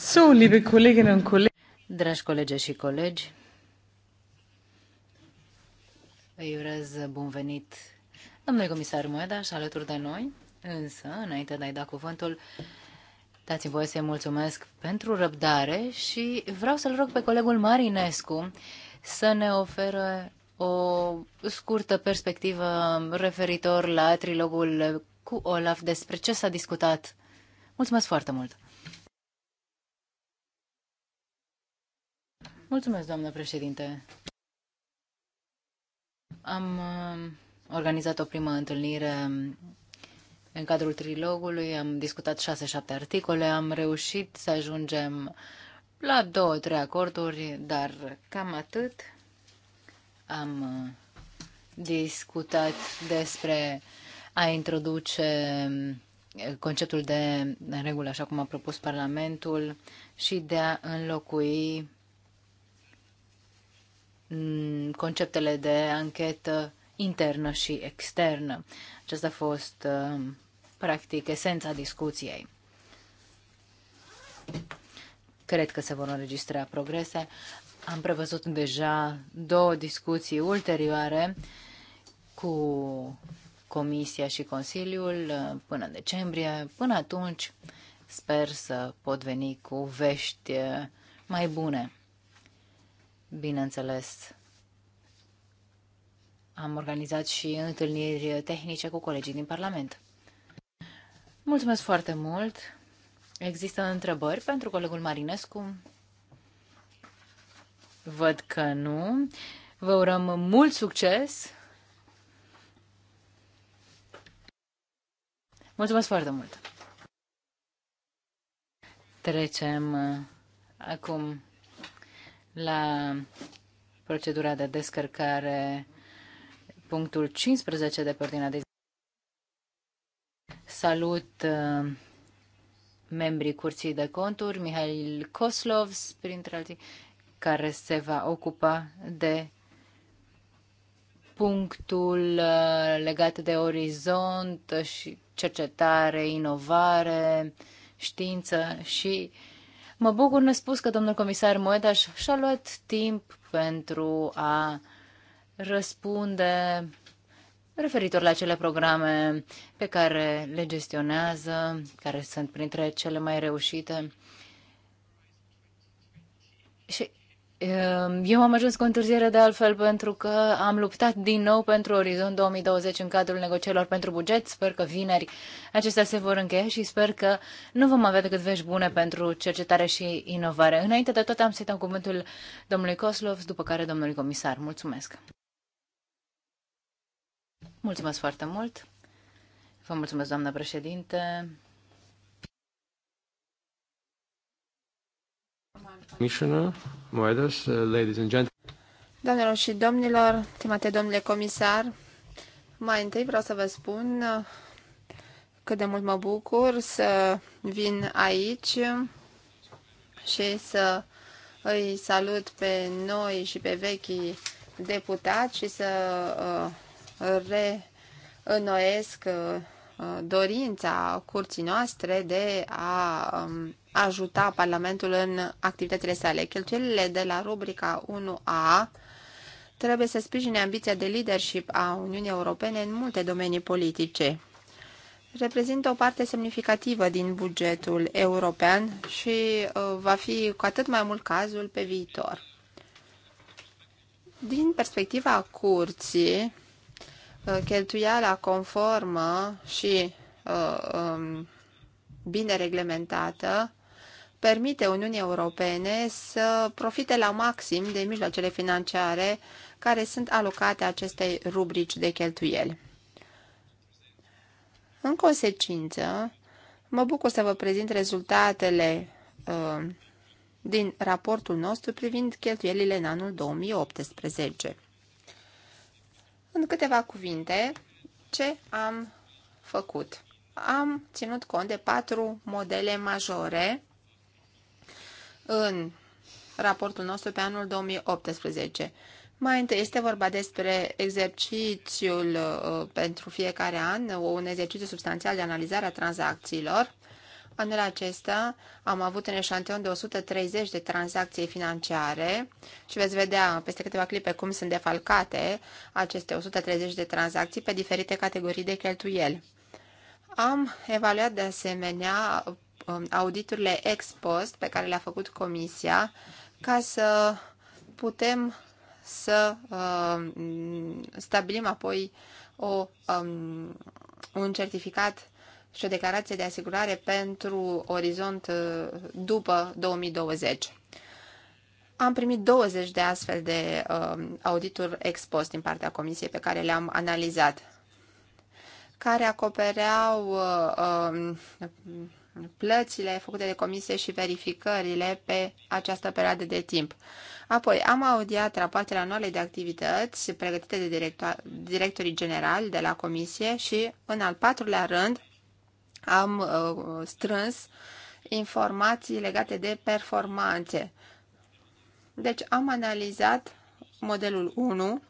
So, liebe Kolleginnen und Kollegen. Dragi colege și colegi, îi urez bun venit domnului comisar Moeda și alături de noi, însă, înainte de a-i da cuvântul, dați-mi voie să-i mulțumesc pentru răbdare și vreau să-l rog pe colegul Marinescu să ne oferă o scurtă perspectivă referitor la trilogul cu Olaf despre ce s-a discutat. Mulțumesc foarte mult! Mulțumesc, doamnă președinte. Am uh, organizat o primă întâlnire în cadrul trilogului, am discutat 6-7 articole, am reușit să ajungem la două, trei acorduri, dar cam atât. Am uh, discutat despre a introduce uh, conceptul de regulă, așa cum a propus Parlamentul, și de a înlocui Mm, conceptele de anchetă internă și externă. Aceasta a fost, um, practic, esența discuției. Cred că se vor înregistra progrese. Am prevăzut deja două discuții ulterioare cu Comisia și Consiliul uh, până în decembrie. Până atunci, sper să pot veni cu vești uh, mai bune. Bineînțeles, am organizat și întâlniri tehnice cu colegii din Parlament. Mulțumesc foarte mult! Există întrebări pentru colegul Marinescu? Văd că nu. Vă urăm mult succes! Mulțumesc foarte mult! Trecem acum la procedura de descărcare, punctul 15 de pe ordinea de zi. Salut uh, membrii Curții de Conturi, Mihail Koslovs, printre alții, care se va ocupa de punctul uh, legat de orizont și cercetare, inovare, știință și uh, Mă bucur nespus că domnul comisar Moedaș și-a luat timp pentru a răspunde referitor la cele programe pe care le gestionează, care sunt printre cele mai reușite. Și Ehm, eu am ajuns cu întârziere de altfel pentru că am luptat din nou pentru Orizont 2020 în cadrul negocierilor pentru buget. Sper că vineri acestea se vor încheia și sper că nu vom avea decât vești bune pentru cercetare și inovare. Înainte de toate am să-i dau cuvântul domnului Koslov, după care domnului comisar. Mulțumesc! Mulțumesc foarte mult! Vă mulțumesc, doamnă președinte! Uh, Doamnelor și domnilor, stimate domnule comisar, mai întâi vreau să vă spun uh, cât de mult mă bucur să vin aici și să îi salut pe noi și pe vechii deputați și să uh, reînnoiesc dorința curții noastre de a um, ajuta Parlamentul în activitățile sale. Cheltuielile de la rubrica 1A trebuie să sprijine ambiția de leadership a Uniunii Europene în multe domenii politice. Reprezintă o parte semnificativă din bugetul european și uh, va fi cu atât mai mult cazul pe viitor. Din perspectiva curții, uh, cheltuiala conformă și uh, um, bine reglementată permite Uniunii Europene să profite la maxim de mijloacele financiare care sunt alocate acestei rubrici de cheltuieli. În consecință, mă bucur să vă prezint rezultatele uh, din raportul nostru privind cheltuielile în anul 2018. În câteva cuvinte, ce am făcut? Am ținut cont de patru modele majore în raportul nostru pe anul 2018. Mai întâi este vorba despre exercițiul uh, pentru fiecare an, un exercițiu substanțial de analizare a tranzacțiilor. Anul acesta am avut în eșantion de 130 de tranzacții financiare și veți vedea peste câteva clipe cum sunt defalcate aceste 130 de tranzacții pe diferite categorii de cheltuieli. Am evaluat de asemenea Um, auditurile ex post pe care le-a făcut comisia ca să putem să uh, stabilim apoi o, um, un certificat și o declarație de asigurare pentru orizont uh, după 2020. Am primit 20 de astfel de uh, audituri ex post din partea comisiei pe care le-am analizat, care acopereau uh, uh, plățile făcute de comisie și verificările pe această perioadă de timp. Apoi, am audiat rapoartele anuale de activități pregătite de director, directorii generali de la comisie și, în al patrulea rând, am uh, strâns informații legate de performanțe. Deci, am analizat modelul 1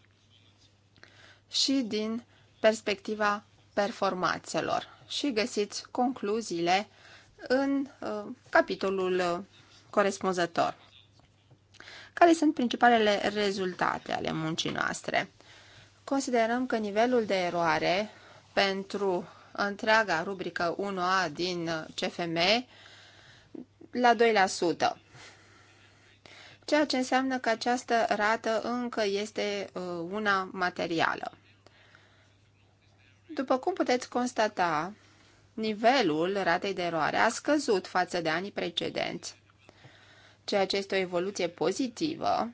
și din perspectiva performanțelor și găsiți concluziile în uh, capitolul uh, corespunzător. Care sunt principalele rezultate ale muncii noastre? Considerăm că nivelul de eroare pentru întreaga rubrică 1A din uh, CFM la 2%, ceea ce înseamnă că această rată încă este uh, una materială. După cum puteți constata, nivelul ratei de eroare a scăzut față de anii precedenți, ceea ce este o evoluție pozitivă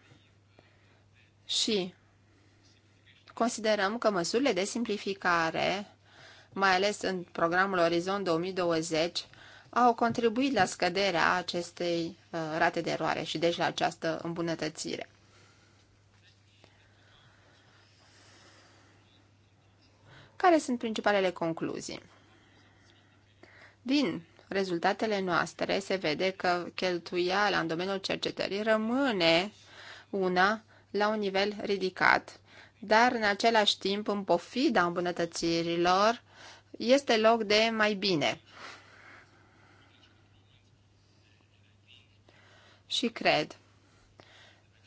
și considerăm că măsurile de simplificare, mai ales în programul Orizont 2020, au contribuit la scăderea acestei uh, rate de eroare și deci la această îmbunătățire. Care sunt principalele concluzii? Din rezultatele noastre se vede că cheltuiala în domeniul cercetării rămâne una la un nivel ridicat, dar în același timp, în pofida îmbunătățirilor, este loc de mai bine. Și cred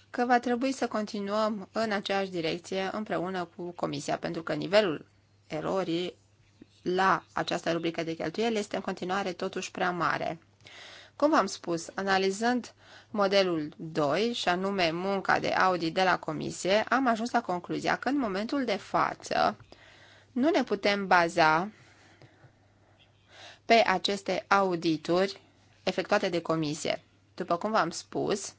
că va trebui să continuăm în aceeași direcție împreună cu Comisia, pentru că nivelul erorii la această rubrică de cheltuieli este în continuare totuși prea mare. Cum v-am spus, analizând modelul 2, și anume munca de audit de la comisie, am ajuns la concluzia că în momentul de față nu ne putem baza pe aceste audituri efectuate de comisie. După cum v-am spus,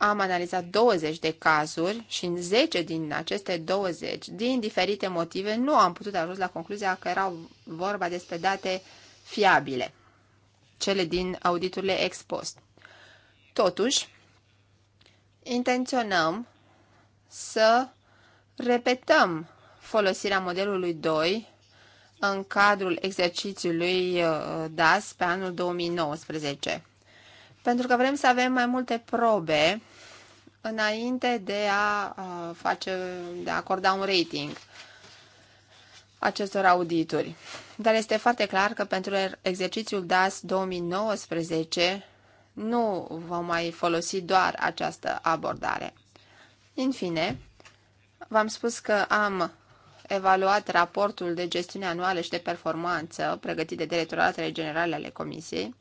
am analizat 20 de cazuri și în 10 din aceste 20, din diferite motive, nu am putut ajunge la concluzia că erau vorba despre date fiabile, cele din auditurile ex post. Totuși, intenționăm să repetăm folosirea modelului 2 în cadrul exercițiului uh, DAS pe anul 2019 pentru că vrem să avem mai multe probe înainte de a face, de a acorda un rating acestor audituri. Dar este foarte clar că pentru exercițiul DAS 2019 nu vom mai folosi doar această abordare. În fine, v-am spus că am evaluat raportul de gestiune anuală și de performanță pregătit de directoratele generale ale Comisiei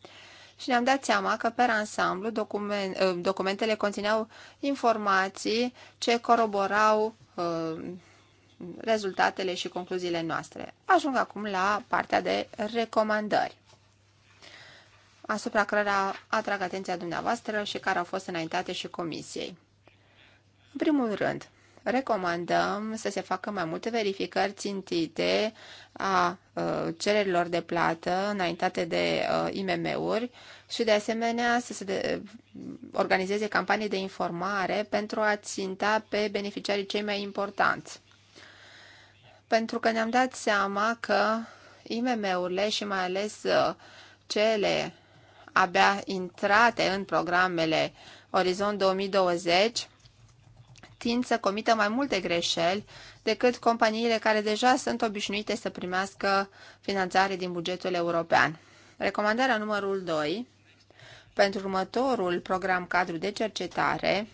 și ne-am dat seama că, pe ansamblu, document, ă, documentele conțineau informații ce coroborau uh, rezultatele și concluziile noastre. Ajung acum la partea de recomandări asupra cărora atrag atenția dumneavoastră și care au fost înaintate și comisiei. În primul rând, recomandăm să se facă mai multe verificări țintite a uh, cererilor de plată înaintate de uh, IMM-uri și de asemenea să se uh, organizeze campanii de informare pentru a ținta pe beneficiarii cei mai importanți. Pentru că ne-am dat seama că IMM-urile și mai ales cele abia intrate în programele Orizont 2020 tind să comită mai multe greșeli decât companiile care deja sunt obișnuite să primească finanțare din bugetul european. Recomandarea numărul 2 pentru următorul program cadru de cercetare,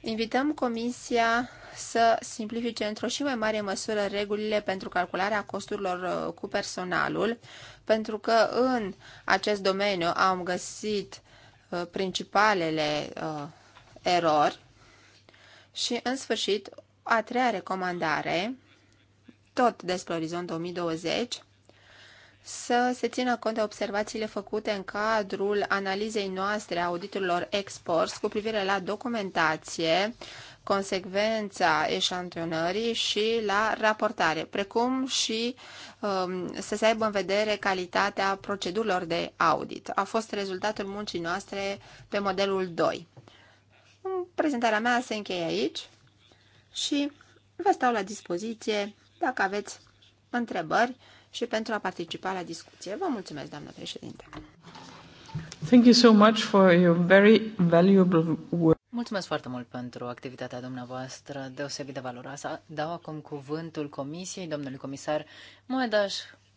invităm Comisia să simplifice într-o și mai mare măsură regulile pentru calcularea costurilor uh, cu personalul, pentru că în acest domeniu am găsit uh, principalele uh, erori și, în sfârșit, a treia recomandare, tot despre Orizont 2020, să se țină cont de observațiile făcute în cadrul analizei noastre a auditurilor exports cu privire la documentație, consecvența eșantionării și la raportare, precum și um, să se aibă în vedere calitatea procedurilor de audit. A fost rezultatul muncii noastre pe modelul 2. Prezentarea mea se încheie aici și vă stau la dispoziție dacă aveți întrebări și pentru a participa la discuție. Vă mulțumesc, doamnă președinte. Thank you so much for your very valuable work. Mulțumesc foarte mult pentru activitatea dumneavoastră deosebit de valoroasă. Dau acum cuvântul Comisiei, domnului comisar Moedaș,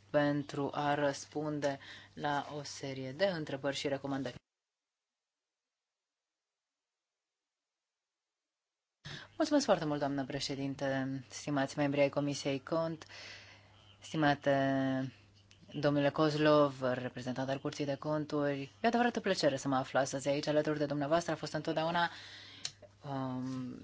pentru a răspunde la o serie de întrebări și recomandări. Mulțumesc foarte mult, doamnă președinte, stimați membri ai Comisiei Cont, stimate domnule Kozlov, reprezentant al Curții de Conturi. E adevărată plăcere să mă aflu astăzi aici alături de dumneavoastră. A fost întotdeauna um,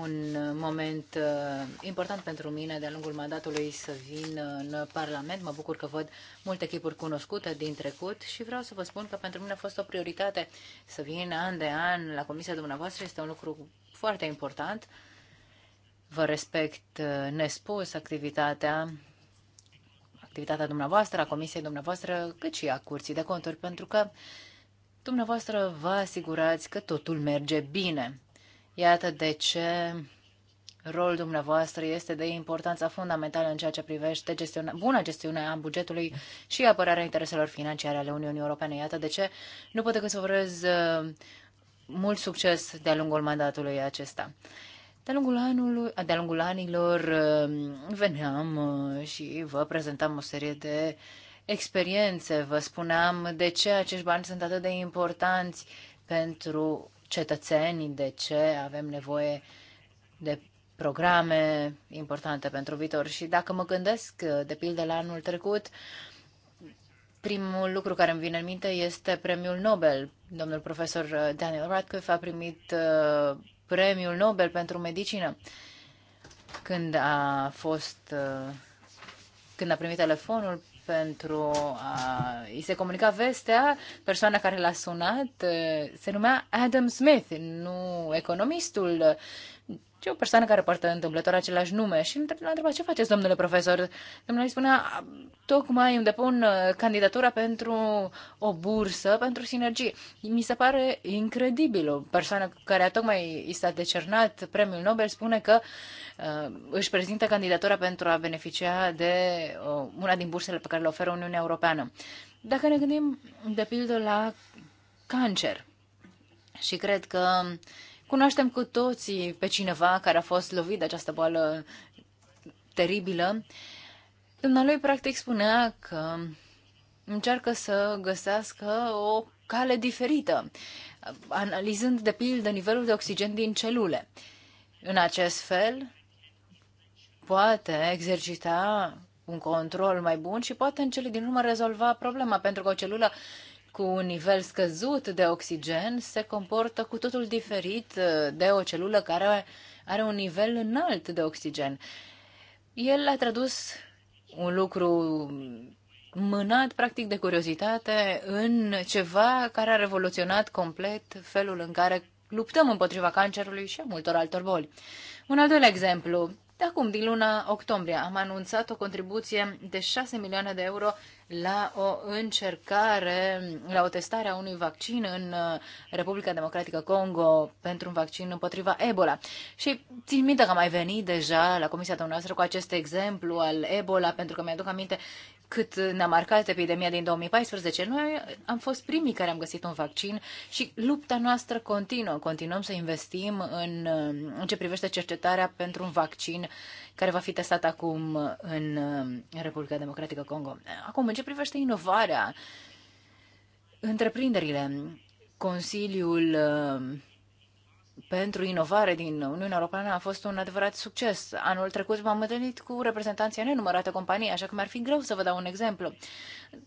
un moment uh, important pentru mine de-a lungul mandatului să vin în Parlament. Mă bucur că văd multe chipuri cunoscute din trecut și vreau să vă spun că pentru mine a fost o prioritate să vin an de an la comisia dumneavoastră. Este un lucru foarte important. Vă respect uh, nespus activitatea activitatea dumneavoastră, a comisiei dumneavoastră, cât și a curții de conturi, pentru că dumneavoastră vă asigurați că totul merge bine. Iată de ce rolul dumneavoastră este de importanță fundamentală în ceea ce privește gestiona, buna gestiune a bugetului și apărarea intereselor financiare ale Uniunii Europene. Iată de ce nu pot decât să urez uh, mult succes de-a lungul mandatului acesta. De-a lungul, anului, uh, de lungul anilor uh, veneam și vă prezentam o serie de experiențe, vă spuneam de ce acești bani sunt atât de importanți pentru cetățeni, de ce avem nevoie de programe importante pentru viitor. Și dacă mă gândesc, de pildă, la anul trecut, primul lucru care îmi vine în minte este premiul Nobel. Domnul profesor Daniel Radcliffe a primit uh, premiul Nobel pentru medicină. Când a fost uh, când a primit telefonul pentru a îi se comunica vestea, persoana care l-a sunat eh, se numea Adam Smith, nu economistul ci o persoană care poartă întâmplător același nume. Și l-a întrebat, ce faceți, domnule profesor? Domnul îi spunea, tocmai îmi depun uh, candidatura pentru o bursă, pentru sinergie. Mi se pare incredibil. O persoană care a tocmai i s-a decernat premiul Nobel spune că uh, își prezintă candidatura pentru a beneficia de uh, una din bursele pe care le oferă Uniunea Europeană. Dacă ne gândim, de pildă, la cancer, și cred că uh, Cunoaștem cu toții pe cineva care a fost lovit de această boală teribilă. Dumnealui practic spunea că încearcă să găsească o cale diferită, analizând de pildă nivelul de oxigen din celule. În acest fel, poate exercita un control mai bun și poate în cele din urmă rezolva problema, pentru că o celulă cu un nivel scăzut de oxigen se comportă cu totul diferit uh, de o celulă care are un nivel înalt de oxigen. El a tradus un lucru mânat practic de curiozitate în ceva care a revoluționat complet felul în care luptăm împotriva cancerului și a multor altor boli. Un al doilea exemplu, de acum, din luna octombrie, am anunțat o contribuție de 6 milioane de euro la o încercare, la o testare a unui vaccin în uh, Republica Democratică Congo pentru un vaccin împotriva Ebola. Și țin minte că am mai venit deja la comisia dumneavoastră cu acest exemplu al Ebola, pentru că mi-aduc aminte cât ne-a marcat epidemia din 2014, noi am fost primii care am găsit un vaccin și lupta noastră continuă. Continuăm să investim în, în ce privește cercetarea pentru un vaccin care va fi testat acum în Republica Democratică Congo. Acum, în ce privește inovarea, întreprinderile, Consiliul pentru inovare din Uniunea Europeană a fost un adevărat succes. Anul trecut m-am întâlnit cu reprezentanții nenumărate companii, așa că mi-ar fi greu să vă dau un exemplu.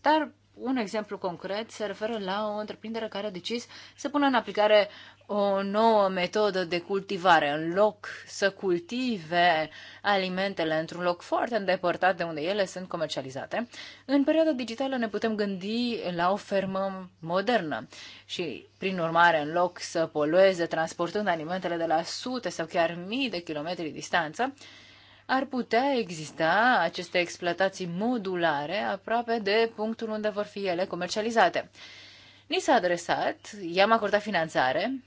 Dar un exemplu concret se referă la o întreprindere care a decis să pună în aplicare o nouă metodă de cultivare. În loc să cultive alimentele într-un loc foarte îndepărtat de unde ele sunt comercializate, în perioada digitală ne putem gândi la o fermă modernă și, prin urmare, în loc să polueze transportând alimentele de la sute sau chiar mii de kilometri distanță, ar putea exista aceste exploatații modulare aproape de punctul unde vor fi ele comercializate. Ni s-a adresat, i-am acordat finanțare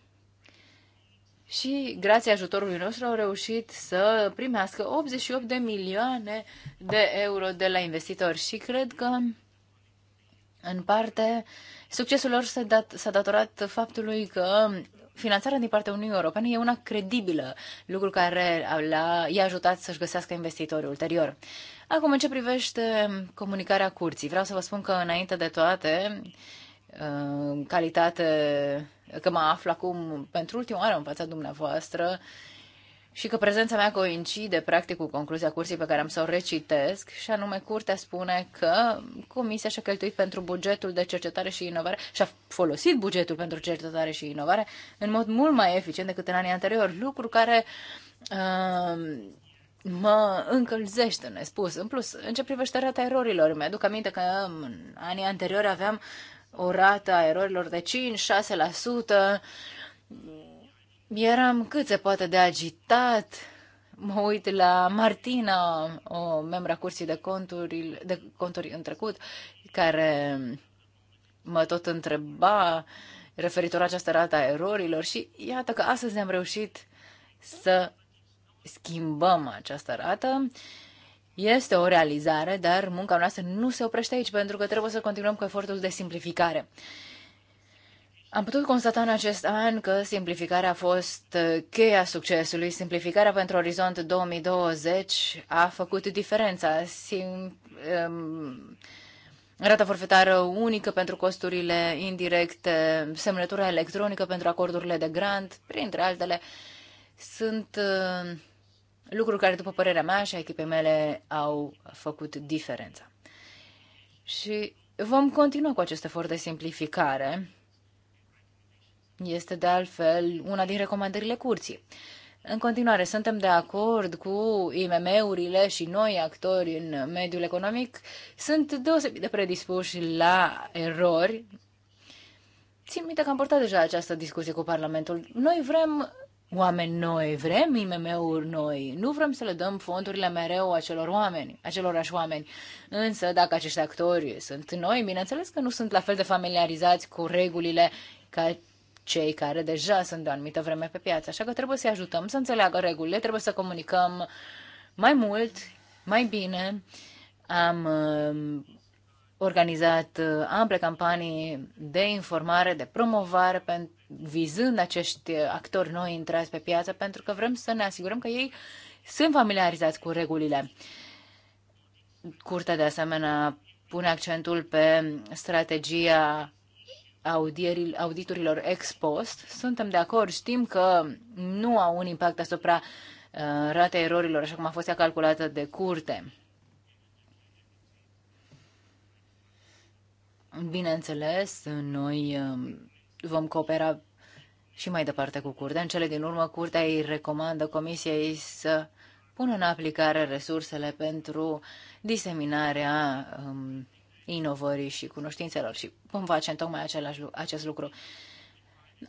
și, grație ajutorului nostru, au reușit să primească 88 de milioane de euro de la investitori și cred că, în parte, succesul lor s-a, dat, datorat faptului că finanțarea din partea Uniunii Europene e una credibilă, lucru care i-a ajutat să-și găsească investitori ulterior. Acum, în ce privește comunicarea curții, vreau să vă spun că, înainte de toate, uh, calitate, că mă aflu acum pentru ultima oară în fața dumneavoastră, și că prezența mea coincide practic cu concluzia cursii pe care am să o recitesc și anume curtea spune că comisia și-a cheltuit pentru bugetul de cercetare și inovare și-a folosit bugetul pentru cercetare și inovare în mod mult mai eficient decât în anii anteriori, lucru care uh, mă încălzește nespus. În plus, în ce privește rata erorilor, mi-aduc aminte că în anii anteriori aveam o rată a erorilor de 5-6%, Eram cât se poate de agitat. Mă uit la Martina, o membra cursii de conturi, de conturi în trecut, care mă tot întreba referitor la această rată a erorilor și iată că astăzi am reușit să schimbăm această rată. Este o realizare, dar munca noastră nu se oprește aici, pentru că trebuie să continuăm cu efortul de simplificare. Am putut constata în acest an că simplificarea a fost uh, cheia succesului. Simplificarea pentru Orizont 2020 a făcut diferența. Sim, um, rata forfetară unică pentru costurile indirecte, semnătura electronică pentru acordurile de grant, printre altele, sunt uh, lucruri care, după părerea mea și a echipei mele, au făcut diferența. Și vom continua cu acest efort de simplificare este de altfel una din recomandările curții. În continuare, suntem de acord cu IMM-urile și noi actori în mediul economic sunt deosebit de predispuși la erori. Țin minte că am portat deja această discuție cu Parlamentul. Noi vrem oameni noi, vrem IMM-uri noi, nu vrem să le dăm fondurile mereu acelor oameni, acelorași oameni. Însă, dacă acești actori sunt noi, bineînțeles că nu sunt la fel de familiarizați cu regulile ca cei care deja sunt de o anumită vreme pe piață. Așa că trebuie să-i ajutăm să înțeleagă regulile, trebuie să comunicăm mai mult, mai bine. Am um, organizat uh, ample campanii de informare, de promovare, vizând acești actori noi intrați pe piață, pentru că vrem să ne asigurăm că ei sunt familiarizați cu regulile. Curtea, de asemenea, pune accentul pe strategia auditurilor ex post. Suntem de acord, știm că nu au un impact asupra uh, ratei erorilor, așa cum a fost ea calculată de curte. Bineînțeles, noi um, vom coopera și mai departe cu curtea. În cele din urmă, curtea îi recomandă comisiei să pună în aplicare resursele pentru diseminarea um, inovării și cunoștințelor și vom face tocmai același, acest lucru.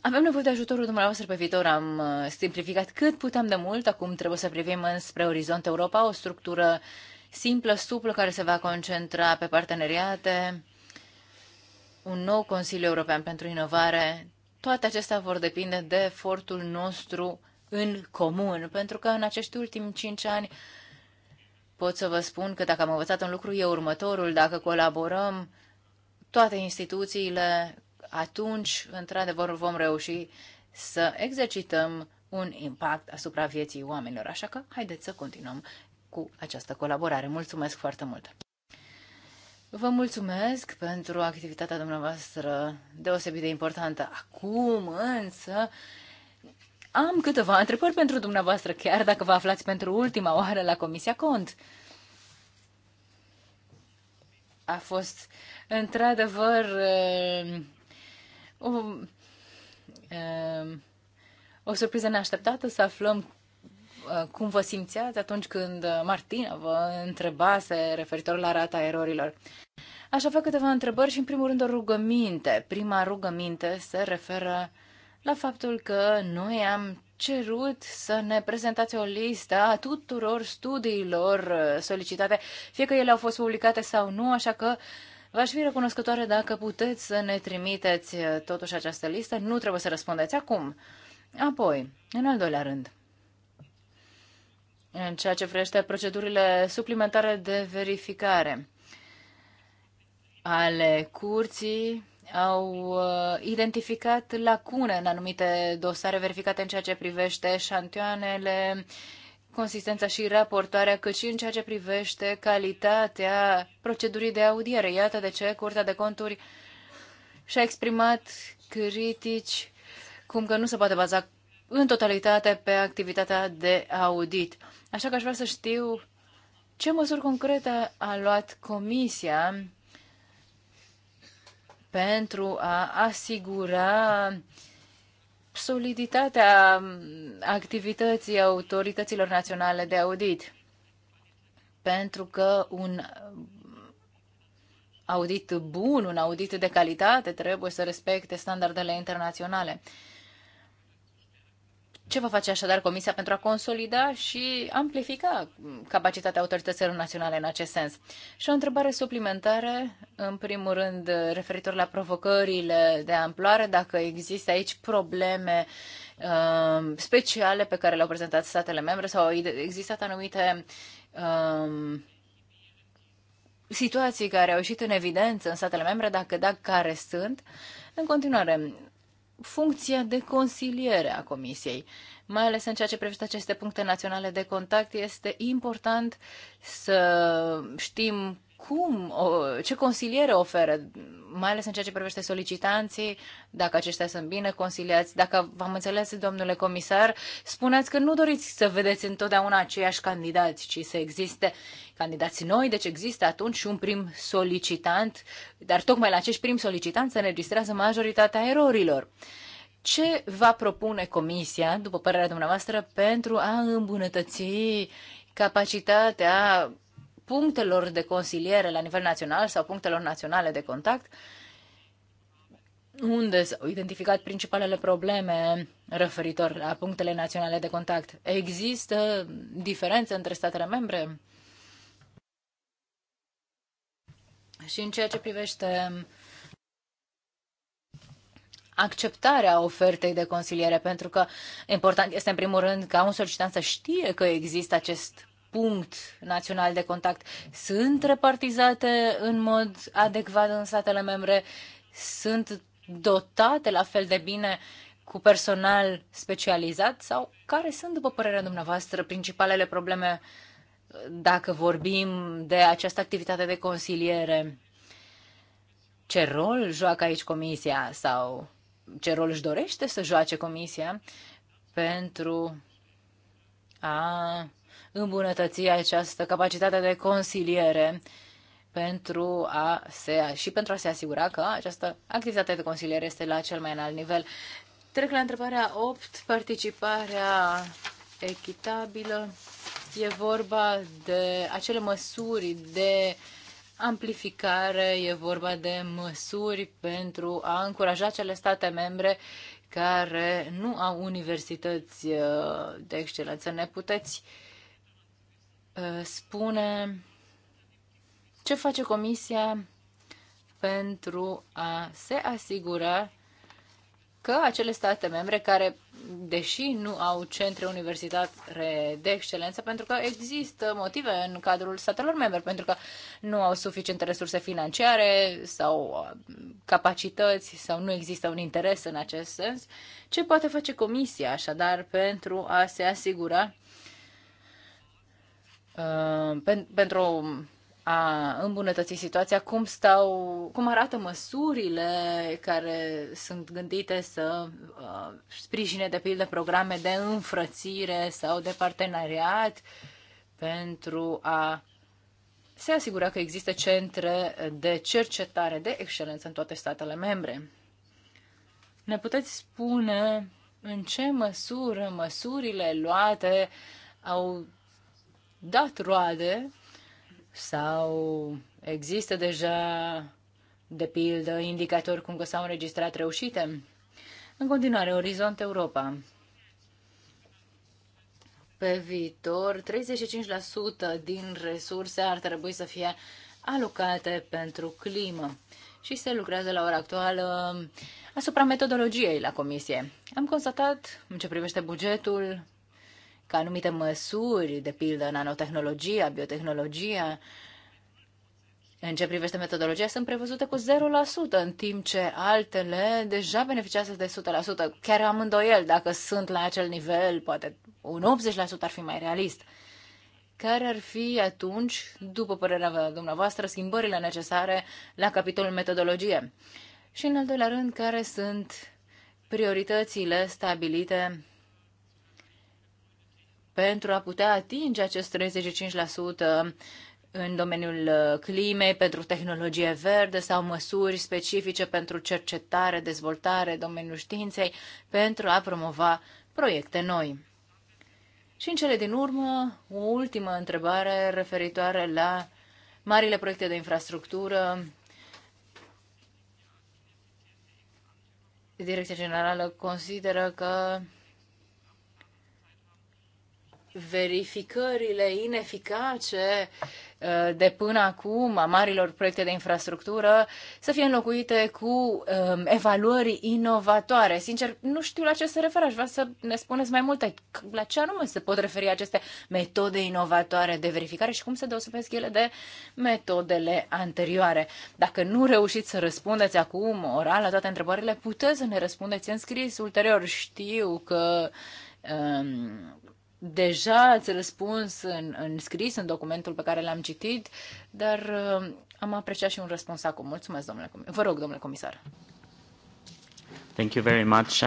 Avem nevoie de ajutorul dumneavoastră pe viitor. Am uh, simplificat cât putem de mult. Acum trebuie să privim înspre Orizont Europa, o structură simplă, suplă, care se va concentra pe parteneriate, un nou Consiliu European pentru Inovare. Toate acestea vor depinde de efortul nostru în comun, pentru că în acești ultimi cinci ani pot să vă spun că dacă am învățat un lucru e următorul, dacă colaborăm toate instituțiile, atunci, într-adevăr, vom reuși să exercităm un impact asupra vieții oamenilor. Așa că haideți să continuăm cu această colaborare. Mulțumesc foarte mult! Vă mulțumesc pentru activitatea dumneavoastră deosebit de importantă. Acum însă am câteva întrebări pentru dumneavoastră, chiar dacă vă aflați pentru ultima oară la Comisia Cont. A fost într-adevăr o, um, um, o surpriză neașteptată să aflăm uh, cum vă simțeați atunci când uh, Martina vă întrebase referitor la rata erorilor. Aș avea câteva întrebări și, în primul rând, o rugăminte. Prima rugăminte se referă uh, la faptul că noi am cerut să ne prezentați o listă a tuturor studiilor uh, solicitate, fie că ele au fost publicate sau nu, așa că v-aș fi recunoscătoare dacă puteți să ne trimiteți uh, totuși această listă. Nu trebuie să răspundeți acum. Apoi, în al doilea rând, în ceea ce privește procedurile suplimentare de verificare ale curții au uh, identificat lacune în anumite dosare verificate în ceea ce privește șantioanele, consistența și raportarea, cât și în ceea ce privește calitatea procedurii de audiere. Iată de ce Curtea de Conturi și-a exprimat critici cum că nu se poate baza în totalitate pe activitatea de audit. Așa că aș vrea să știu ce măsuri concrete a luat Comisia pentru a asigura soliditatea activității autorităților naționale de audit. Pentru că un audit bun, un audit de calitate trebuie să respecte standardele internaționale. Ce va face așadar Comisia pentru a consolida și amplifica capacitatea autorităților naționale în acest sens? Și o întrebare suplimentară, în primul rând, referitor la provocările de amploare, dacă există aici probleme uh, speciale pe care le-au prezentat statele membre sau au existat anumite uh, situații care au ieșit în evidență în statele membre, dacă da, care sunt. În continuare, funcția de consiliere a Comisiei. Mai ales în ceea ce privește aceste puncte naționale de contact, este important să știm cum, ce consiliere oferă, mai ales în ceea ce privește solicitanții, dacă aceștia sunt bine consiliați, dacă v-am înțeles, domnule comisar, spuneți că nu doriți să vedeți întotdeauna aceiași candidați, ci să existe candidați noi, deci există atunci și un prim solicitant, dar tocmai la acești prim solicitanți se înregistrează majoritatea erorilor. Ce va propune Comisia, după părerea dumneavoastră, pentru a îmbunătăți capacitatea punctelor de consiliere la nivel național sau punctelor naționale de contact, unde s-au identificat principalele probleme referitor la punctele naționale de contact. Există diferențe între statele membre? Și în ceea ce privește acceptarea ofertei de consiliere, pentru că important este în primul rând ca un solicitant să știe că există acest punct național de contact sunt repartizate în mod adecvat în statele membre, sunt dotate la fel de bine cu personal specializat sau care sunt, după părerea dumneavoastră, principalele probleme dacă vorbim de această activitate de consiliere? Ce rol joacă aici comisia sau ce rol își dorește să joace comisia pentru a îmbunătăți această capacitate de consiliere pentru a se, și pentru a se asigura că această activitate de consiliere este la cel mai înalt nivel. Trec la întrebarea 8, participarea echitabilă. E vorba de acele măsuri de amplificare, e vorba de măsuri pentru a încuraja cele state membre care nu au universități uh, de excelență. Ne puteți Uh, spune ce face Comisia pentru a se asigura că acele state membre care, deși nu au centre universitare de excelență, pentru că există motive în cadrul statelor membre, pentru că nu au suficiente resurse financiare sau uh, capacități sau nu există un interes în acest sens, ce poate face Comisia așadar pentru a se asigura Uh, pentru a îmbunătăți situația, cum stau, cum arată măsurile care sunt gândite să uh, sprijine de pildă programe de înfrățire sau de parteneriat pentru a se asigura că există centre de cercetare de excelență în toate statele membre. Ne puteți spune în ce măsură măsurile luate au dat roade sau există deja, de pildă, indicatori cum că s-au înregistrat reușite? În continuare, Orizont Europa. Pe viitor, 35% din resurse ar trebui să fie alocate pentru climă și se lucrează la ora actuală asupra metodologiei la comisie. Am constatat, în ce privește bugetul, că anumite măsuri, de pildă nanotehnologia, biotehnologia, în ce privește metodologia, sunt prevăzute cu 0%, în timp ce altele deja beneficiază de 100%. Chiar am îndoiel dacă sunt la acel nivel, poate un 80% ar fi mai realist. Care ar fi atunci, după părerea dumneavoastră, schimbările necesare la capitolul metodologie? Și, în al doilea rând, care sunt prioritățile stabilite pentru a putea atinge acest 35% în domeniul uh, climei, pentru tehnologie verde sau măsuri specifice pentru cercetare, dezvoltare, domeniul științei, pentru a promova proiecte noi. Și în cele din urmă, o ultimă întrebare referitoare la marile proiecte de infrastructură. Direcția Generală consideră că verificările ineficace uh, de până acum a marilor proiecte de infrastructură să fie înlocuite cu um, evaluări inovatoare. Sincer, nu știu la ce se referă, aș vrea să ne spuneți mai multe. La ce anume se pot referi aceste metode inovatoare de verificare și cum se deosebesc ele de metodele anterioare? Dacă nu reușiți să răspundeți acum oral la toate întrebările, puteți să ne răspundeți în scris ulterior. Știu că um, Deja ați răspuns în, în scris, în documentul pe care l-am citit, dar uh, am apreciat și un răspuns acum. Mulțumesc, domnule comisar. Vă rog, domnule comisar. Thank you very much.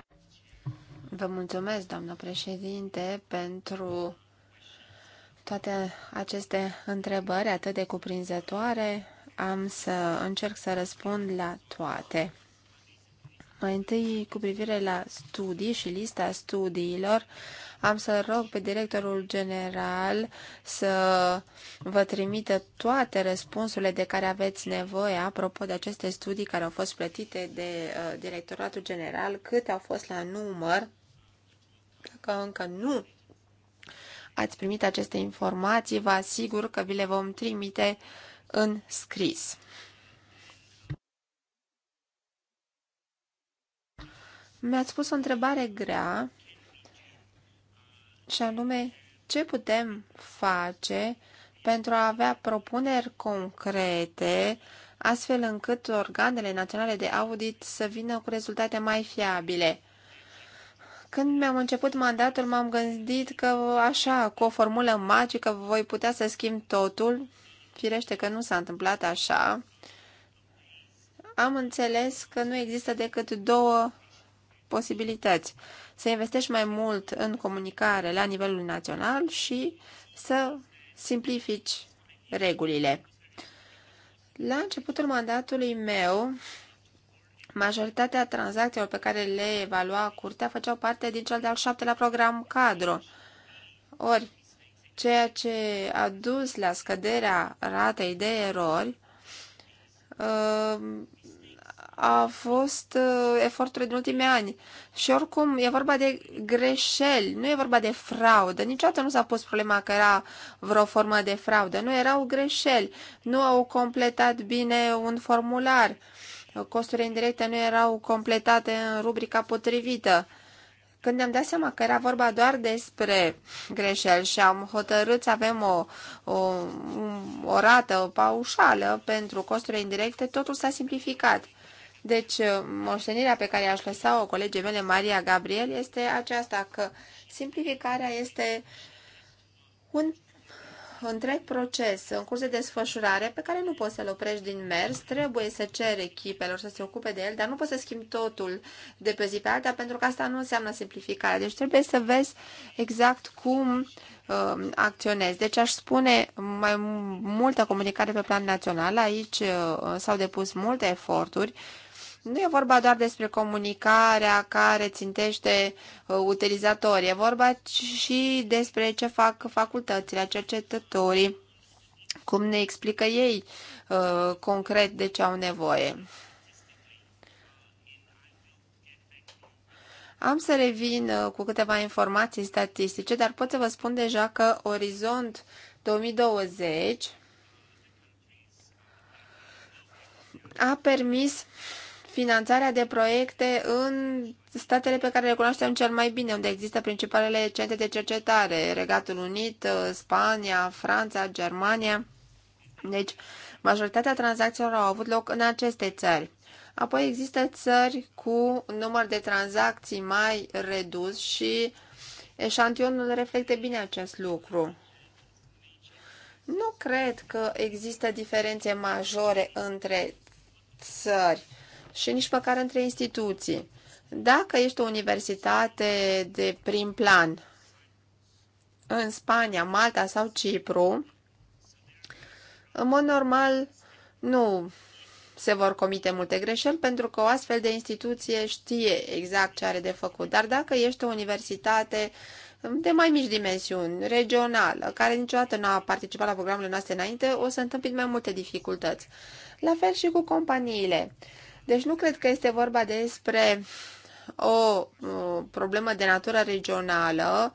Vă mulțumesc, doamnă președinte, pentru toate aceste întrebări atât de cuprinzătoare. Am să încerc să răspund la toate. Mai întâi, cu privire la studii și lista studiilor, am să rog pe directorul general să vă trimită toate răspunsurile de care aveți nevoie apropo de aceste studii care au fost plătite de uh, directoratul general, câte au fost la număr, dacă încă nu ați primit aceste informații, vă asigur că vi le vom trimite în scris. Mi-ați pus o întrebare grea și anume ce putem face pentru a avea propuneri concrete, astfel încât organele naționale de audit să vină cu rezultate mai fiabile. Când mi-am început mandatul, m-am gândit că așa, cu o formulă magică, voi putea să schimb totul. Firește că nu s-a întâmplat așa. Am înțeles că nu există decât două posibilități, să investești mai mult în comunicare la nivelul național și să simplifici regulile. La începutul mandatului meu, majoritatea tranzacțiilor pe care le evalua curtea făceau parte din cel de-al șaptelea program cadru. Ori, ceea ce a dus la scăderea ratei de erori ă, a fost uh, efortul din ultimii ani. Și oricum, e vorba de greșeli, nu e vorba de fraudă. Niciodată nu s-a pus problema că era vreo formă de fraudă. Nu erau greșeli, nu au completat bine un formular, costurile indirecte nu erau completate în rubrica potrivită. Când ne-am dat seama că era vorba doar despre greșeli și am hotărât să avem o, o, o rată o paușală pentru costurile indirecte, totul s-a simplificat. Deci, uh, moștenirea pe care aș lăsa-o colegii mele, Maria Gabriel, este aceasta, că simplificarea este un întreg proces în curs de desfășurare pe care nu poți să-l oprești din mers, trebuie să ceri echipelor să se ocupe de el, dar nu poți să schimbi totul de pe zi pe alta pentru că asta nu înseamnă simplificare. Deci trebuie să vezi exact cum uh, acționezi. Deci aș spune mai multă comunicare pe plan național. Aici uh, s-au depus multe eforturi nu e vorba doar despre comunicarea care țintește uh, utilizatorii, e vorba și despre ce fac facultățile, cercetătorii, cum ne explică ei uh, concret de ce au nevoie. Am să revin uh, cu câteva informații statistice, dar pot să vă spun deja că Orizont 2020 a permis finanțarea de proiecte în statele pe care le cunoaștem cel mai bine, unde există principalele centre de cercetare, Regatul Unit, uh, Spania, Franța, Germania. Deci, majoritatea tranzacțiilor au avut loc în aceste țări. Apoi există țări cu un număr de tranzacții mai redus și eșantionul reflectă bine acest lucru. Nu cred că există diferențe majore între țări și nici măcar între instituții. Dacă ești o universitate de prim plan în Spania, Malta sau Cipru, în mod normal nu se vor comite multe greșeli pentru că o astfel de instituție știe exact ce are de făcut. Dar dacă ești o universitate de mai mici dimensiuni, regională, care niciodată nu a participat la programele noastre înainte, o să întâmpin mai multe dificultăți. La fel și cu companiile. Deci nu cred că este vorba despre o problemă de natură regională,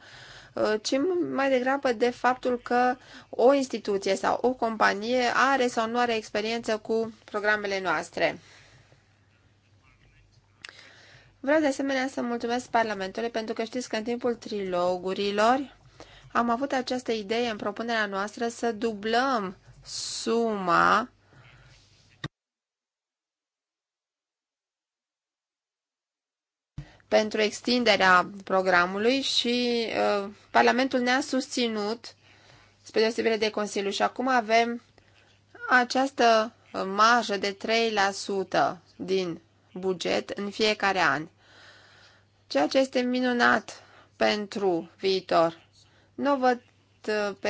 uh, ci mai degrabă de faptul că o instituție sau o companie are sau nu are experiență cu programele noastre. Vreau de asemenea să mulțumesc Parlamentului pentru că știți că în timpul trilogurilor am avut această idee în propunerea noastră să dublăm suma pentru extinderea programului și uh, Parlamentul ne-a susținut, spre deosebire de Consiliu, și acum avem această marjă de 3% din buget în fiecare an, ceea ce este minunat pentru viitor. Nu văd uh, pe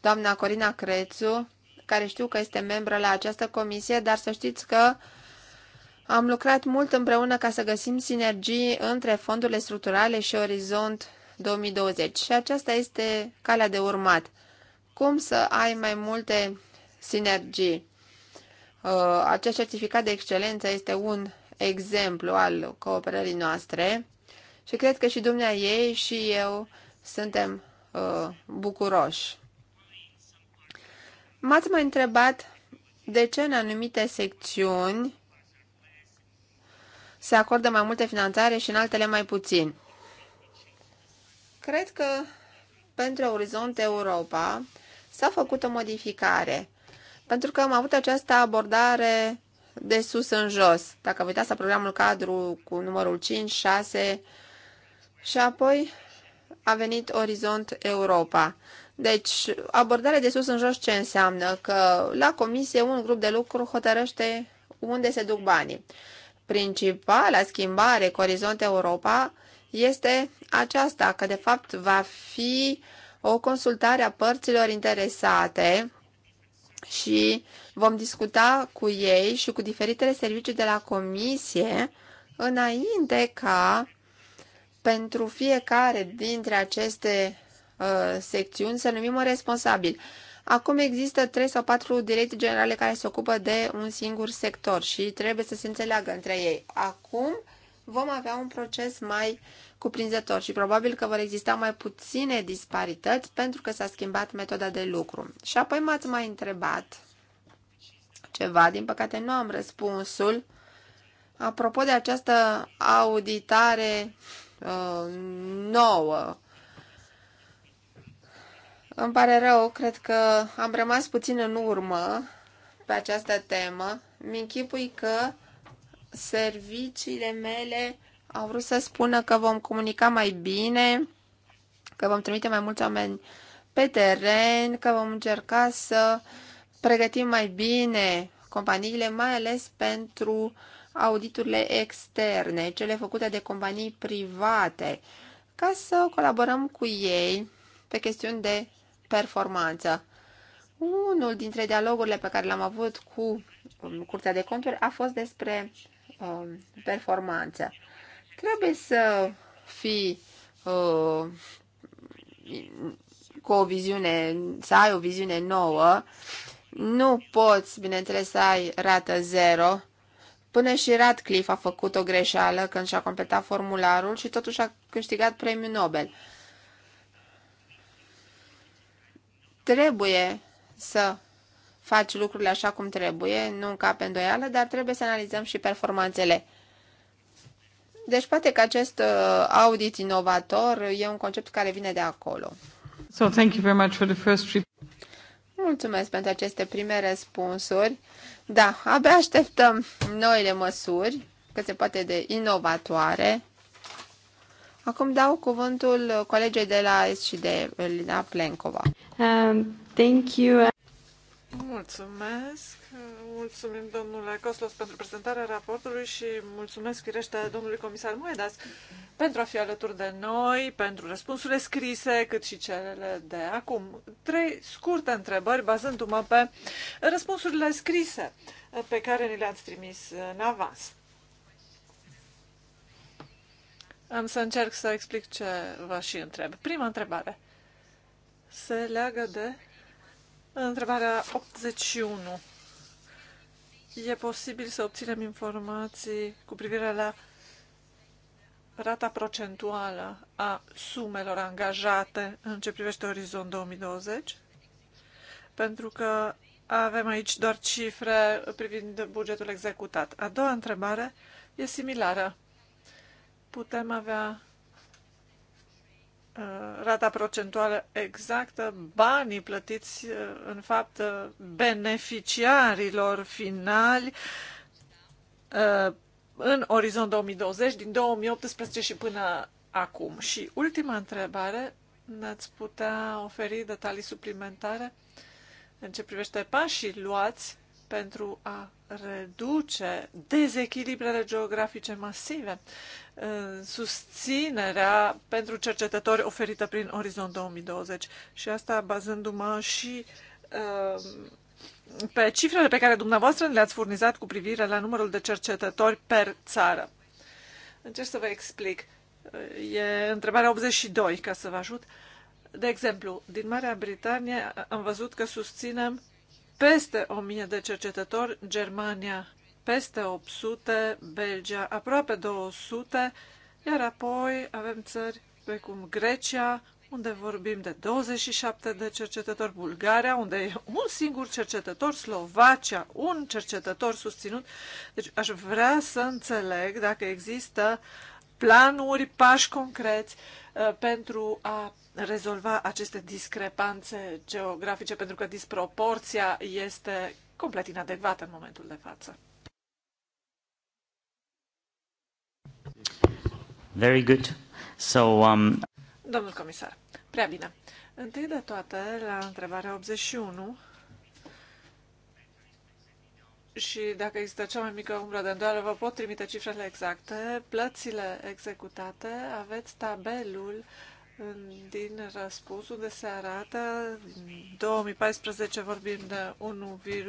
doamna Corina Crețu, care știu că este membră la această comisie, dar să știți că uh, am lucrat mult împreună ca să găsim sinergii între fondurile structurale și Orizont 2020 și aceasta este calea de urmat. Cum să ai mai multe sinergii? Uh, acest certificat de excelență este un exemplu al cooperării noastre și cred că și dumnea ei și eu suntem uh, bucuroși. M-ați mai întrebat de ce în anumite secțiuni se acordă mai multe finanțare și în altele mai puțin. Cred că pentru Orizont Europa s-a făcut o modificare, pentru că am avut această abordare de sus în jos. Dacă vă uitați la programul cadru cu numărul 5, 6 și apoi a venit Orizont Europa. Deci, abordare de sus în jos ce înseamnă? Că la comisie un grup de lucru hotărăște unde se duc banii principala schimbare cu Orizont Europa este aceasta, că de fapt va fi o consultare a părților interesate și vom discuta cu ei și cu diferitele servicii de la comisie înainte ca pentru fiecare dintre aceste uh, secțiuni să numim un responsabil. Acum există trei sau patru direcții generale care se ocupă de un singur sector și trebuie să se înțeleagă între ei. Acum vom avea un proces mai cuprinzător și probabil că vor exista mai puține disparități pentru că s-a schimbat metoda de lucru. Și apoi m-ați mai întrebat ceva, din păcate nu am răspunsul, apropo de această auditare uh, nouă îmi pare rău, cred că am rămas puțin în urmă pe această temă. Mi-închipui că serviciile mele au vrut să spună că vom comunica mai bine, că vom trimite mai mulți oameni pe teren, că vom încerca să pregătim mai bine companiile, mai ales pentru auditurile externe, cele făcute de companii private, ca să colaborăm cu ei pe chestiuni de performanță. Unul dintre dialogurile pe care l-am avut cu um, Curtea de Conturi a fost despre uh, performanță. Trebuie să fii uh, cu o viziune, să ai o viziune nouă, nu poți, bineînțeles, să ai rată zero. Până și Radcliffe a făcut o greșeală când și-a completat formularul și totuși a câștigat premiul Nobel. Trebuie să faci lucrurile așa cum trebuie, nu ca pe îndoială, dar trebuie să analizăm și performanțele. Deci poate că acest uh, audit inovator e un concept care vine de acolo. So thank you very much for the first trip. Mulțumesc pentru aceste prime răspunsuri. Da, abia așteptăm noile măsuri, că se poate de inovatoare. Acum dau cuvântul colegei de la S și de Lina Plencova. Um, thank you. Mulțumesc. Mulțumim domnule Coslos pentru prezentarea raportului și mulțumesc firește domnului comisar Moedas pentru a fi alături de noi, pentru răspunsurile scrise, cât și cele de acum. Trei scurte întrebări bazându-mă pe răspunsurile scrise pe care ni le-ați trimis în avans. Am să încerc să explic ce vă și întreb. Prima întrebare se leagă de întrebarea 81. E posibil să obținem informații cu privire la rata procentuală a sumelor angajate în ce privește Orizont 2020? Pentru că avem aici doar cifre privind bugetul executat. A doua întrebare e similară putem avea uh, rata procentuală exactă, banii plătiți uh, în fapt uh, beneficiarilor finali în orizont 2020, din 2018 și până acum. Și ultima întrebare, ne-ați putea oferi detalii suplimentare în ce privește pașii luați pentru a reduce dezechilibrele geografice masive, susținerea pentru cercetători oferită prin Orizont 2020 și asta bazându-mă și um, pe cifrele pe care dumneavoastră le-ați furnizat cu privire la numărul de cercetători per țară. Încerc să vă explic. E întrebarea 82, ca să vă ajut. De exemplu, din Marea Britanie am văzut că susținem peste 1000 de cercetători, Germania peste 800, Belgia aproape 200, iar apoi avem țări precum Grecia, unde vorbim de 27 de cercetători, Bulgaria, unde e un singur cercetător, Slovacia, un cercetător susținut. Deci aș vrea să înțeleg dacă există uh, planuri, pași concreți uh, pentru a rezolva aceste discrepanțe geografice, pentru că disproporția este complet inadecvată în momentul de față. Very good. So, um... Domnul comisar, prea bine. Întâi de toate, la întrebarea 81, și dacă există cea mai mică umbră de îndoială, vă pot trimite cifrele exacte. Plățile executate, aveți tabelul din răspuns unde se arată, în 2014 vorbim de 1,3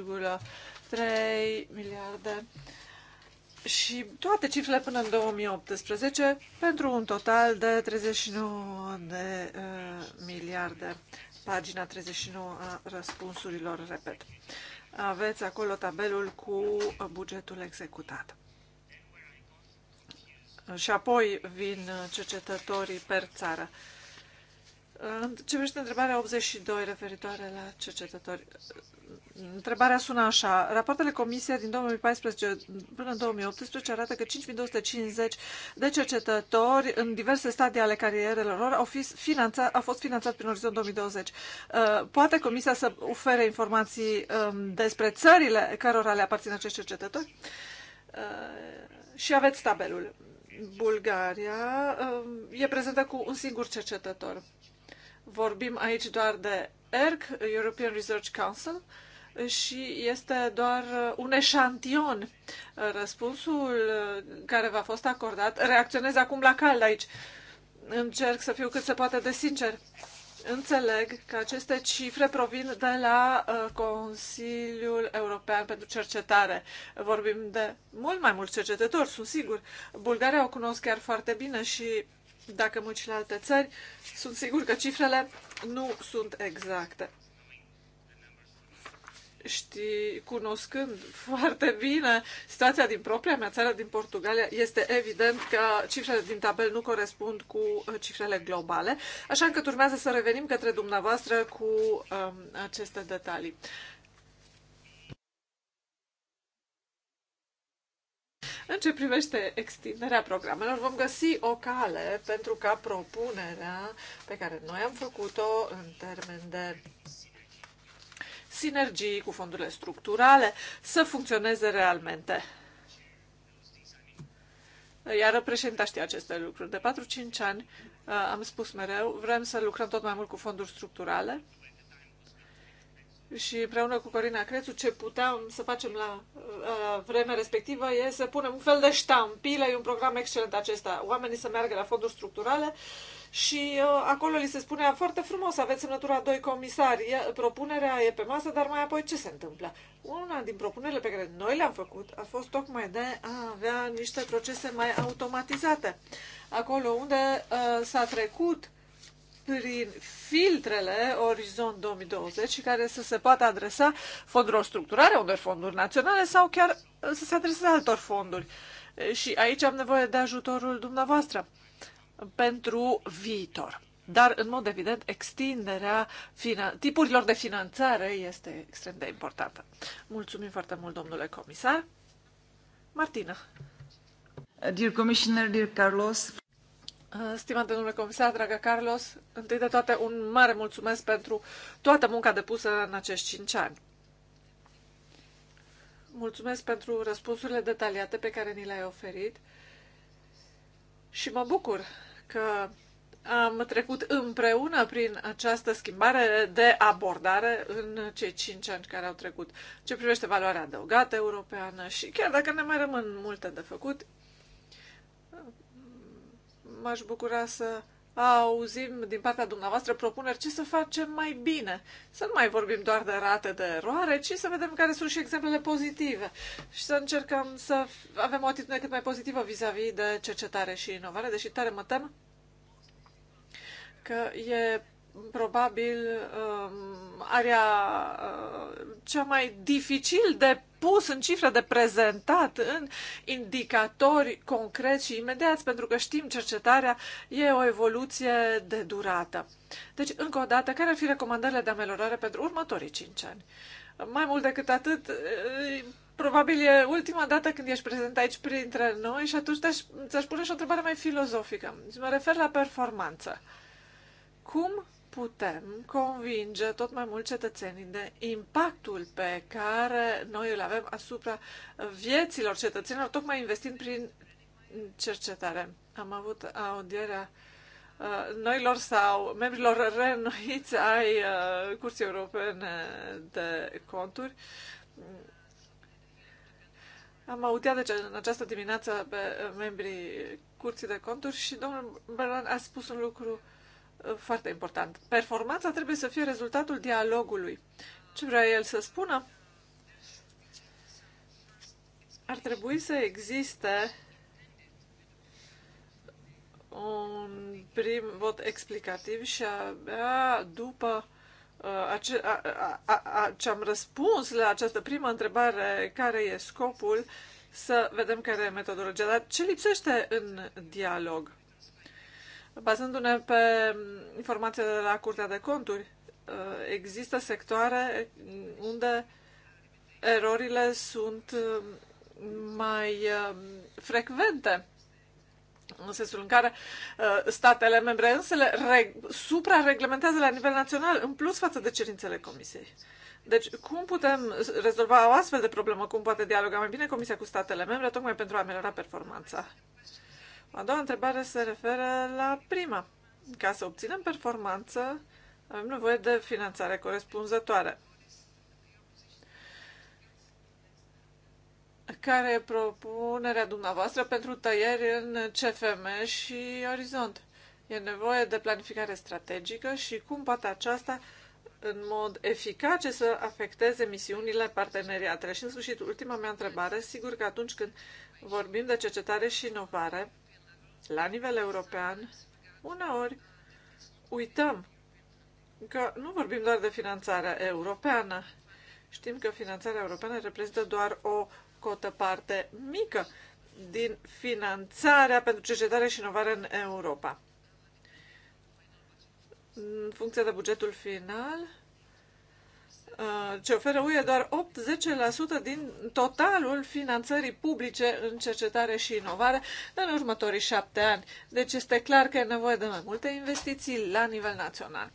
miliarde și toate cifrele până în 2018 pentru un total de 39 de uh, miliarde. Pagina 39 a răspunsurilor, repet. Uh, aveți acolo tabelul cu bugetul executat. Și apoi vin cercetătorii per țară ce privește întrebarea 82 referitoare la cercetători, întrebarea sună așa. Rapoartele comisiei din 2014 până în 2018 arată că 5250 de cercetători în diverse stadii ale carierelor lor au, fost finanțat, au fost finanțați prin orizont 2020. Uh, poate comisia să ofere informații um, despre țările cărora le aparțin acești cercetători? Uh, și aveți tabelul. Bulgaria um, e prezentă cu un singur cercetător Vorbim aici doar de ERC, European Research Council, și este doar un eșantion. Răspunsul care v-a fost acordat, reacționez acum la cald aici. Încerc să fiu cât se poate de sincer. Înțeleg că aceste cifre provin de la uh, Consiliul European pentru Cercetare. Vorbim de mult mai mulți cercetători, sunt sigur. Bulgaria o cunosc chiar foarte bine și dacă mă și la alte țări, sunt sigur că cifrele nu sunt exacte. Știi, cunoscând foarte bine situația din propria mea țară, din Portugalia, este evident că cifrele din tabel nu corespund cu uh, cifrele globale, așa că urmează să revenim către dumneavoastră cu um, aceste detalii. Uh, În ce privește extinderea programelor, vom găsi o cale pentru ca propunerea pe care noi am făcut-o în termen de sinergii cu fondurile structurale să funcționeze realmente. Iar președinta știe aceste lucruri. De 4-5 ani uh, am spus mereu, vrem să lucrăm tot mai mult cu fonduri structurale și împreună cu Corina Crețu, ce puteam să facem la uh, vremea respectivă e să punem un fel de ștampile, e un program excelent acesta, oamenii să meargă la fonduri structurale și uh, acolo li se spunea foarte frumos, aveți semnătura doi comisari, e, propunerea e pe masă, dar mai apoi ce se întâmplă? Una din propunerile pe care noi le-am făcut a fost tocmai de a avea niște procese mai automatizate. Acolo unde uh, s-a trecut prin filtrele Orizont 2020 și care să se poată adresa fondurilor structurare, unor fonduri naționale sau chiar uh, să se adreseze altor fonduri. Și aici am nevoie de ajutorul dumneavoastră pentru viitor. Dar, în mod evident, extinderea tipurilor de finanțare este extrem de importantă. Mulțumim foarte mult, domnule comisar. Martina. Dear Commissioner, dear Carlos. Uh, stimate domnule comisar, dragă Carlos, întâi de toate un mare mulțumesc pentru toată munca depusă în acești cinci ani. Mulțumesc pentru răspunsurile detaliate pe care ni le-ai oferit și mă bucur că am trecut împreună prin această schimbare de abordare în cei cinci ani care au trecut. Ce privește valoarea adăugată europeană și chiar dacă ne mai rămân multe de făcut, m-aș bucura să auzim din partea dumneavoastră propuneri ce să facem mai bine. Să nu mai vorbim doar de rate de eroare, ci să vedem care sunt și exemplele pozitive și să încercăm să avem o atitudine cât mai pozitivă vis-a-vis -vis de cercetare și inovare, deși tare mă tem că e probabil um, area uh, cea mai dificil de pus în cifră, de prezentat în indicatori concreți și imediați, pentru că știm cercetarea e o evoluție de durată. Deci, încă o dată, care ar fi recomandările de ameliorare pentru următorii 5 ani? Mai mult decât atât, uh, probabil e ultima dată când ești prezent aici printre noi și atunci ți-aș, ți pune și o întrebare mai filozofică. Mă refer la performanță. Cum putem convinge tot mai mult cetățenii de impactul pe care noi îl avem asupra vieților cetățenilor, tocmai investind prin cercetare. Am avut audierea uh, noilor sau membrilor renuiți ai uh, Curții Europene de Conturi. Am audiat deci, în această dimineață pe membrii Curții de Conturi și domnul Berlan a spus un lucru uh, foarte important. Performanța trebuie să fie rezultatul dialogului. Ce vrea el să spună? Ar trebui să existe un prim vot explicativ și abia după uh, ce am răspuns la această primă întrebare, care e scopul, să vedem care e metodologia. Dar ce lipsește în dialog? Bazându-ne pe informațiile de la Curtea de Conturi, eh, există sectoare unde erorile sunt eh, mai eh, frecvente în sensul în care statele membre însele reg- suprareglementează la nivel național, în plus față de cerințele Comisiei. Deci, cum putem rezolva o astfel de problemă? Cum poate dialoga mai bine Comisia cu statele membre, tocmai pentru a ameliora performanța? A doua întrebare se referă la prima. Ca să obținem performanță, avem nevoie de finanțare corespunzătoare. Care e propunerea dumneavoastră pentru tăieri în CFM și Orizont? E nevoie de planificare strategică și cum poate aceasta în mod eficace să afecteze misiunile, parteneriatele. Și, în sfârșit, ultima mea întrebare. Sigur că atunci când vorbim de cercetare și inovare, la nivel european, uneori uităm că nu vorbim doar de finanțarea europeană. Știm că finanțarea europeană reprezintă doar o cotă parte mică din finanțarea pentru cercetare și inovare în Europa. În funcție de bugetul final, Uh, ce oferă UE doar 8-10% din totalul finanțării publice în cercetare și inovare în următorii șapte ani. Deci este clar că e nevoie de mai multe investiții la nivel național.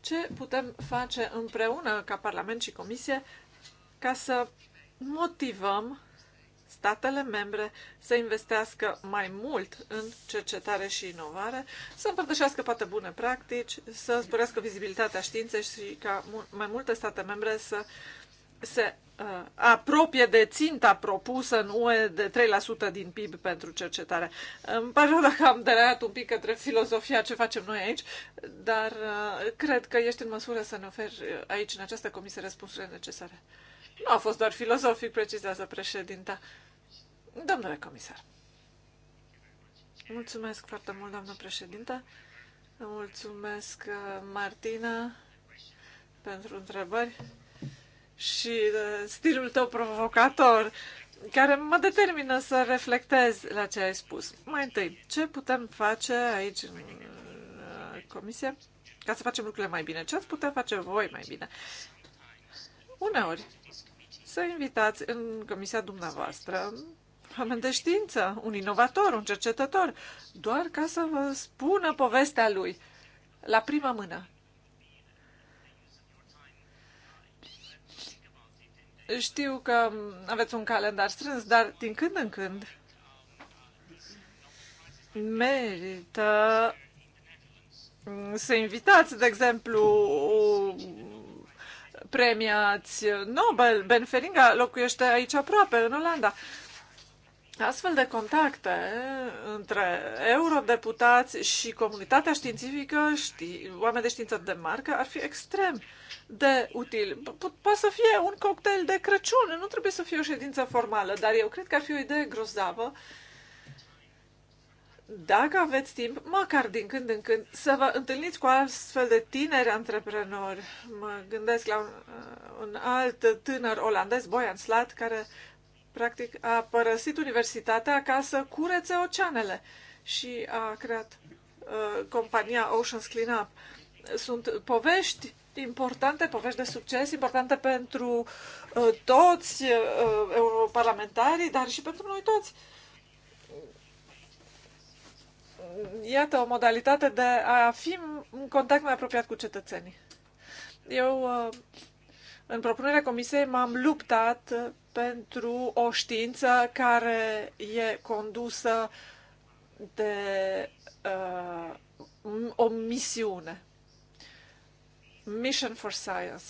Ce putem face împreună ca Parlament și Comisie ca să motivăm statele membre să investească mai mult în cercetare și inovare, să împărtășească poate bune practici, să sporească vizibilitatea științei și ca mai multe state membre să se uh, apropie de ținta propusă în UE de 3% din PIB pentru cercetare. Îmi pare rău dacă am deraiat un pic către filozofia ce facem noi aici, dar uh, cred că ești în măsură să ne oferi aici, în această comisie, răspunsurile necesare. Nu a fost doar filozofii, precizează președinta. Domnule comisar. Mulțumesc foarte mult, doamnă președinte. Mulțumesc, uh, Martina, pentru întrebări și uh, stilul tău provocator, care mă determină să reflectez la ce ai spus. Mai întâi, ce putem face aici în uh, comisie ca să facem lucrurile mai bine? Ce ați putea face voi mai bine? Uneori, să invitați în comisia dumneavoastră oameni de știință, un inovator, un cercetător, doar ca să vă spună povestea lui la prima mână. Știu că aveți un calendar strâns, dar din când în când merită să invitați, de exemplu, premiați Nobel. Ben Feringa locuiește aici aproape, în Olanda. Astfel de contacte între eurodeputați și comunitatea științifică, ști, oameni de știință de marcă, ar fi extrem de util. Poate să fie un cocktail de Crăciun, nu trebuie să fie o ședință formală, dar eu cred că ar fi o idee grozavă uh, dacă aveți timp, măcar din când în când, să vă întâlniți cu astfel de tineri antreprenori. Mă gândesc la un, uh, un alt tânăr olandez, Boyan Slat, care practic a părăsit universitatea ca să curețe oceanele și a creat uh, compania Oceans Cleanup. Sunt povești importante, povești de succes, importante pentru uh, toți uh, europarlamentarii, dar și pentru noi toți. Uh, iată, o modalitate de a fi în contact mai apropiat cu cetățenii. Eu, uh, în propunerea comisiei, m-am luptat pentru o știință care e condusă de uh, o misiune. Mission for Science.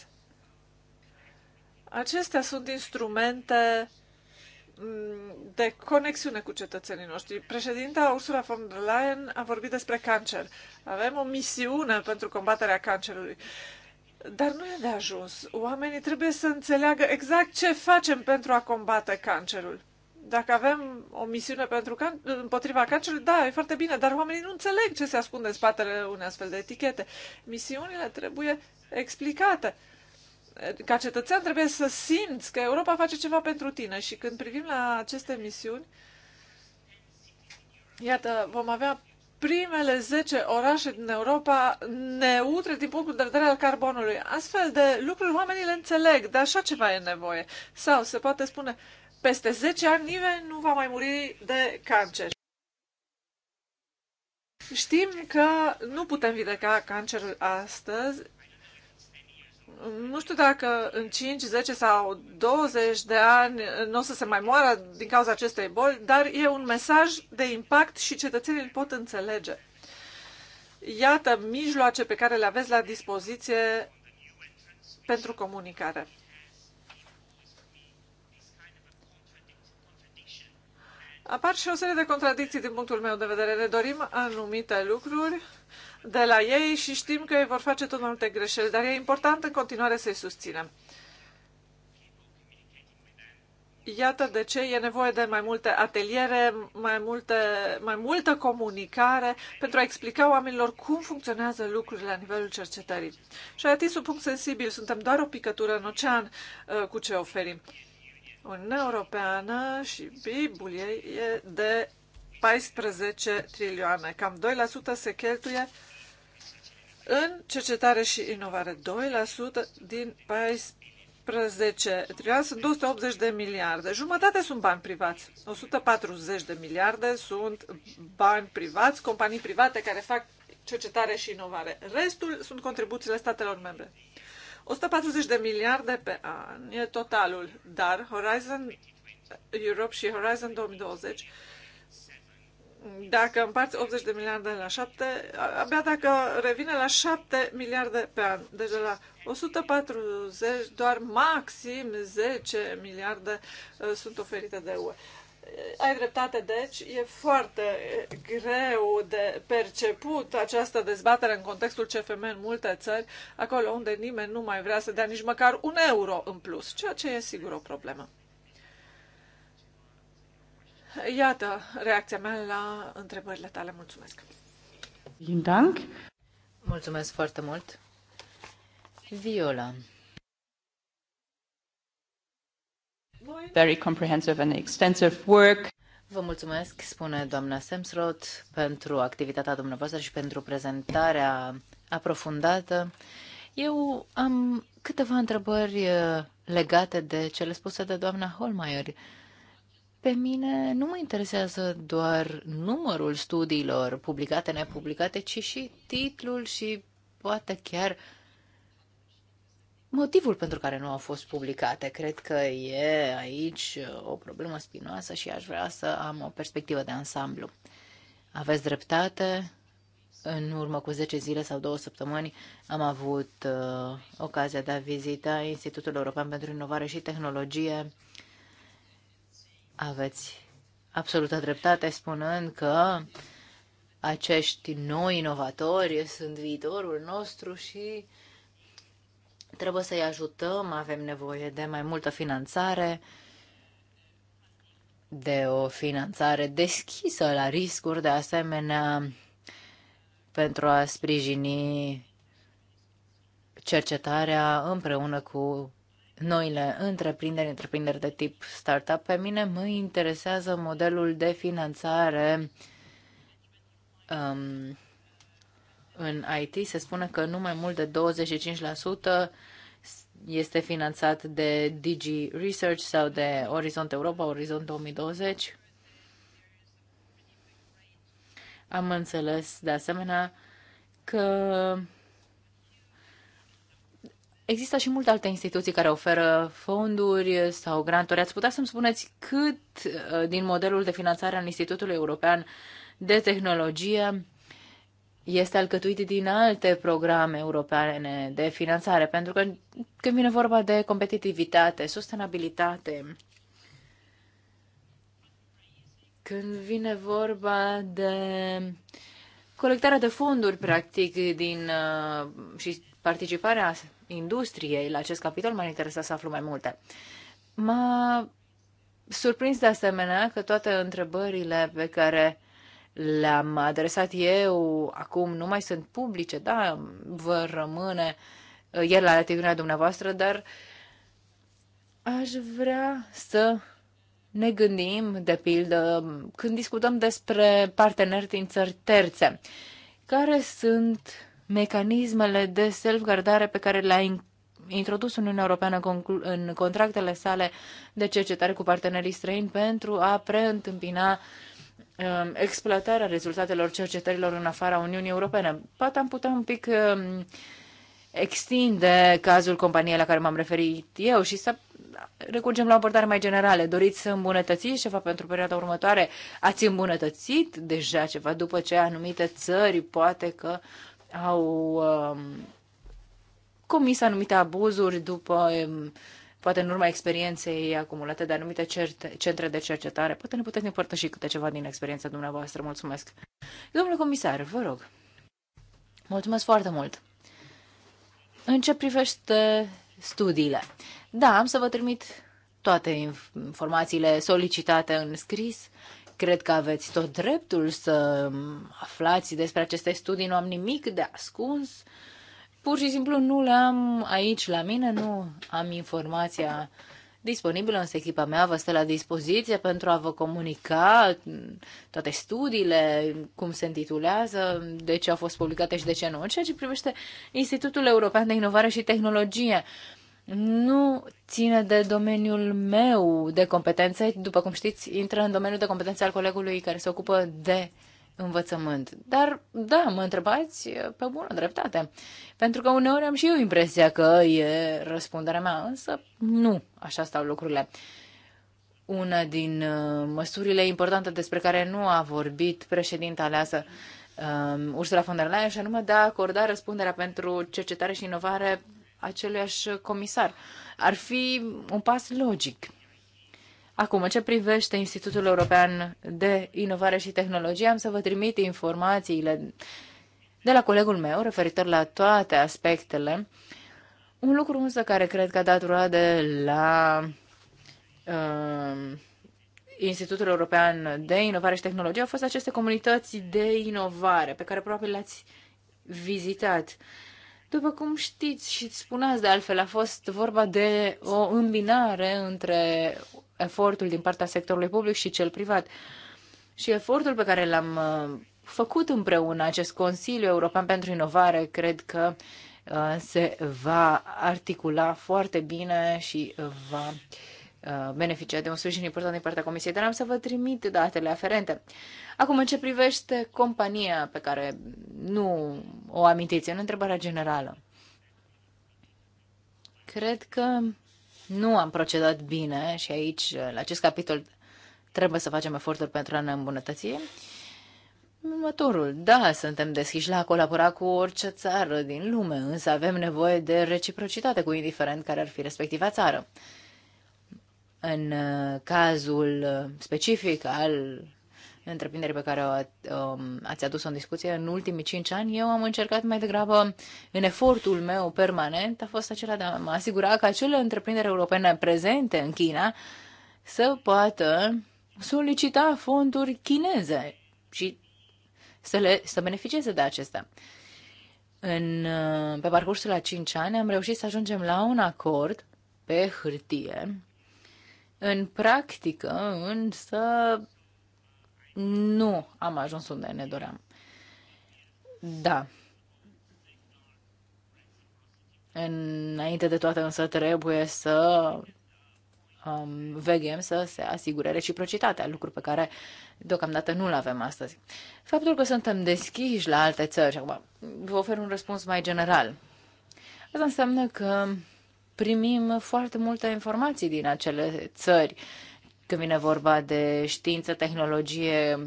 Acestea sunt instrumente uh, de conexiune cu cetățenii noștri. Președinta Ursula von der Leyen a vorbit despre cancer. Avem o misiune pentru combaterea cancerului. Dar nu e de ajuns. Oamenii trebuie să înțeleagă exact ce facem pentru a combate cancerul. Dacă avem o misiune pentru can- împotriva cancerului, da, e foarte bine, dar oamenii nu înțeleg ce se ascunde în spatele unei astfel de etichete. Misiunile trebuie explicate ca cetățean trebuie să simți că Europa face ceva pentru tine și când privim la aceste misiuni, iată, vom avea primele 10 orașe din Europa neutre din punctul de vedere al carbonului. Astfel de lucruri oamenii le înțeleg, de așa ceva e nevoie. Sau se poate spune, peste 10 ani nimeni nu va mai muri de cancer. Știm că nu putem vindeca cancerul astăzi, nu știu dacă în 5, 10 sau 20 de ani nu o să se mai moară din cauza acestei boli, dar e un mesaj de impact și cetățenii îl pot înțelege. Iată mijloace pe care le aveți la dispoziție pentru comunicare. Apar și o serie de contradicții din punctul meu de vedere. Ne dorim anumite lucruri de la ei și știm că ei vor face tot mai multe greșeli, dar e important în continuare să-i susținem. Iată de ce e nevoie de mai multe ateliere, mai, multe, mai multă comunicare pentru a explica oamenilor cum funcționează lucrurile la nivelul cercetării. Și a atins un punct sensibil. Suntem doar o picătură în ocean uh, cu ce oferim. Uniunea Europeană și pib ei e de 14 trilioane. Cam 2% se cheltuie în cercetare și inovare, 2% din 14 trilioane sunt 280 de miliarde. Jumătate sunt bani privați. 140 de miliarde sunt bani privați, companii private care fac cercetare și inovare. Restul sunt contribuțiile statelor membre. 140 de miliarde pe an e totalul, dar Horizon Europe și Horizon 2020 dacă împarți 80 de miliarde la 7, abia dacă revine la 7 miliarde pe an. Deci de la 140, doar maxim 10 miliarde uh, sunt oferite de UE. Ai dreptate, deci e foarte greu de perceput această dezbatere în contextul CFM în multe țări, acolo unde nimeni nu mai vrea să dea nici măcar un euro în plus, ceea ce e sigur o problemă. Iată reacția mea la întrebările tale. Mulțumesc! Dank. Mulțumesc foarte mult! Viola. Very comprehensive and extensive work. Vă mulțumesc, spune doamna Semsrot, pentru activitatea dumneavoastră și pentru prezentarea aprofundată. Eu am câteva întrebări eh, legate de cele spuse de doamna Holmeier. Pe mine nu mă interesează doar numărul studiilor publicate, nepublicate, ci și titlul și poate chiar motivul pentru care nu au fost publicate. Cred că e aici o problemă spinoasă și aș vrea să am o perspectivă de ansamblu. Aveți dreptate, în urmă cu 10 zile sau două săptămâni am avut uh, ocazia de a vizita Institutul European pentru Inovare și Tehnologie aveți absolută dreptate spunând că acești noi inovatori sunt viitorul nostru și trebuie să-i ajutăm, avem nevoie de mai multă finanțare, de o finanțare deschisă la riscuri, de asemenea, pentru a sprijini cercetarea împreună cu noile întreprinderi, întreprinderi de tip startup. Pe mine mă interesează modelul de finanțare um, în IT. Se spune că nu mai mult de 25% este finanțat de DG Research sau de Orizont Europa, Orizont 2020. Am înțeles de asemenea că Există și multe alte instituții care oferă fonduri sau granturi. Ați putea să-mi spuneți cât uh, din modelul de finanțare al Institutului European de Tehnologie este alcătuit din alte programe europene de finanțare? Pentru că când vine vorba de competitivitate, sustenabilitate, când vine vorba de colectarea de fonduri, practic, din, uh, și participarea industriei, la acest capitol, m-ar interesa să aflu mai multe. M-a surprins de asemenea că toate întrebările pe care le-am adresat eu acum nu mai sunt publice, da, vă rămâne uh, el la latitudinea dumneavoastră, dar aș vrea să ne gândim, de pildă, când discutăm despre parteneri din țări terțe, care sunt mecanismele de self-gardare pe care le-a introdus Uniunea Europeană în contractele sale de cercetare cu partenerii străini pentru a preîntâmpina um, exploatarea rezultatelor cercetărilor în afara Uniunii Europene. Poate am putea un pic um, extinde cazul companiei la care m-am referit eu și să recurgem la o abordare mai generală. Doriți să îmbunătățiți ceva pentru perioada următoare? Ați îmbunătățit deja ceva după ce anumite țări poate că au um, comis anumite abuzuri după, um, poate în urma experienței acumulate de anumite cert- centre de cercetare. Poate ne puteți împărtăși câte ceva din experiența dumneavoastră. Mulțumesc. Domnule comisar, vă rog. Mulțumesc foarte mult. În ce privește studiile? Da, am să vă trimit toate informațiile solicitate în scris. Uh, Cred că aveți tot dreptul să aflați despre aceste studii, nu am nimic de ascuns. Pur și simplu nu le am aici la mine, nu am informația disponibilă, însă echipa mea vă stă la dispoziție pentru a vă comunica toate studiile, cum se intitulează, de ce au fost publicate și de ce nu. În ceea ce privește Institutul European de Inovare și Tehnologie, nu ține de domeniul meu de competențe, după cum știți, intră în domeniul de competențe al colegului care se ocupă de învățământ. Dar, da, mă întrebați pe bună dreptate, pentru că uneori am și eu impresia că e răspunderea mea, însă nu așa stau lucrurile. Una din uh, măsurile importante despre care nu a vorbit președinta aleasă um, Ursula von der Leyen, și anume de a acorda răspunderea pentru cercetare și inovare aceluiași comisar. Ar fi un pas logic. Acum, în ce privește Institutul European de Inovare și Tehnologie, am să vă trimit informațiile de la colegul meu referitor la toate aspectele. Un lucru însă care cred că a dat roade la uh, Institutul European de Inovare și Tehnologie au fost aceste comunități de inovare pe care probabil le-ați vizitat. După cum știți și spuneați de altfel, a fost vorba de o îmbinare între efortul din partea sectorului public și cel privat. Și efortul pe care l-am uh, făcut împreună acest Consiliu European pentru Inovare, cred că uh, se va articula foarte bine și va Uh, beneficia de un sprijin important din partea Comisiei, dar am să vă trimit datele aferente. Acum, în ce privește compania pe care nu o amintiți, în întrebarea generală, cred că nu am procedat bine și aici, la acest capitol, trebuie să facem eforturi pentru a ne îmbunătăți. Următorul, da, suntem deschiși la a colabora cu orice țară din lume, însă avem nevoie de reciprocitate cu indiferent care ar fi respectiva țară. În uh, cazul uh, specific al întreprinderii pe care o, um, ați adus-o în discuție în ultimii cinci ani, eu am încercat mai degrabă, în efortul meu permanent, a fost acela de a mă asigura că acele întreprinderi europene prezente în China să poată solicita fonduri chineze și să, le, să beneficieze de acestea. În, uh, pe parcursul a cinci ani am reușit să ajungem la un acord pe hârtie în practică, însă, nu am ajuns unde ne doream. Da. Înainte de toate, însă, trebuie să um, veghem să se asigure reciprocitatea, lucruri pe care deocamdată nu-l avem astăzi. Faptul că suntem deschiși la alte țări, acum vă ofer un răspuns mai general. Asta înseamnă că primim foarte multe informații din acele țări când vine vorba de știință, tehnologie,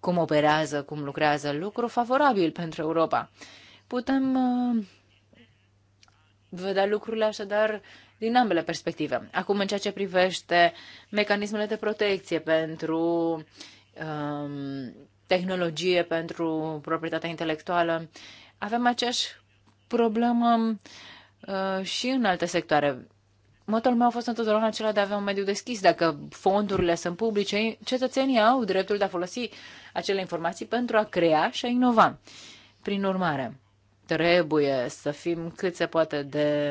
cum operează, cum lucrează, lucru favorabil pentru Europa. Putem uh, vedea lucrurile așadar din ambele perspective. Acum, în ceea ce privește mecanismele de protecție pentru um, tehnologie, pentru proprietatea intelectuală, avem aceeași problemă Uh, și în alte sectoare. Motul meu a fost întotdeauna acela de a avea un mediu deschis. Dacă fondurile sunt publice, cetățenii au dreptul de a folosi acele informații pentru a crea și a inova. Prin urmare, trebuie să fim cât se poate de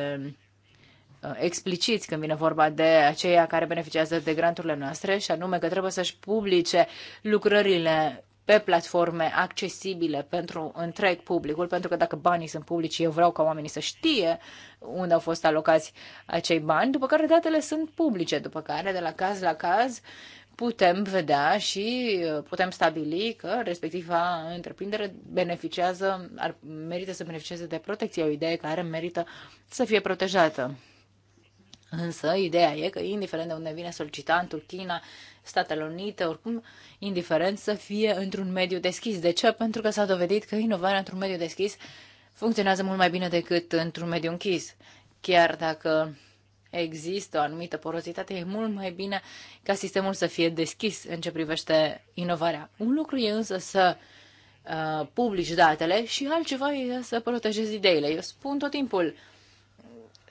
uh, expliciți când vine vorba de aceia care beneficiază de granturile noastre și anume că trebuie să-și publice lucrările pe platforme accesibile pentru întreg publicul, pentru că dacă banii sunt publici, eu vreau ca oamenii să știe unde au fost alocați acei bani, după care datele sunt publice, după care de la caz la caz putem vedea și uh, putem stabili că respectiva întreprindere beneficiază, ar, merită să beneficieze de protecție, o idee care merită să fie protejată. Însă, ideea e că, indiferent de unde vine solicitantul, China, Statele Unite, oricum, indiferent să fie într-un mediu deschis. De ce? Pentru că s-a dovedit că inovarea într-un mediu deschis funcționează mult mai bine decât într-un mediu închis. Chiar dacă există o anumită porozitate, e mult mai bine ca sistemul să fie deschis în ce privește inovarea. Un lucru e însă să uh, publici datele și altceva e să protejezi ideile. Eu spun tot timpul, uh,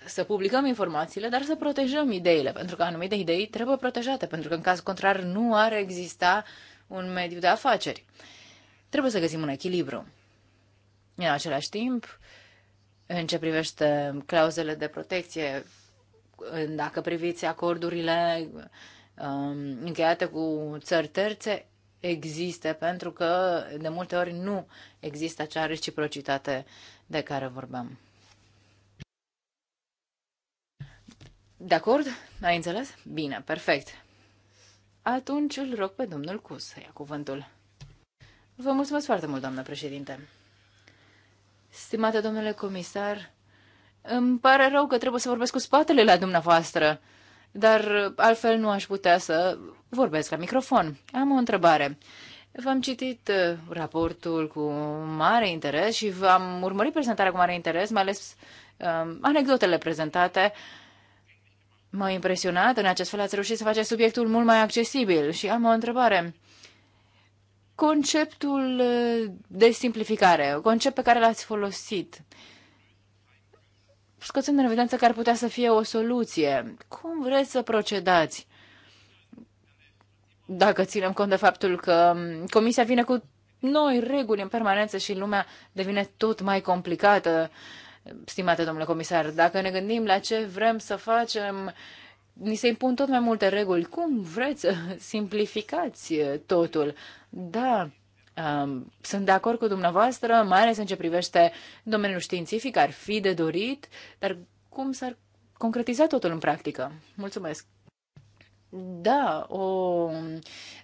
să publicăm informațiile, dar să protejăm ideile, pentru că anumite idei trebuie protejate, pentru că în caz contrar nu ar exista un mediu de afaceri. Trebuie să găsim un echilibru. În același timp, în ce privește clauzele de protecție, dacă priviți acordurile um, încheiate cu țări terțe, există, pentru că de multe ori nu există acea reciprocitate de care vorbeam. De acord? Ai înțeles? Bine, perfect. Atunci îl rog pe domnul Cus să ia cuvântul. Vă mulțumesc foarte mult, doamnă președinte. Stimate domnule comisar, îmi pare rău că trebuie să vorbesc cu spatele la dumneavoastră, dar altfel nu aș putea să vorbesc la microfon. Am o întrebare. V-am citit uh, raportul cu mare interes și v-am urmărit prezentarea cu mare interes, mai ales um, anecdotele prezentate. Uh, M-a impresionat, în acest fel ați reușit să faceți subiectul mult mai accesibil și am o întrebare. Conceptul uh, de simplificare, concept pe care l-ați folosit, scoțând în evidență că ar putea să fie o soluție, cum vreți să procedați? Dacă ținem cont de faptul că um, comisia vine cu noi reguli în permanență și lumea devine tot mai complicată, Stimate domnule comisar, dacă ne gândim la ce vrem să facem, ni se impun tot mai multe reguli. Cum vreți să simplificați totul? Da, sunt de acord cu dumneavoastră, mai ales în ce privește domeniul științific, ar fi de dorit, dar cum s-ar concretiza totul în practică? Mulțumesc! Da, o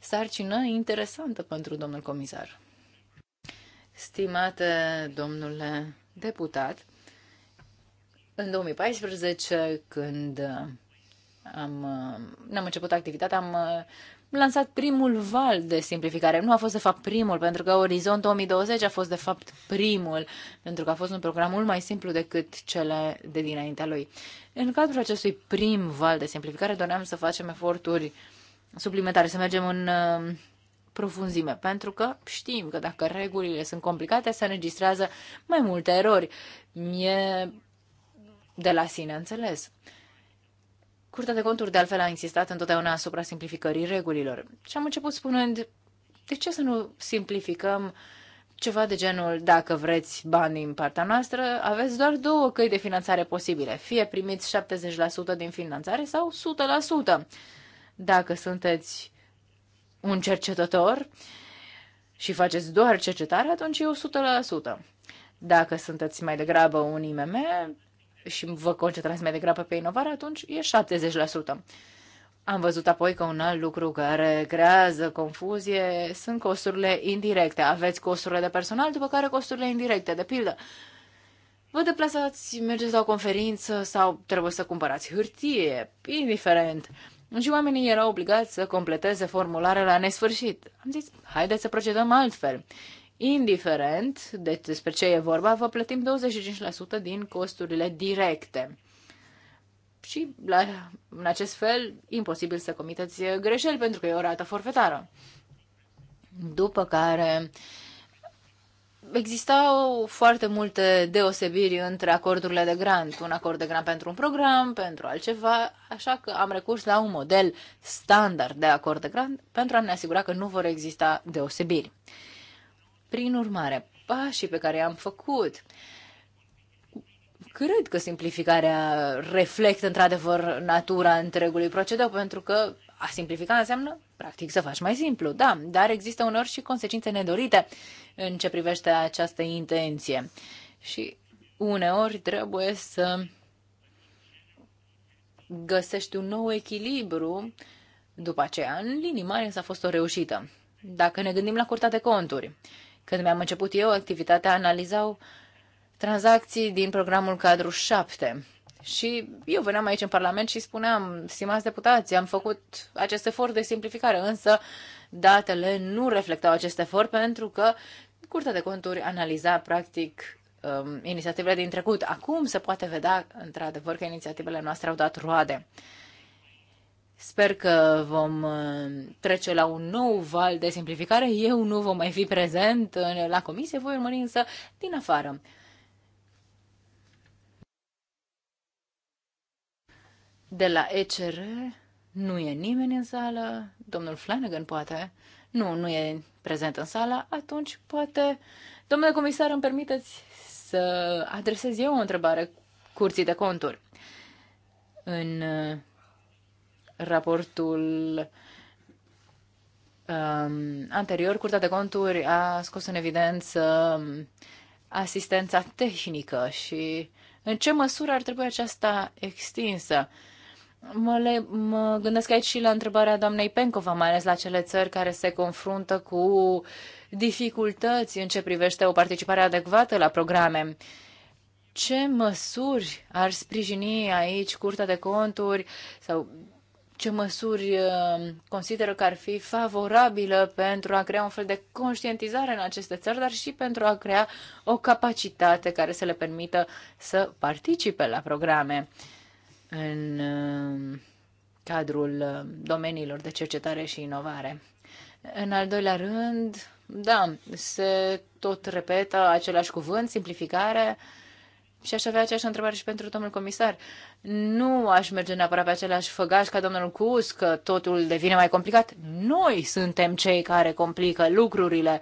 sarcină interesantă pentru domnul comisar. Stimate domnule deputat, în 2014, când uh, am, uh, ne-am început activitatea, am uh, lansat primul val de simplificare. Nu a fost, de fapt, primul, pentru că Orizont 2020 a fost, de fapt, primul, pentru că a fost un program mult mai simplu decât cele de dinaintea lui. În cadrul acestui prim val de simplificare, doream să facem eforturi suplimentare, să mergem în profunzime, pentru că știm că dacă regulile sunt complicate, se înregistrează mai multe erori. E de la sine înțeles. Curtea de conturi, de altfel, a insistat întotdeauna asupra simplificării regulilor. Și am început spunând, de ce să nu simplificăm ceva de genul, dacă vreți bani din partea noastră, aveți doar două căi de finanțare posibile. Fie primiți 70% din finanțare sau 100%. Dacă sunteți un cercetător și faceți doar cercetare, atunci e 100%. Dacă sunteți mai degrabă un IMM, și vă concentrați mai degrabă pe inovare, atunci e 70%. Am văzut apoi că un alt lucru care creează confuzie sunt costurile indirecte. Aveți costurile de personal, după care costurile indirecte. De pildă, vă deplasați, mergeți la o conferință sau trebuie să cumpărați hârtie, indiferent. Și oamenii erau obligați să completeze formulare la nesfârșit. Am zis, haideți să procedăm altfel indiferent de despre ce e vorba, vă plătim 25% din costurile directe. Și la, în acest fel, imposibil să comiteți greșeli, pentru că e o rată forfetară. După care, existau foarte multe deosebiri între acordurile de grant. Un acord de grant pentru un program, pentru altceva, așa că am recurs la un model standard de acord de grant pentru a ne asigura că nu vor exista deosebiri. Prin urmare, pașii pe care i-am făcut, cred că simplificarea reflectă într-adevăr natura întregului procedeu, pentru că a simplifica înseamnă, practic, să faci mai simplu, da, dar există uneori și consecințe nedorite în ce privește această intenție. Și uneori trebuie să găsești un nou echilibru după aceea. În linii mari însă a fost o reușită. Dacă ne gândim la curtea de conturi, când mi-am început eu activitatea, analizau tranzacții din programul cadru 7. Și eu veneam aici în Parlament și spuneam, stimați deputați, am făcut acest efort de simplificare, însă datele nu reflectau acest efort pentru că Curtea de Conturi analiza practic um, inițiativele din trecut. Acum se poate vedea într-adevăr că inițiativele noastre au dat roade. Sper că vom uh, trece la un nou val de simplificare. Eu nu vom mai fi prezent uh, la comisie, voi urmări însă din afară. De la ECR nu e nimeni în sală. Domnul Flanagan poate. Nu, nu e prezent în sală. Atunci poate... Domnule comisar, îmi permiteți să adresez eu o întrebare curții de conturi. În uh, raportul um, anterior, Curtea de Conturi a scos în evidență um, asistența tehnică și în ce măsură ar trebui aceasta extinsă. Mă, le, mă gândesc aici și la întrebarea doamnei Pencova, mai ales la cele țări care se confruntă cu dificultăți în ce privește o participare adecvată la programe. Ce măsuri ar sprijini aici Curtea de Conturi sau ce măsuri uh, consideră că ar fi favorabilă pentru a crea un fel de conștientizare în aceste țări, dar și pentru a crea o capacitate care să le permită să participe la programe în uh, cadrul uh, domeniilor de cercetare și inovare. În al doilea rând, da, se tot repetă același cuvânt, simplificare, uh, și aș avea aceeași întrebare și pentru domnul comisar. Nu aș merge neapărat pe același făgaș ca domnul Cus, că totul devine mai complicat. Noi suntem cei care complică lucrurile.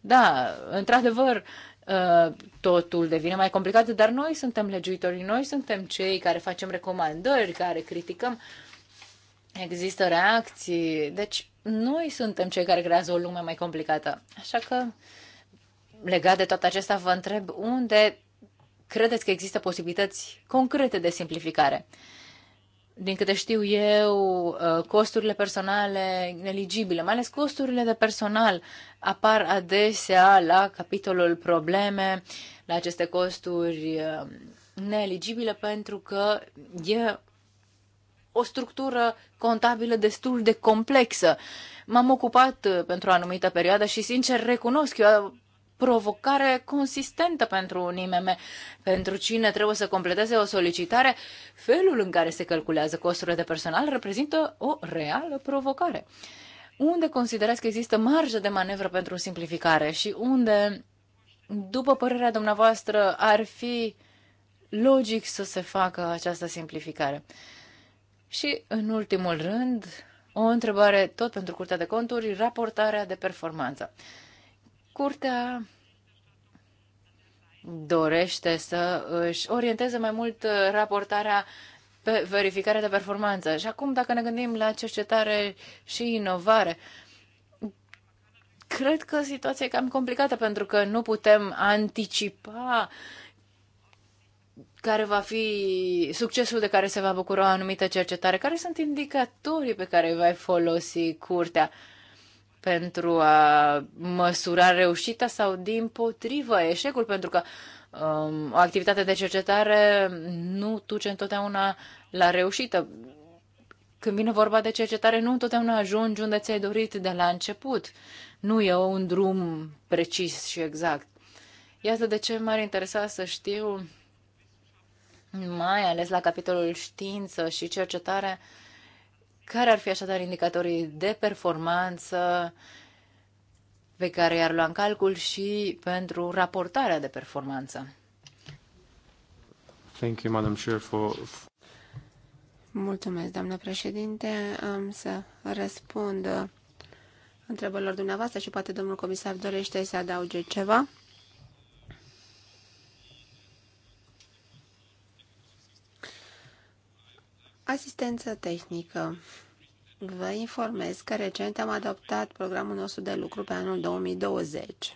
Da, într-adevăr, ă, totul devine mai complicat, dar noi suntem legiuitorii, noi suntem cei care facem recomandări, care criticăm. Există reacții, deci noi suntem cei care creează o lume mai complicată. Așa că, legat de tot acesta, vă întreb unde credeți că există posibilități concrete de simplificare? Din câte știu eu, uh, costurile personale eligibile, mai ales costurile de personal, apar adesea la capitolul probleme, la aceste costuri uh, neeligibile, pentru că e o structură contabilă destul de complexă. M-am ocupat uh, pentru o anumită perioadă și, sincer, recunosc, eu provocare consistentă pentru un IMM. Pentru cine trebuie să completeze o solicitare, felul în care se calculează costurile de personal reprezintă o reală provocare. Unde considerați că există marjă de manevră pentru simplificare și unde, după părerea dumneavoastră, ar fi logic să se facă această simplificare? Și, în ultimul rând, o întrebare tot pentru Curtea de Conturi, raportarea de performanță. Curtea dorește să își orienteze mai mult uh, raportarea pe verificarea de performanță. Și acum, dacă ne gândim la cercetare și inovare, cred că situația e cam complicată pentru că nu putem anticipa care va fi succesul de care se va bucura o anumită cercetare, care sunt indicatorii pe care îi va folosi curtea pentru a măsura reușita sau din potrivă eșecul, pentru că um, o activitate de cercetare nu duce întotdeauna la reușită. Când vine vorba de cercetare, nu întotdeauna ajungi unde ți-ai dorit de la început. Nu e un drum precis și exact. Iată de ce m-ar interesa să știu, mai ales la capitolul știință și cercetare, uh, care ar fi așadar indicatorii de performanță pe care i-ar lua în calcul și pentru raportarea de performanță? Thank you, Madam Chair, for... Mulțumesc, doamnă președinte. Am să răspund întrebărilor dumneavoastră și poate domnul comisar dorește să adauge ceva. Asistență tehnică. Vă informez că recent am adoptat programul nostru de lucru pe anul 2020.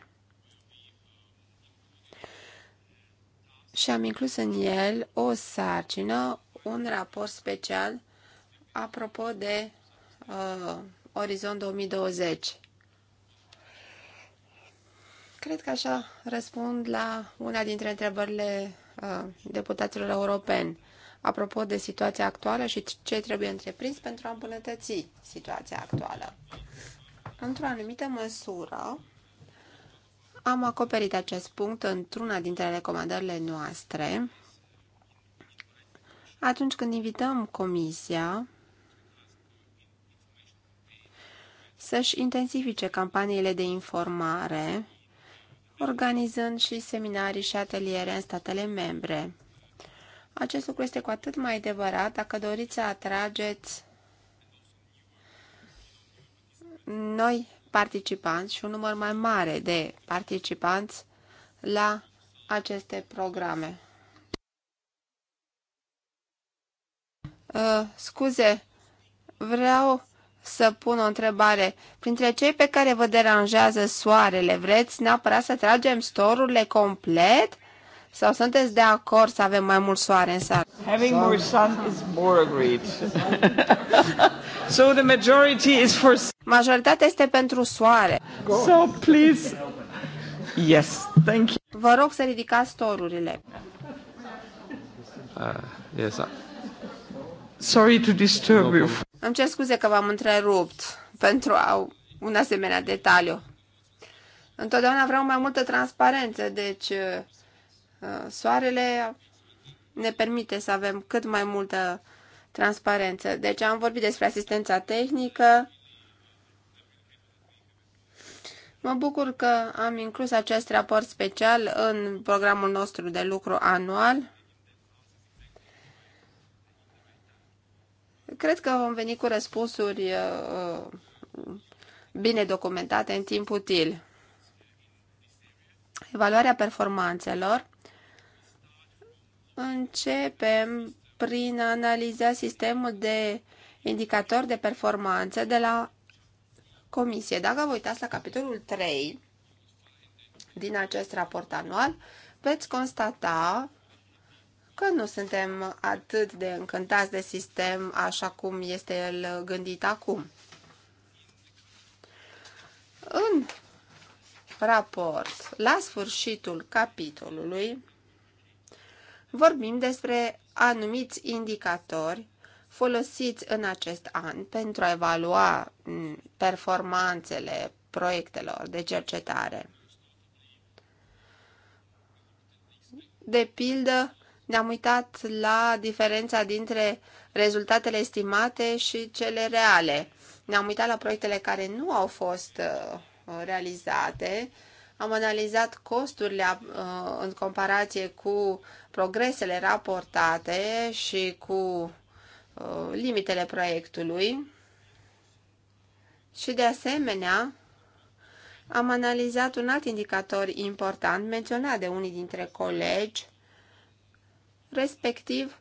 Și am inclus în el o sarcină, un raport special apropo de uh, Orizont 2020. Cred că așa răspund la una dintre întrebările uh, deputaților europeni apropo de situația actuală și ce trebuie întreprins pentru a îmbunătăți situația actuală. Într-o anumită măsură, am acoperit acest punct într-una dintre recomandările noastre. Atunci când invităm Comisia să-și intensifice campaniile de informare, organizând și seminarii și ateliere în statele membre. Acest lucru este cu atât mai adevărat dacă doriți să atrageți noi participanți și un număr mai mare de participanți la aceste programe. Uh, scuze, vreau să pun o întrebare. Printre cei pe care vă deranjează soarele, vreți neapărat să tragem storurile complet? Sau sunteți de acord să avem mai mult soare în sală? Having more sun is more agreed. so the majority is for... Majoritatea este pentru soare. So please... Yes, thank you. Vă rog să ridicați torurile. Uh, yes, ah. Sorry to disturb you. Îmi cer scuze că v-am întrerupt pentru a, un asemenea detaliu. Întotdeauna vreau mai multă transparență, deci Uh, soarele ne permite să avem cât mai multă transparență. Deci am vorbit despre asistența tehnică. Mă bucur că am inclus acest raport special în programul nostru de lucru anual. Cred că vom veni cu răspunsuri uh, bine documentate în timp util. Evaluarea performanțelor Începem prin a analiza sistemul de indicatori de performanță de la comisie. Dacă vă uitați la capitolul 3 din acest raport anual, veți constata că nu suntem atât de încântați de sistem așa cum este el gândit acum. În raport, la sfârșitul capitolului, vorbim despre anumiți indicatori folosiți în acest an pentru a evalua performanțele proiectelor de cercetare. De pildă, ne-am uitat la diferența dintre rezultatele estimate și cele reale. Ne-am uitat la proiectele care nu au fost uh, realizate am analizat costurile uh, în comparație cu progresele raportate și cu uh, limitele proiectului și de asemenea am analizat un alt indicator important menționat de unii dintre colegi, respectiv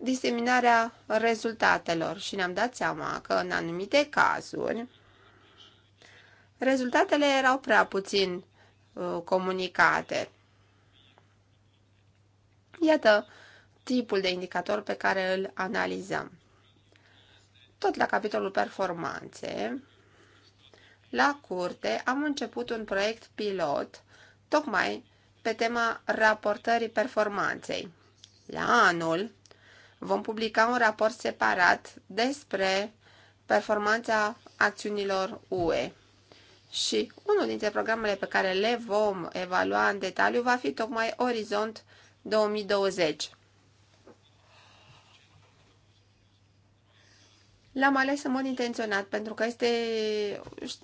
diseminarea rezultatelor și ne-am dat seama că în anumite cazuri rezultatele erau prea puțin uh, comunicate. Iată tipul de indicator pe care îl analizăm. Tot la capitolul performanțe, la curte am început un proiect pilot tocmai pe tema raportării performanței. La anul vom publica un raport separat despre performanța acțiunilor UE. Și unul dintre programele pe care le vom evalua în detaliu va fi tocmai Orizont 2020. L-am ales în mod intenționat pentru că este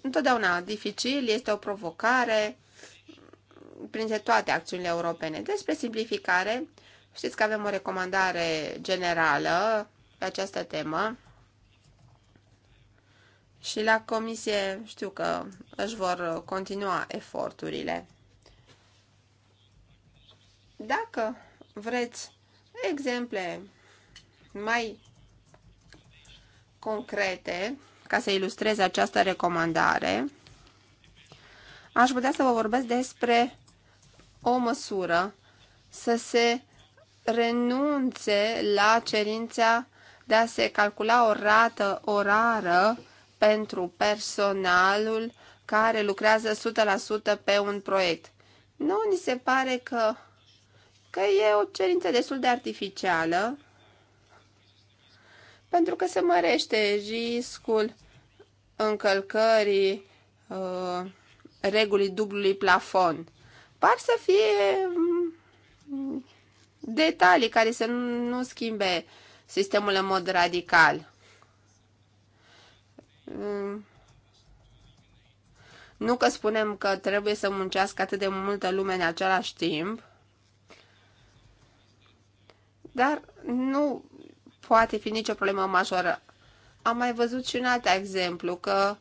întotdeauna dificil, este o provocare printre toate acțiunile europene. Despre simplificare, știți că avem o recomandare generală pe această temă. Și la comisie știu că își vor continua eforturile. Dacă vreți exemple mai concrete ca să ilustrez această recomandare, aș putea să vă vorbesc despre o măsură să se renunțe la cerința de a se calcula o rată orară pentru personalul care lucrează 100% pe un proiect. Nu ni se pare că, că e o cerință destul de artificială, pentru că se mărește riscul încălcării uh, regulii dublului plafon. Par să fie mm, detalii care să nu schimbe sistemul în mod radical. Mm. nu că spunem că trebuie să muncească atât de multă lume în același timp, dar nu poate fi nicio problemă majoră. Am mai văzut și un alt exemplu, că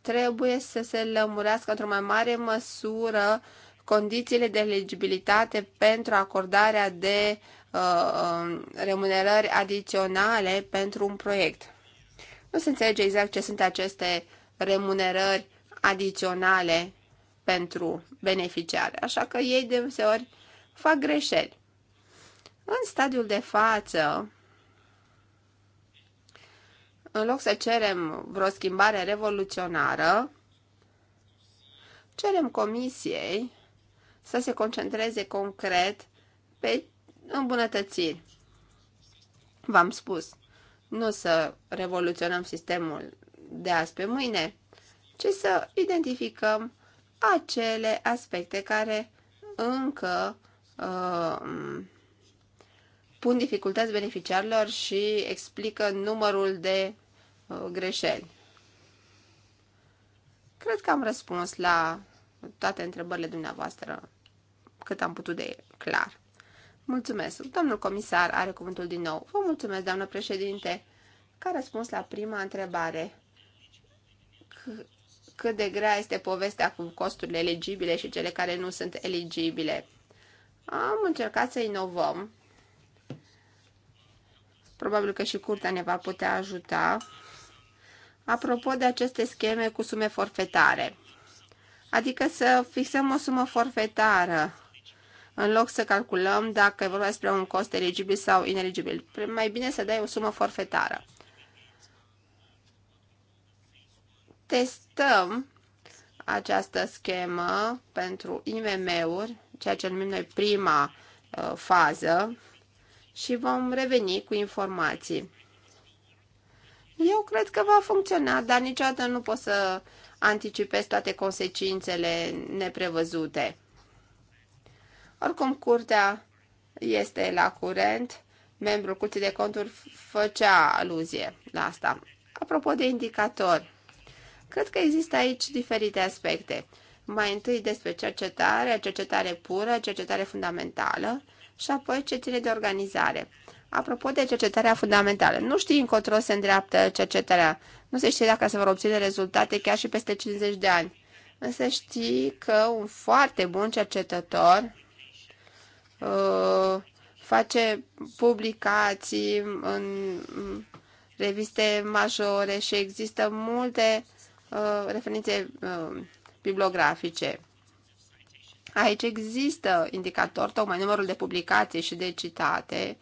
trebuie să se lămurească într-o mai mare măsură condițiile de eligibilitate pentru acordarea de uh, um, remunerări adiționale pentru un proiect. Nu se înțelege exact ce sunt aceste remunerări adiționale pentru beneficiare, așa că ei de deseori fac greșeli. În stadiul de față, în loc să cerem vreo schimbare revoluționară, cerem comisiei să se concentreze concret pe îmbunătățiri. V-am spus, nu să revoluționăm sistemul de azi pe mâine, ci să identificăm acele aspecte care încă uh, pun dificultăți beneficiarilor și explică numărul de uh, greșeli. Cred că am răspuns la toate întrebările dumneavoastră cât am putut de clar. Mulțumesc. Domnul comisar are cuvântul din nou. Vă mulțumesc, doamnă președinte. Ca răspuns la prima întrebare, C cât de grea este povestea cu costurile eligibile și cele care nu sunt eligibile? Am încercat să inovăm. Probabil că și curtea ne va putea ajuta. Apropo de aceste scheme cu sume forfetare, adică să fixăm o sumă forfetară în loc să calculăm dacă e vorba despre un cost eligibil sau ineligibil. Mai bine să dai o sumă forfetară. Testăm această schemă pentru IMM-uri, ceea ce numim noi prima uh, fază, și vom reveni cu informații. Eu cred că va funcționa, dar niciodată nu pot să anticipez toate consecințele neprevăzute. Oricum, curtea este la curent, membrul curții de conturi făcea aluzie la asta. Apropo de indicatori, cred că există aici diferite aspecte. Mai întâi despre cercetare, cercetare pură, cercetare fundamentală și apoi ce ține de organizare. Apropo de cercetarea fundamentală, nu știi încotro se îndreaptă cercetarea. Nu se știe dacă se vor obține rezultate chiar și peste 50 de ani. Însă știi că un foarte bun cercetător Uh, face publicații în reviste majore și există multe uh, referințe uh, bibliografice. Aici există indicator, tocmai numărul de publicații și de citate,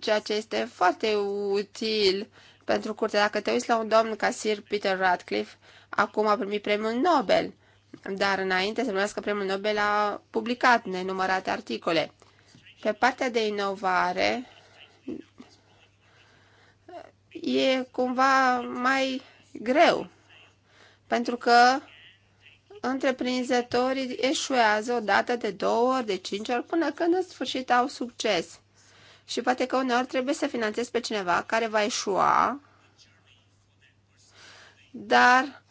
ceea ce este foarte util pentru curte. Dacă te uiți la un domn ca Sir Peter Radcliffe, acum a primit premiul Nobel dar înainte să primească premiul Nobel a publicat nenumărate articole. Pe partea de inovare e cumva mai greu, pentru că întreprinzătorii eșuează o dată de două ori, de cinci ori, până când în sfârșit au succes. Și poate că uneori trebuie să finanțezi pe cineva care va eșua, dar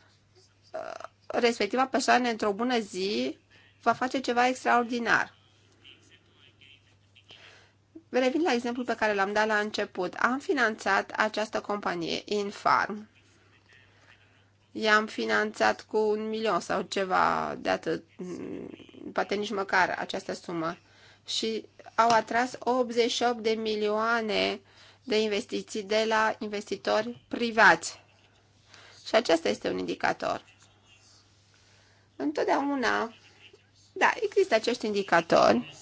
respectiva persoană într-o bună zi va face ceva extraordinar. Revin la exemplul pe care l-am dat la început. Am finanțat această companie, Infarm. I-am finanțat cu un milion sau ceva de atât, poate nici măcar această sumă. Și au atras 88 de milioane de investiții de la investitori privați. Și acesta este un indicator. Întotdeauna, da, există acești indicatori,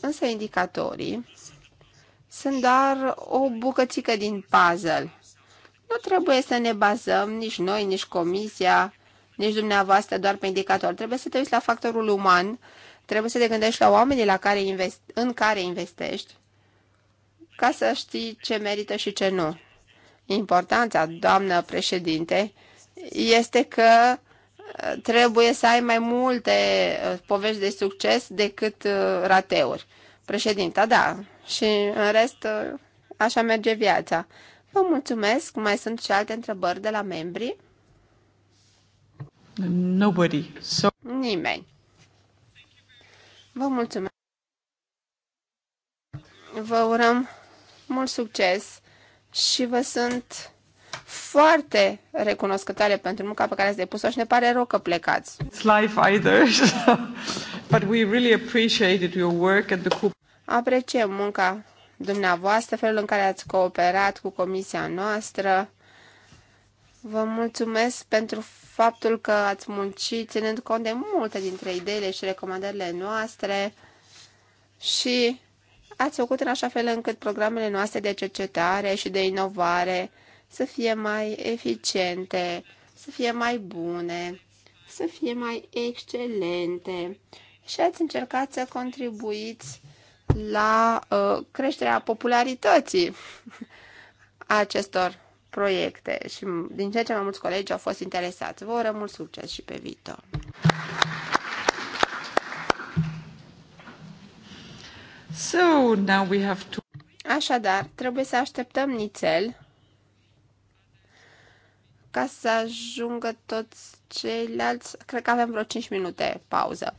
însă indicatorii sunt doar o bucățică din puzzle. Nu trebuie să ne bazăm nici noi, nici comisia, nici dumneavoastră doar pe indicator. Trebuie să te uiți la factorul uman, trebuie să te gândești la oamenii la care invest, în care investești, ca să știi ce merită și ce nu. Importanța, doamnă președinte, este că trebuie să ai mai multe uh, povești de succes decât uh, rateuri. Președinta, da. Și în rest, uh, așa merge viața. Vă mulțumesc. Mai sunt și alte întrebări de la membri? Nobody. So... Nimeni. Vă mulțumesc. Vă urăm mult succes și vă sunt foarte recunoscătoare pentru munca pe care ați depus-o și ne pare rău că plecați. It's life either. But we really appreciated your work at the Apreciem munca dumneavoastră, felul în care ați cooperat cu comisia noastră. Vă mulțumesc pentru faptul că ați muncit, ținând cont de multe dintre ideile și recomandările noastre și ați făcut în așa fel încât programele noastre de cercetare și de inovare să fie mai eficiente, să fie mai bune, să fie mai excelente și ați încercat să contribuiți la uh, creșterea popularității acestor proiecte și din ce ce mai mulți colegi au fost interesați. Vă urăm mult succes și pe viitor! So, now we have to... Așadar, trebuie să așteptăm nițel ca să ajungă toți ceilalți, cred că avem vreo 5 minute pauză.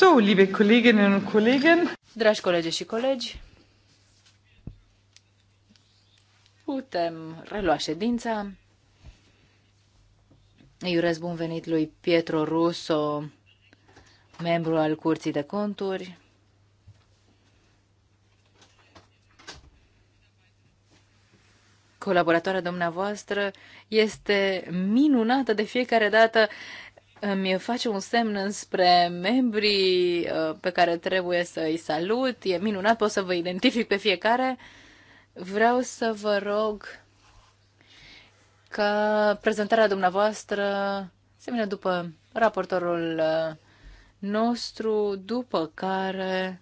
So, liebe Kolleginnen und Kollegen. Dragi colegi și colegi, putem relua ședința. Îi urez bun venit lui Pietro Russo, membru al Curții de Conturi. Colaboratoarea dumneavoastră este minunată de fiecare dată îmi face un semn înspre membrii uh, pe care trebuie să îi salut. E minunat, pot să vă identific pe fiecare. Vreau să vă rog că prezentarea dumneavoastră se vine după raportorul uh, nostru, după care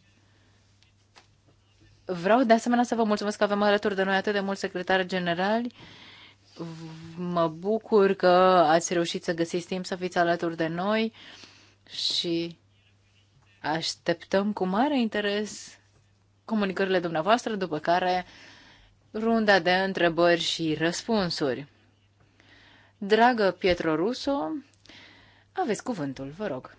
vreau de asemenea să vă mulțumesc că avem alături de noi atât de mulți secretari generali mă bucur că ați reușit să găsiți timp să fiți alături de noi și așteptăm cu mare interes comunicările dumneavoastră, după care runda de întrebări și răspunsuri. Dragă Pietro Russo, aveți cuvântul, vă rog.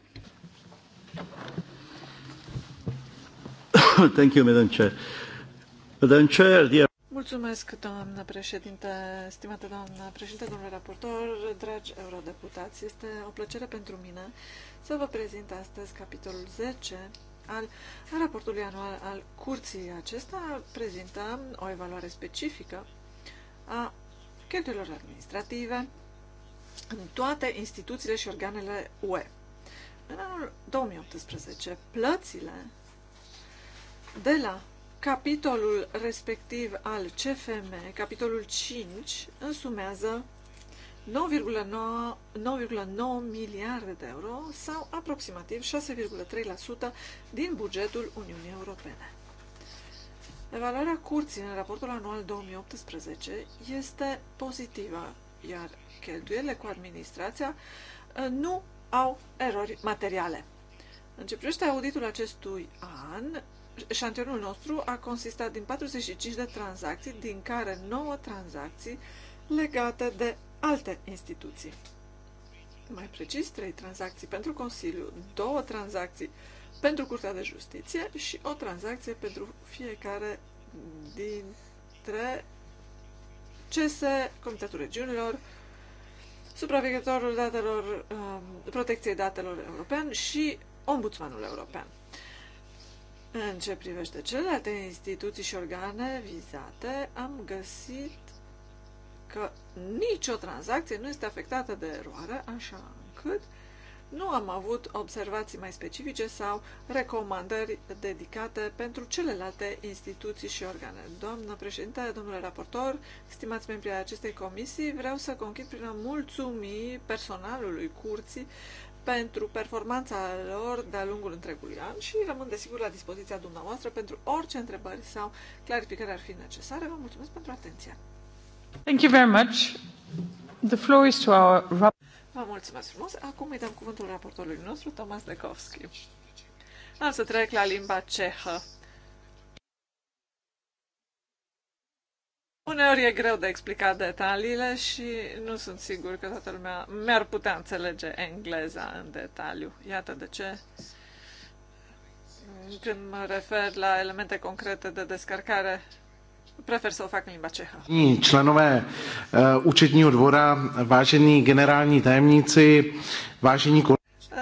Thank you, Madam Chair. Madam Chair, dear Mulțumesc, doamnă președinte, stimată doamnă președinte, domnule raportor, dragi eurodeputați. Este o plăcere pentru mine să vă prezint astăzi capitolul 10 al, al raportului anual al curții. Acesta prezintă o evaluare specifică a cheltuielor administrative în toate instituțiile și organele UE. În anul 2018, plățile de la capitolul respectiv al CFM, capitolul 5, însumează 9,9 miliarde de euro sau aproximativ 6,3% din bugetul Uniunii Europene. Evaluarea curții în raportul anual 2018 este pozitivă, iar cheltuielile cu administrația uh, nu au erori materiale. În ce privește auditul acestui an, Șantionul nostru a consistat din 45 de tranzacții, din care 9 tranzacții legate de alte instituții. Mai precis, 3 tranzacții pentru Consiliu, 2 tranzacții pentru Curtea de Justiție și o tranzacție pentru fiecare dintre CS, Comitetul Regiunilor, supraveghetorul datelor, um, protecției datelor european și ombudsmanul european. În ce privește celelalte instituții și organe vizate, am găsit că nicio tranzacție nu este afectată de eroare, așa încât nu am avut observații mai specifice sau recomandări dedicate pentru celelalte instituții și organe. Doamnă președinte, domnule raportor, stimați membrii acestei comisii, vreau să conchid prin a mulțumi personalului curții pentru performanța lor de-a lungul întregului an și rămân desigur la dispoziția dumneavoastră pentru orice întrebări sau clarificări ar fi necesare. Vă mulțumesc pentru atenție. Thank you very much. The floor is to our... Vă mulțumesc frumos. Acum îi dăm cuvântul raportorului nostru, Tomas Dekovski. Am să trec la limba cehă. Uneori e greu de explicat detaliile și nu sunt sigur că toată lumea mi-ar putea înțelege engleza în detaliu. Iată de ce. Când mă refer la elemente concrete de descărcare, prefer să o fac în limba cehă. Členové uh, účetního dvora, vážení generální tajemníci, vážení kolegové,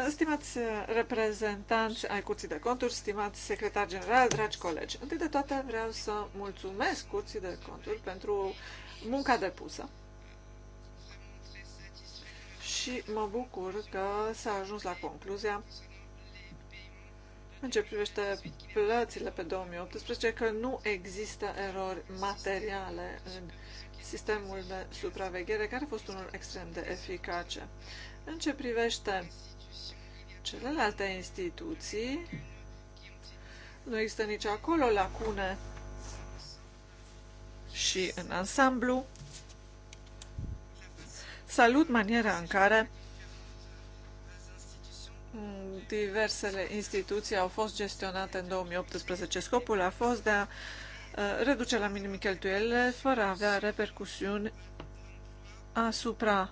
Stimați uh, reprezentanți ai Curții de Conturi, stimați secretar general, dragi colegi, întâi de toate vreau să mulțumesc Curții de Conturi pentru munca depusă și mă bucur că s-a ajuns la concluzia în ce privește plățile pe 2018 că nu există erori materiale în sistemul de supraveghere, care a fost unul extrem de eficace. În ce privește celelalte instituții, nu există nici acolo lacune și în ansamblu salut maniera în care diversele instituții au fost gestionate în 2018. Scopul a fost de a uh, reduce la minim cheltuielile fără a avea repercusiuni asupra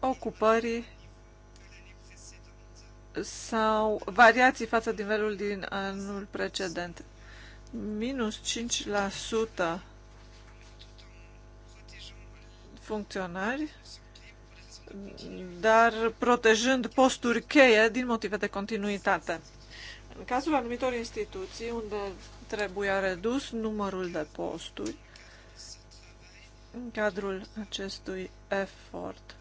ocupării sau variații față de nivelul din anul precedent. Minus 5% funcționari, dar protejând posturi cheie din motive de continuitate. În cazul anumitor instituții unde trebuia redus numărul de posturi, în cadrul acestui efort,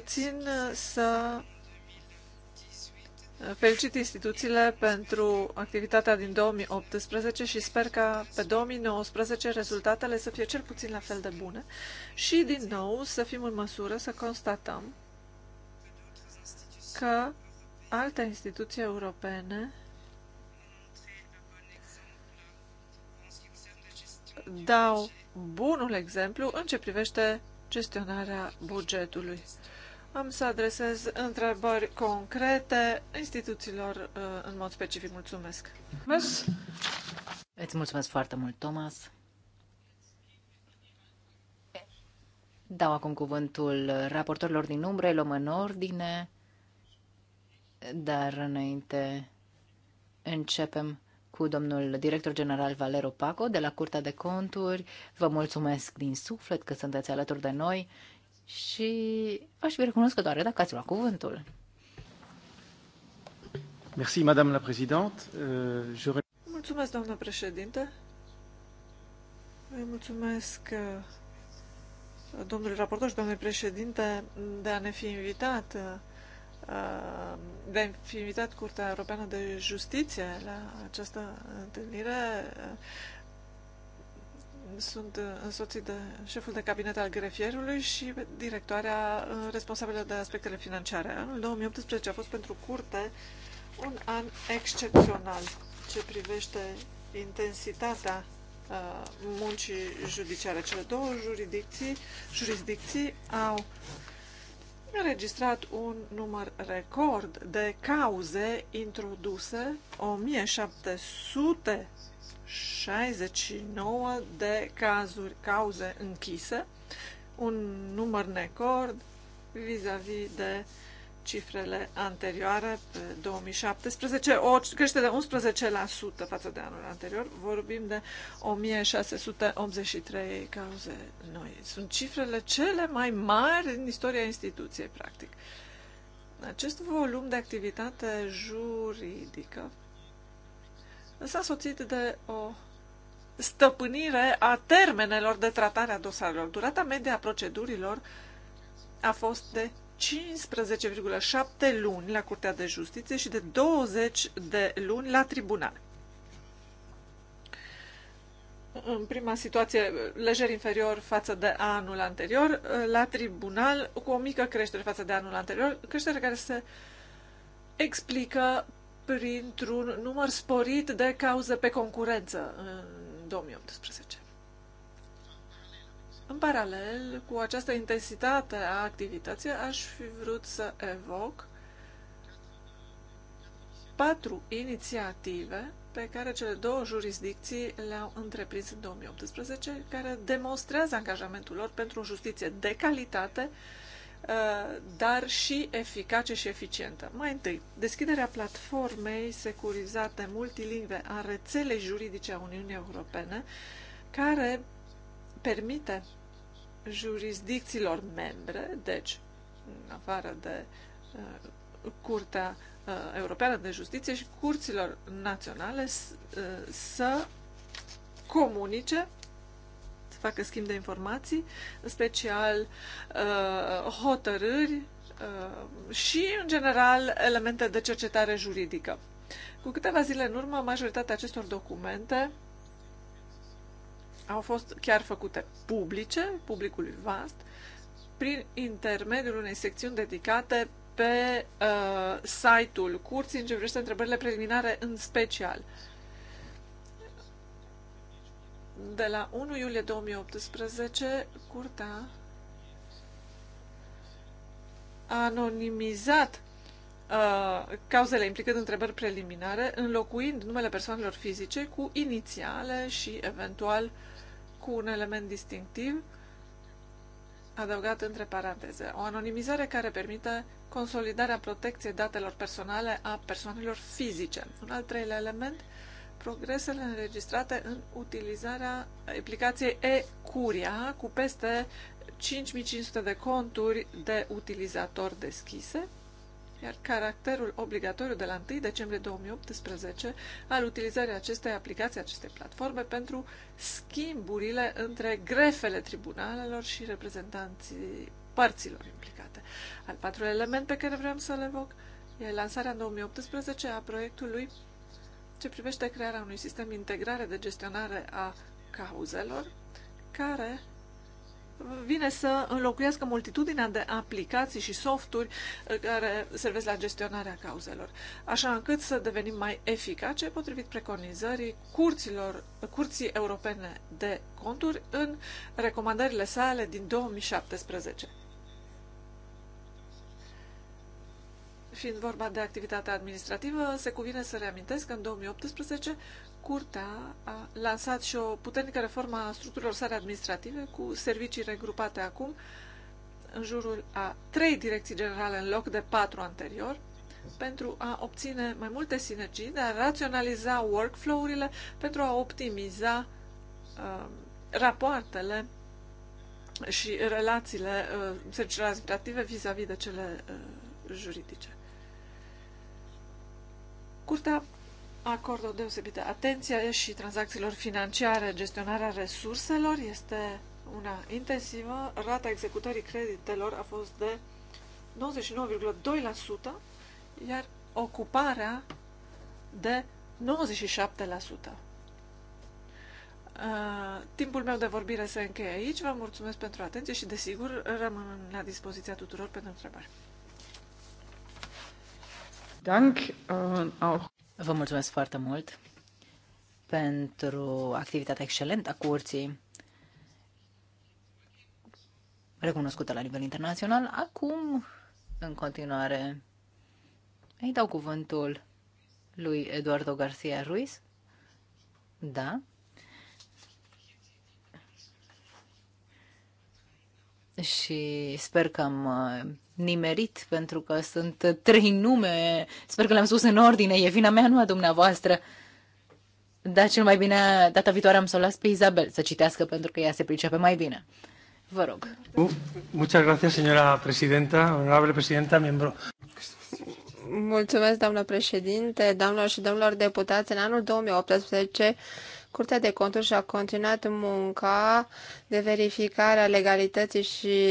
țin uh, să uh, felicit instituțiile pentru activitatea din 2018 și sper ca pe 2019 rezultatele să fie cel puțin la fel de bune și din nou să fim în măsură să constatăm că alte instituții europene dau bunul exemplu în ce privește gestionarea bugetului. Am să adresez întrebări concrete instituțiilor uh, în mod specific. Mulțumesc! Mulțumesc. Îți mulțumesc foarte mult, Thomas! Dau acum cuvântul raportorilor din umbre, luăm în ordine, dar înainte începem cu domnul director general Valero Paco de la Curtea de Conturi. Vă mulțumesc din suflet că sunteți alături de noi și aș fi recunoscătoare dacă ați luat cuvântul. Merci, Madame la Présidente. Euh, je... Mulțumesc, doamnă președinte. Îi mulțumesc uh, domnului raportor și domnului președinte de a ne fi invitat uh, uh, de a fi invitat Curtea Europeană de Justiție la această întâlnire sunt uh, însoțit de șeful de cabinet al grefierului și directoarea uh, responsabilă de aspectele financiare. Anul 2018 a fost pentru curte un an excepțional ce privește intensitatea uh, muncii judiciare. Cele două jurisdicții, jurisdicții au înregistrat un număr record de cauze introduse, 1700 69 de cazuri, cauze închise, un număr necord vis-a-vis -vis de cifrele anterioare pe 2017, o crește de 11% față de anul anterior, vorbim de 1683 cauze noi. Sunt cifrele cele mai mari în istoria instituției, practic. Acest volum de activitate juridică s-a soțit de o stăpânire a termenelor de tratare a dosarelor. Durata media a procedurilor a fost de 15,7 luni la Curtea de Justiție și de 20 de luni la tribunal. În prima situație, lejer inferior față de anul anterior, la tribunal, cu o mică creștere față de anul anterior, creștere care se explică printr-un număr sporit de cauze pe concurență în 2018. În paralel cu această intensitate a activității, aș fi vrut să evoc patru inițiative pe care cele două jurisdicții le-au întreprins în 2018, care demonstrează angajamentul lor pentru o justiție de calitate, Uh, dar și eficace și eficientă. Mai întâi, deschiderea platformei securizate multilingve a rețelei juridice a Uniunii Europene, care permite jurisdicțiilor membre, deci în afară de uh, Curtea uh, Europeană de Justiție și curților naționale, uh, să comunice să facă schimb de informații, în special uh, hotărâri uh, și, în general, elemente de cercetare juridică. Cu câteva zile în urmă, majoritatea acestor documente au fost chiar făcute publice, publicului vast, prin intermediul unei secțiuni dedicate pe uh, site-ul curții în ce privește întrebările preliminare în special. Uh, de la 1 iulie 2018, Curtea a anonimizat uh, cauzele implicând întrebări preliminare, înlocuind numele persoanelor fizice cu inițiale și eventual cu un element distinctiv adăugat între paranteze. O anonimizare care permite consolidarea protecției datelor personale a persoanelor fizice. Un al treilea element progresele înregistrate în utilizarea aplicației e-Curia cu peste 5500 de conturi de utilizator deschise, iar caracterul obligatoriu de la 1 decembrie 2018 al utilizării acestei aplicații, acestei platforme pentru schimburile între grefele tribunalelor și reprezentanții părților implicate. Al patrulea element pe care vreau să-l evoc e lansarea în 2018 a proiectului ce privește crearea unui sistem integrare de gestionare a cauzelor, care vine să înlocuiască multitudinea de aplicații și softuri uh, care servesc la gestionarea cauzelor, așa încât să devenim mai eficace potrivit preconizării curților, Curții Europene de Conturi în recomandările sale din 2017. Fiind vorba de activitatea administrativă, se cuvine să reamintesc că în 2018 Curtea a lansat și o puternică reformă a structurilor sale administrative cu servicii regrupate acum în jurul a trei direcții generale în loc de patru anterior pentru a obține mai multe sinergii, de a raționaliza workflow-urile, pentru a optimiza uh, rapoartele și relațiile uh, serviciilor administrative vis-a-vis de cele uh, juridice. Curtea acordă o deosebită atenție și tranzacțiilor financiare, gestionarea resurselor este una intensivă. Rata executării creditelor a fost de 99,2%, iar ocuparea de 97%. Uh, timpul meu de vorbire se încheie aici. Vă mulțumesc pentru atenție și, desigur, rămân la dispoziția tuturor pentru întrebări. Äh, Vă mulțumesc foarte mult pentru activitatea excelentă a curții recunoscută la nivel internațional. Acum, în continuare, îi dau cuvântul lui Eduardo Garcia Ruiz. Da, și sper că am uh, nimerit, pentru că sunt trei nume, sper că le-am spus în ordine, e vina mea, nu a dumneavoastră. Dar cel mai bine, data viitoare am să o las pe Isabel să citească, pentru că ea se pricepe mai bine. Vă rog. Uh, muchas gracias, señora presidenta, honorable presidenta, miembro. Mulțumesc, doamnă președinte, doamnelor și domnilor deputați. În anul 2018, Curtea de Conturi și-a continuat munca de verificare a legalității și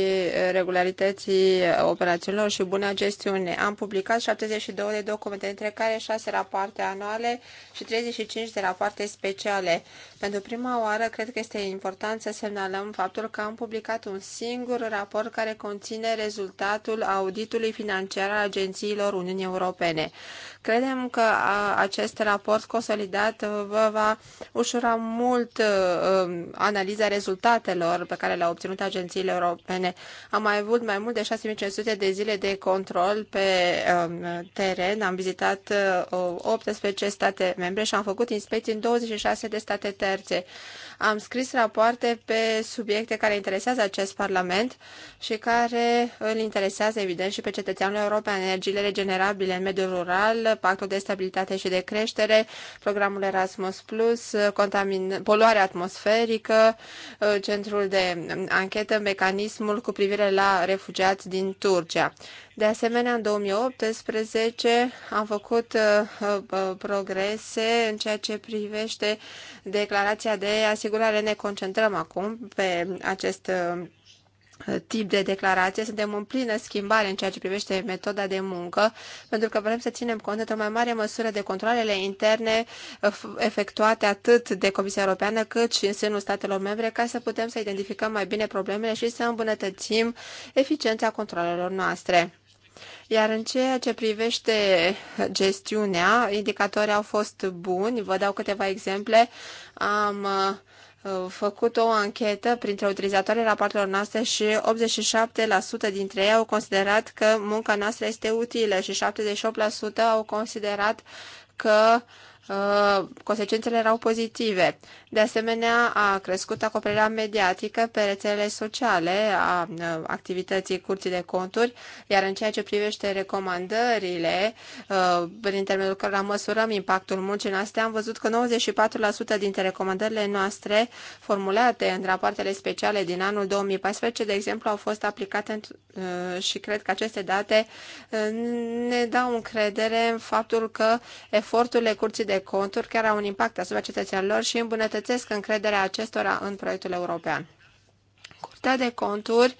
regularității operațiunilor și bună gestiune. Am publicat 72 de documente, între care 6 rapoarte anuale și 35 de rapoarte speciale. Pentru prima oară, cred că este important să semnalăm faptul că am publicat un singur raport care conține rezultatul auditului financiar al agențiilor Uniunii Europene. Credem că acest raport consolidat uh, vă va ușura desfășura mult uh, um, analiza rezultatelor pe care le-au obținut agențiile europene. Am mai avut mai mult de 6500 de zile de control pe uh, teren, am vizitat uh, 18 state membre și am făcut inspecții în 26 de state terțe. Uh, am scris rapoarte pe subiecte care interesează acest Parlament și care îl interesează, evident, și pe cetățeanul european. Energiile regenerabile în mediul rural, pactul de stabilitate și de creștere, programul Erasmus+, contamin... poluarea atmosferică, uh, centrul de anchetă, mecanismul cu privire la refugiați din Turcia. De asemenea, în 2018 am făcut uh, uh, uh, progrese în ceea ce privește declarația de asigurare. Ne concentrăm acum pe acest uh, tip de declarație. Suntem în plină schimbare în ceea ce privește metoda de muncă, pentru că vrem să ținem cont într-o mai mare măsură de controlele interne uh, efectuate atât de Comisia Europeană cât și în sânul statelor membre, ca să putem să identificăm mai bine problemele și să îmbunătățim eficiența controlelor noastre. Iar în ceea ce privește gestiunea, indicatorii au fost buni. Vă dau câteva exemple. Am uh, făcut o anchetă printre utilizatorii raportelor noastre și 87% dintre ei au considerat că munca noastră este utilă și 78% au considerat că Uh, consecințele erau pozitive. De asemenea, a crescut acoperirea mediatică pe rețelele sociale a uh, activității curții de conturi, iar în ceea ce privește recomandările, prin uh, intermediul cărora măsurăm impactul muncii noastre, am văzut că 94% dintre recomandările noastre formulate în rapoartele speciale din anul 2014, de exemplu, au fost aplicate și cred că aceste date ne dau încredere în faptul că eforturile curții de de conturi chiar au un impact asupra cetățenilor și îmbunătățesc încrederea acestora în proiectul european. Curtea de conturi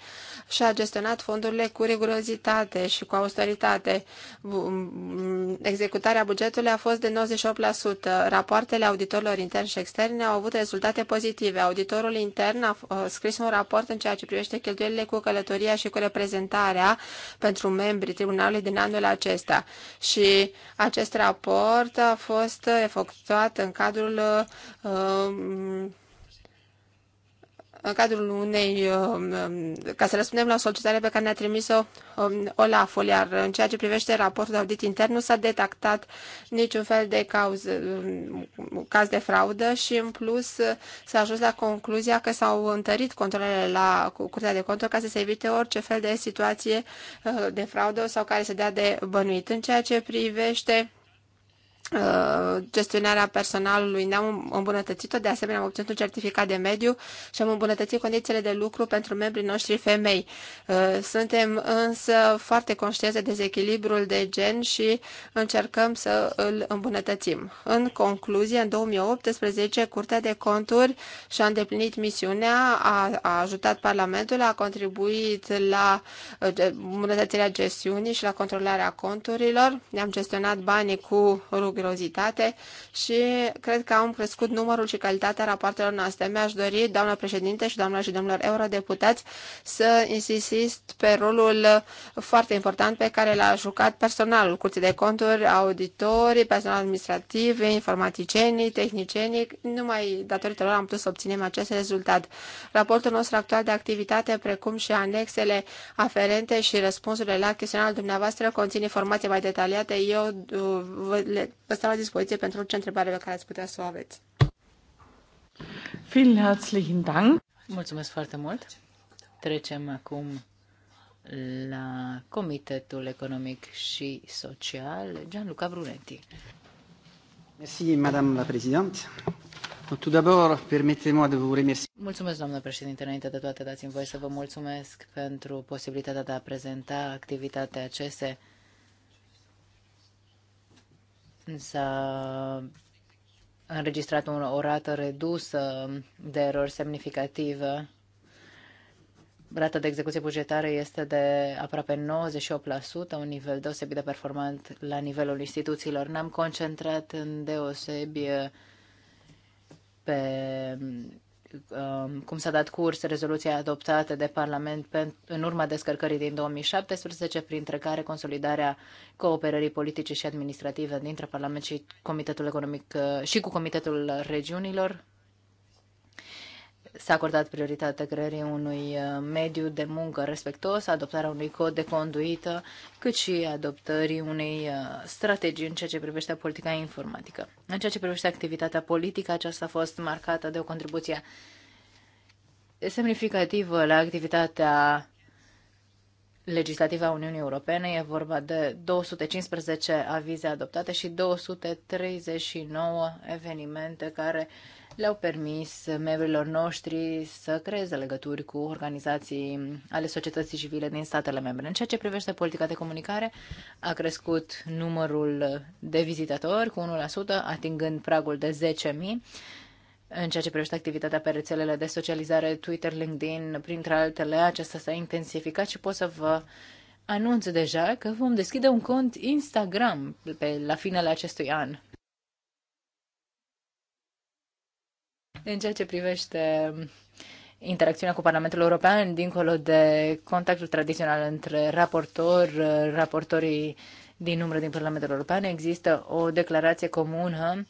și a gestionat fondurile cu rigurozitate și cu austeritate. Executarea bugetului a fost de 98%. Rapoartele auditorilor interni și externe au avut rezultate pozitive. Auditorul intern a scris un raport în ceea ce privește cheltuielile cu călătoria și cu reprezentarea pentru membrii tribunalului din anul acesta. Și acest raport a fost efectuat în cadrul uh, în cadrul unei, um, um, ca să răspundem la o solicitare pe care ne-a trimis-o um, Olaf, iar în ceea ce privește raportul de audit intern nu s-a detectat niciun fel de cauz, caz de fraudă și în plus s-a ajuns la concluzia că s-au întărit controlele la Curtea de Conturi ca să se evite orice fel de situație uh, de fraudă sau care se dea de bănuit. În ceea ce privește Uh, gestionarea personalului ne-am îmbunătățit-o, de asemenea am obținut un certificat de mediu și am îmbunătățit condițiile de lucru pentru membrii noștri femei. Uh, suntem însă foarte conștienți de dezechilibrul de gen și încercăm să îl îmbunătățim. În concluzie, în 2018, Curtea de Conturi și-a îndeplinit misiunea, a, a ajutat Parlamentul, a contribuit la uh, îmbunătățirea gestiunii și la controlarea conturilor. Ne-am gestionat banii cu rugăciune curiozitate și cred că am crescut numărul și calitatea rapoartelor noastre. Mi-aș dori, doamna președinte și doamna și domnilor eurodeputați, să insist pe rolul foarte important pe care l-a jucat personalul Curții de Conturi, auditorii, personal administrativ, informaticienii, tehnicienii. Numai datorită lor am putut să obținem acest rezultat. Raportul nostru actual de activitate, precum și anexele aferente și răspunsurile la chestionarul dumneavoastră, conțin informații mai detaliate. Eu uh, le vă stau la dispoziție pentru orice întrebare pe care ați putea să o aveți. Vielen herzlichen Dank. Mulțumesc foarte mult. Trecem acum la Comitetul Economic și Social, Gianluca Brunetti. Merci, Madame la Présidente. Tout d'abord, permettez-moi de vous remercier. Mulțumesc, doamnă președinte. Înainte de toate, dați-mi voie să vă mulțumesc pentru posibilitatea de a prezenta activitatea acestea S-a înregistrat o rată redusă de erori semnificativă. Rata de execuție bugetară este de aproape 98%, un nivel deosebit de performant la nivelul instituțiilor. Ne-am concentrat în deosebi pe Um, cum s-a dat curs rezoluția adoptată de Parlament în urma descărcării din 2017, printre care consolidarea cooperării politice și administrative dintre Parlament și Comitetul Economic uh, și cu Comitetul Regiunilor, S-a acordat prioritate creării unui uh, mediu de muncă respectuos, adoptarea unui cod de conduită, cât și adoptării unei uh, strategii în ceea ce privește politica informatică. În ceea ce privește activitatea politică, aceasta a fost marcată de o contribuție semnificativă la activitatea legislativă a Uniunii Europene. E vorba de 215 avize adoptate și 239 evenimente care le-au permis membrilor noștri să creeze legături cu organizații ale societății civile din statele membre. În ceea ce privește politica de comunicare, a crescut numărul de vizitatori cu 1%, atingând pragul de 10.000. În ceea ce privește activitatea pe rețelele de socializare, Twitter, LinkedIn, printre altele, acesta s-a intensificat și pot să vă anunț deja că vom deschide un cont Instagram pe, la finele acestui an. În ceea ce privește interacțiunea cu Parlamentul European, dincolo de contactul tradițional între raportor, raportorii din umbră din Parlamentul European, există o declarație comună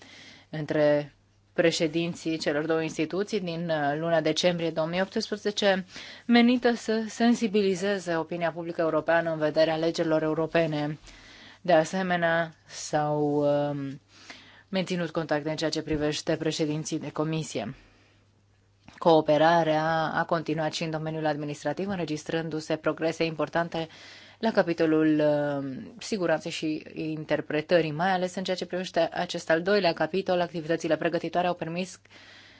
între președinții celor două instituții din uh, luna decembrie 2018, menită să sensibilizeze opinia publică europeană în vederea legilor europene. De asemenea, s-au uh, menținut contacte în ceea ce privește președinții de comisie. Cooperarea a continuat și în domeniul administrativ, înregistrându-se progrese importante la capitolul uh, siguranței și interpretării, mai ales în ceea ce privește acest al doilea capitol, activitățile pregătitoare au permis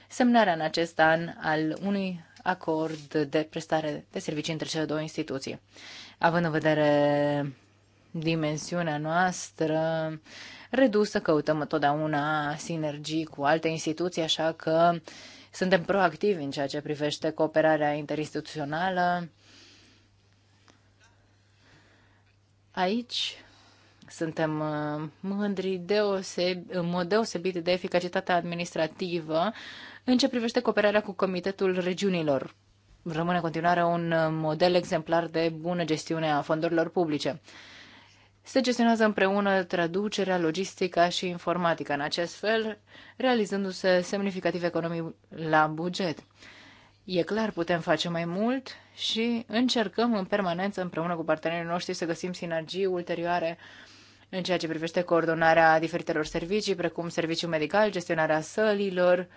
semnarea în acest an al unui acord de prestare de servicii între cele două instituții. Având în vedere dimensiunea noastră, redusă, căutăm întotdeauna sinergii cu alte instituții, așa că suntem proactivi în ceea ce privește cooperarea interinstituțională. Aici suntem uh, mândri deoseb- în mod deosebit de eficacitatea administrativă în ce privește cooperarea cu Comitetul Regiunilor. Rămâne în continuare un uh, model exemplar de bună gestiune a fondurilor publice se gestionează împreună traducerea, logistica și informatica, în acest fel realizându-se semnificativ economii la buget. E clar, putem face mai mult și încercăm în permanență împreună cu partenerii noștri să găsim sinergii ulterioare în ceea ce privește coordonarea diferitelor servicii, precum serviciul medical, gestionarea sălilor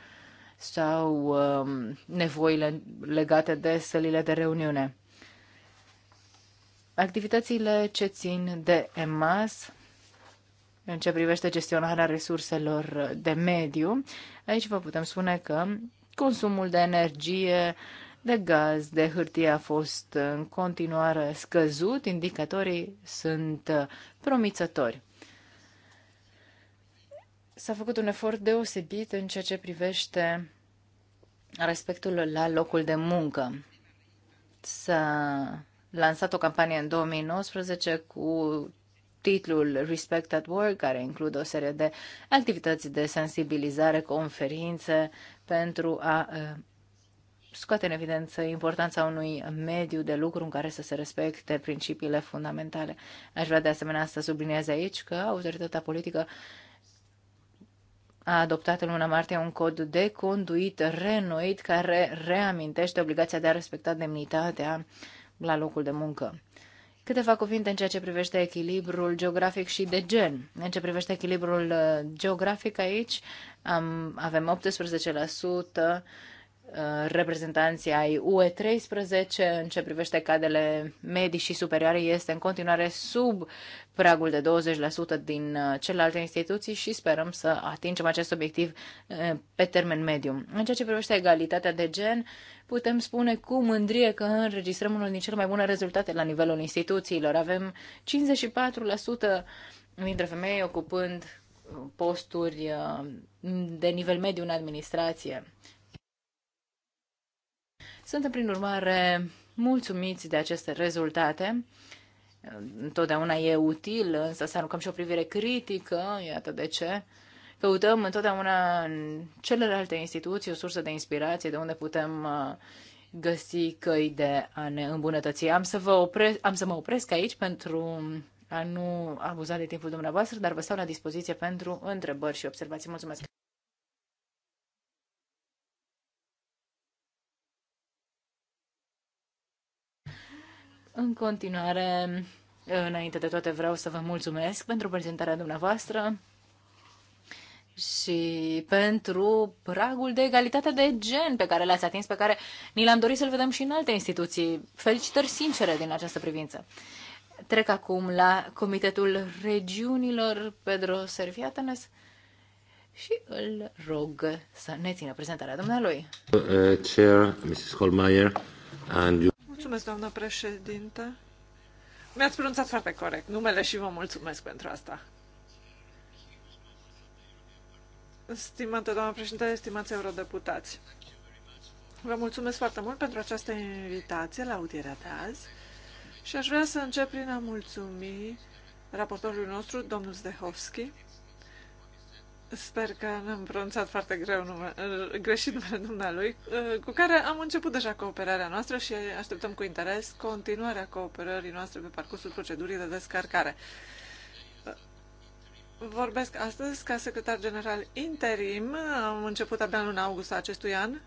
sau um, nevoile legate de sălile de reuniune. Activitățile ce țin de EMAS, în ce privește gestionarea resurselor de mediu, aici vă putem spune că consumul de energie, de gaz, de hârtie a fost în continuare scăzut, indicatorii sunt promițători. S-a făcut un efort deosebit în ceea ce privește respectul la locul de muncă. S-a lansat o campanie în 2019 cu titlul Respect at Work, care include o serie de activități de sensibilizare, conferințe pentru a uh, scoate în evidență importanța unui mediu de lucru în care să se respecte principiile fundamentale. Aș vrea de asemenea să subliniez aici că autoritatea politică a adoptat în luna martie un cod de conduit renoit care reamintește obligația de a respecta demnitatea uh, la locul de muncă. Câteva cuvinte în ceea ce privește echilibrul geografic și de gen. În ce privește echilibrul uh, geografic aici, am, avem 18% reprezentanții ai UE13 în ce privește cadele medii și superioare este în continuare sub pragul de 20% din uh, celelalte instituții și sperăm să atingem acest obiectiv uh, pe termen mediu. În ceea ce privește egalitatea de gen, putem spune cu mândrie că înregistrăm unul din cele mai bune rezultate la nivelul instituțiilor. Avem 54% dintre femei ocupând uh, posturi de nivel mediu în administrație suntem, prin urmare, mulțumiți de aceste rezultate. Întotdeauna e util, însă să aruncăm și o privire critică, iată de ce. Căutăm întotdeauna în celelalte instituții o sursă de inspirație de unde putem uh, găsi căi de a ne îmbunătăți. Am să, vă opresc, am să mă opresc aici pentru a nu abuza de timpul dumneavoastră, dar vă stau la dispoziție pentru întrebări și observații. Mulțumesc! În continuare, înainte de toate vreau să vă mulțumesc pentru prezentarea dumneavoastră și pentru pragul de egalitate de gen pe care l-ați atins, pe care ni l-am dorit să-l vedem și în alte instituții. Felicitări sincere din această privință. Trec acum la Comitetul Regiunilor Pedro Serviatanes și îl rog să ne țină prezentarea dumnealui. Uh, uh, chair, Mrs. Holmeyer, and you. Mulțumesc, doamnă președinte. Mi-ați pronunțat foarte corect numele și vă mulțumesc pentru asta. Stimată doamnă președinte, stimați eurodeputați, vă mulțumesc foarte mult pentru această invitație la audierea de azi și aș vrea să încep prin a mulțumi raportorului nostru, domnul Zdehovski, sper că n-am pronunțat foarte greu nume, greșit numele dumnealui, cu care am început deja cooperarea noastră și așteptăm cu interes continuarea cooperării noastre pe parcursul procedurii de descărcare. Vorbesc astăzi ca secretar general interim. Am început abia în luna august a acestui an.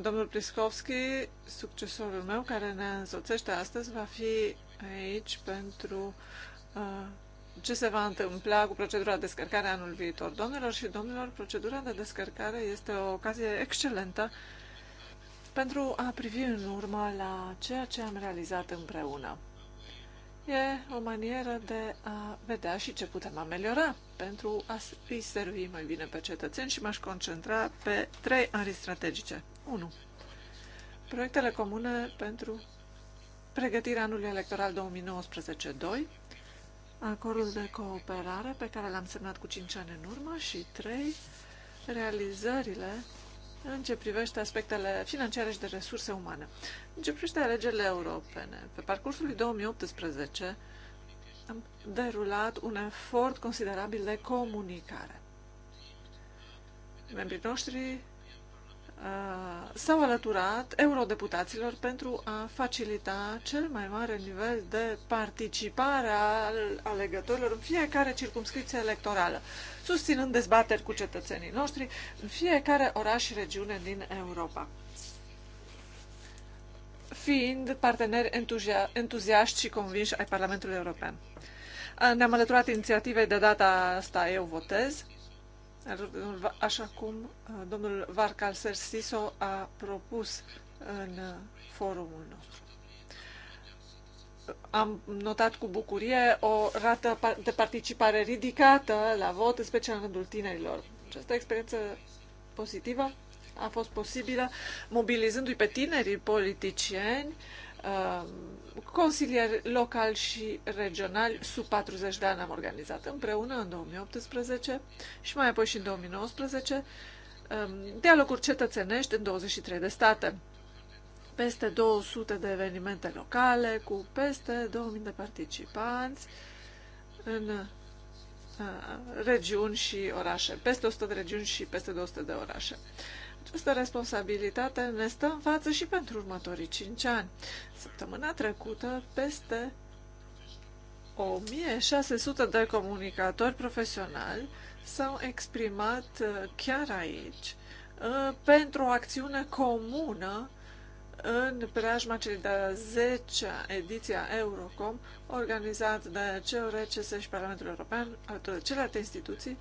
Domnul Priskovski, succesorul meu, care ne însoțește astăzi, va fi aici pentru uh, ce se va întâmpla cu procedura de descărcare anul viitor. domnilor și domnilor, procedura de descărcare este o ocazie excelentă pentru a privi în urmă la ceea ce am realizat împreună. E o manieră de a vedea și ce putem ameliora pentru a îi servi mai bine pe cetățeni și m-aș concentra pe trei arii strategice. 1. Proiectele comune pentru pregătirea anului electoral 2019-2, acordul de cooperare pe care l-am semnat cu 5 ani în urmă și 3. realizările în ce privește aspectele financiare și de resurse umane. În ce privește alegerile europene, pe parcursul lui 2018 am derulat un efort considerabil de comunicare. Membrii noștri Uh, s-au alăturat eurodeputaților pentru a facilita cel mai mare nivel de participare al alegătorilor în fiecare circumscripție electorală, susținând dezbateri cu cetățenii noștri în fiecare oraș și regiune din Europa. Fiind parteneri entuzia entuziaști și convinși ai Parlamentului European. Ne-am alăturat inițiativei de data asta Eu Votez, așa cum uh, domnul Varcal Sersiso a propus în uh, forumul nostru. Uh, am notat cu bucurie o rată de participare ridicată la vot, în special în rândul tinerilor. Această experiență pozitivă a fost posibilă mobilizându-i pe tinerii politicieni uh, Um, consilieri locali și regionali sub 40 de ani am organizat împreună în 2018 și mai apoi și în 2019 um, dialoguri cetățenești în 23 de state. Peste 200 de evenimente locale cu peste 2000 de participanți în uh, regiuni și orașe, peste 100 de regiuni și peste 200 de orașe. Această responsabilitate ne stă în față și pentru următorii 5 ani. Săptămâna trecută, peste 1600 de comunicatori profesionali s-au exprimat uh, chiar aici uh, pentru o acțiune comună în preajma cei de 10-a ediție a Eurocom, organizat de CEUR, CS și Parlamentul European, alături de celelalte instituții,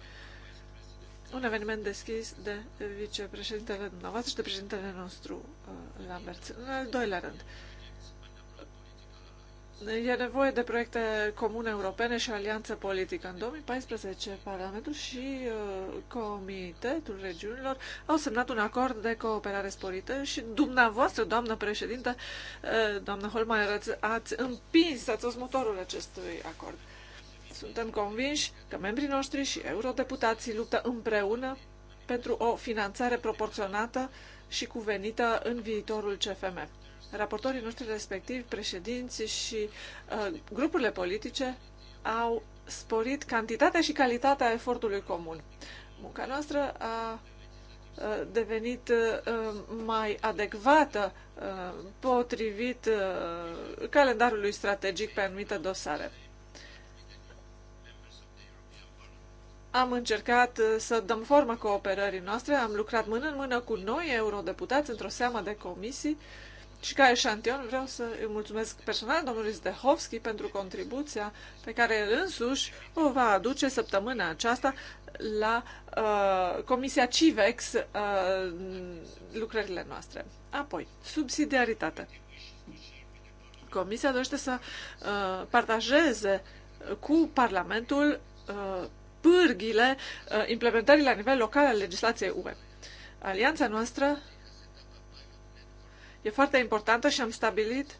un eveniment deschis de vicepreședintele dumneavoastră și de președintele nostru, uh, Lambert. În al doilea rând, e nevoie de proiecte comune europene și alianță politică. În 2014, Parlamentul și uh, Comitetul Regiunilor au semnat un acord de cooperare sporită și dumneavoastră, doamnă președinte, uh, doamnă Holmeier, ați împins, ați fost motorul acestui acord. Suntem convinși că membrii noștri și eurodeputații luptă împreună pentru o finanțare proporționată și cuvenită în viitorul CFM. Raportorii noștri respectivi, președinții și uh, grupurile politice au sporit cantitatea și calitatea efortului comun. Munca noastră a uh, devenit uh, mai adecvată uh, potrivit calendarului strategic pe anumite dosare. Am încercat uh, să dăm formă cooperării noastre, am lucrat mână în mână cu noi, eurodeputați, într-o seamă de comisii și ca eșantion vreau să îi mulțumesc personal domnului Zdehovski pentru contribuția pe care el însuși o va aduce săptămâna aceasta la uh, Comisia CIVEX uh, lucrările noastre. Apoi, subsidiaritate. Comisia dorește să uh, partajeze cu Parlamentul uh, pârghile uh, implementării la nivel local a legislației UE. Alianța noastră e foarte importantă și am stabilit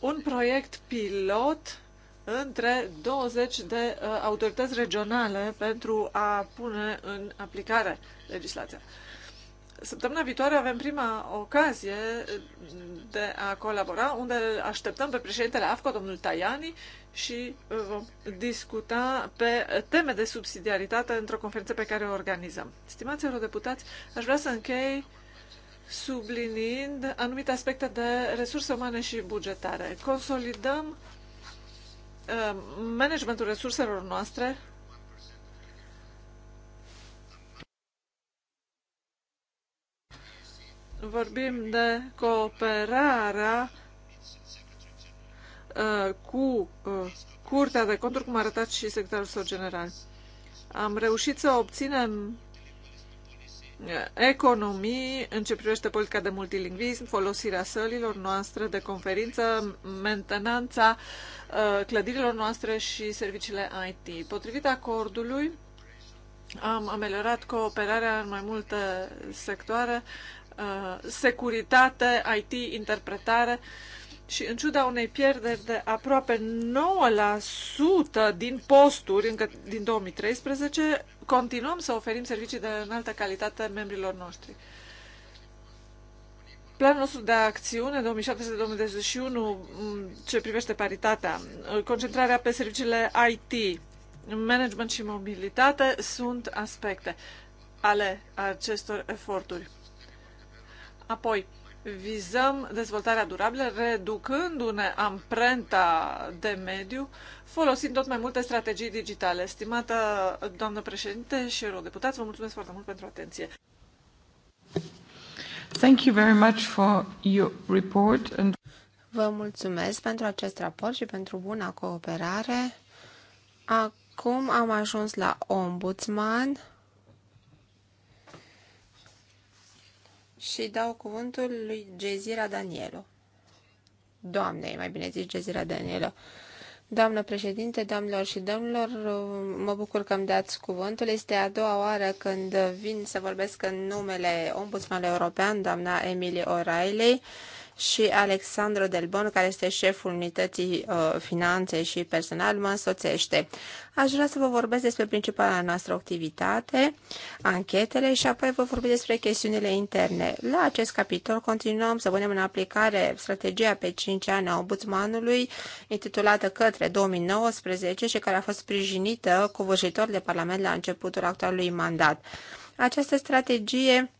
un proiect pilot între 20 de uh, autorități regionale pentru a pune în aplicare legislația. Săptămâna viitoare avem prima ocazie de a colabora, unde așteptăm pe președintele AFCO, domnul Tajani, și uh, vom discuta pe teme de subsidiaritate într-o conferință pe care o organizăm. Stimați eurodeputați, aș vrea să închei subliniind anumite aspecte de resurse umane și bugetare. Consolidăm uh, managementul resurselor noastre vorbim de cooperarea uh, cu uh, Curtea de Conturi, cum a arătat și secretarul său general. Am reușit să obținem uh, economii în ce privește politica de multilingvism, folosirea sălilor noastre de conferință, mentenanța clădirilor noastre și serviciile IT. Potrivit acordului, am ameliorat cooperarea în mai multe sectoare, Uh, securitate, IT, interpretare și în ciuda unei pierderi de aproape 9% din posturi încă din 2013, continuăm să oferim servicii de înaltă calitate membrilor noștri. Planul nostru de acțiune 2017-2021 mm, ce privește paritatea, uh, concentrarea pe serviciile IT, management și mobilitate sunt aspecte ale acestor eforturi. Apoi, vizăm dezvoltarea durabilă, reducându-ne amprenta de mediu, folosind tot mai multe strategii digitale. Stimată doamnă președinte și eurodeputați, vă mulțumesc foarte mult pentru atenție. Thank you very much for your report and... Vă mulțumesc pentru acest raport și pentru buna cooperare. Acum am ajuns la ombudsman. și dau cuvântul lui Gezira Danielo. Doamne, mai bine zis Gezira Danielo. Doamnă președinte, doamnelor și domnilor, mă bucur că îmi dați cuvântul. Este a doua oară când vin să vorbesc în numele Ombudsmanului European, doamna Emilie O'Reilly și Alexandru Delbon, care este șeful unității uh, finanțe și personal, mă însoțește. Aș vrea să vă vorbesc despre principala noastră activitate, anchetele și apoi vă vorbesc despre chestiunile interne. La acest capitol continuăm să punem în aplicare strategia pe 5 ani a ombudsmanului, intitulată către 2019 și care a fost sprijinită covârșitor de Parlament la începutul actualului mandat. Această strategie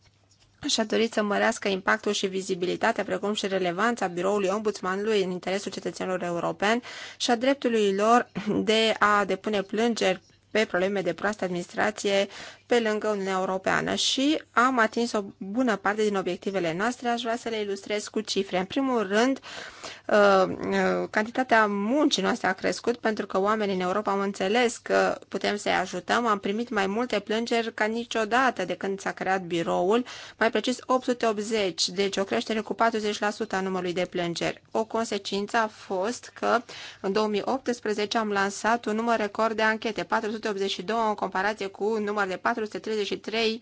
și-a dorit să mărească impactul și vizibilitatea, precum și relevanța biroului ombudsmanului în interesul cetățenilor europeni și a dreptului lor de a depune plângeri pe probleme de proastă administrație pe lângă Uniunea Europeană și am atins o bună parte din obiectivele noastre. Aș vrea să le ilustrez cu cifre. În primul rând, uh, uh, cantitatea muncii noastre a crescut pentru că oamenii în Europa au înțeles că putem să-i ajutăm. Am primit mai multe plângeri ca niciodată de când s-a creat biroul, mai precis 880, deci o creștere cu 40% a numărului de plângeri. O consecință a fost că în 2018 am lansat un număr record de anchete, 482 în comparație cu un număr de 4 433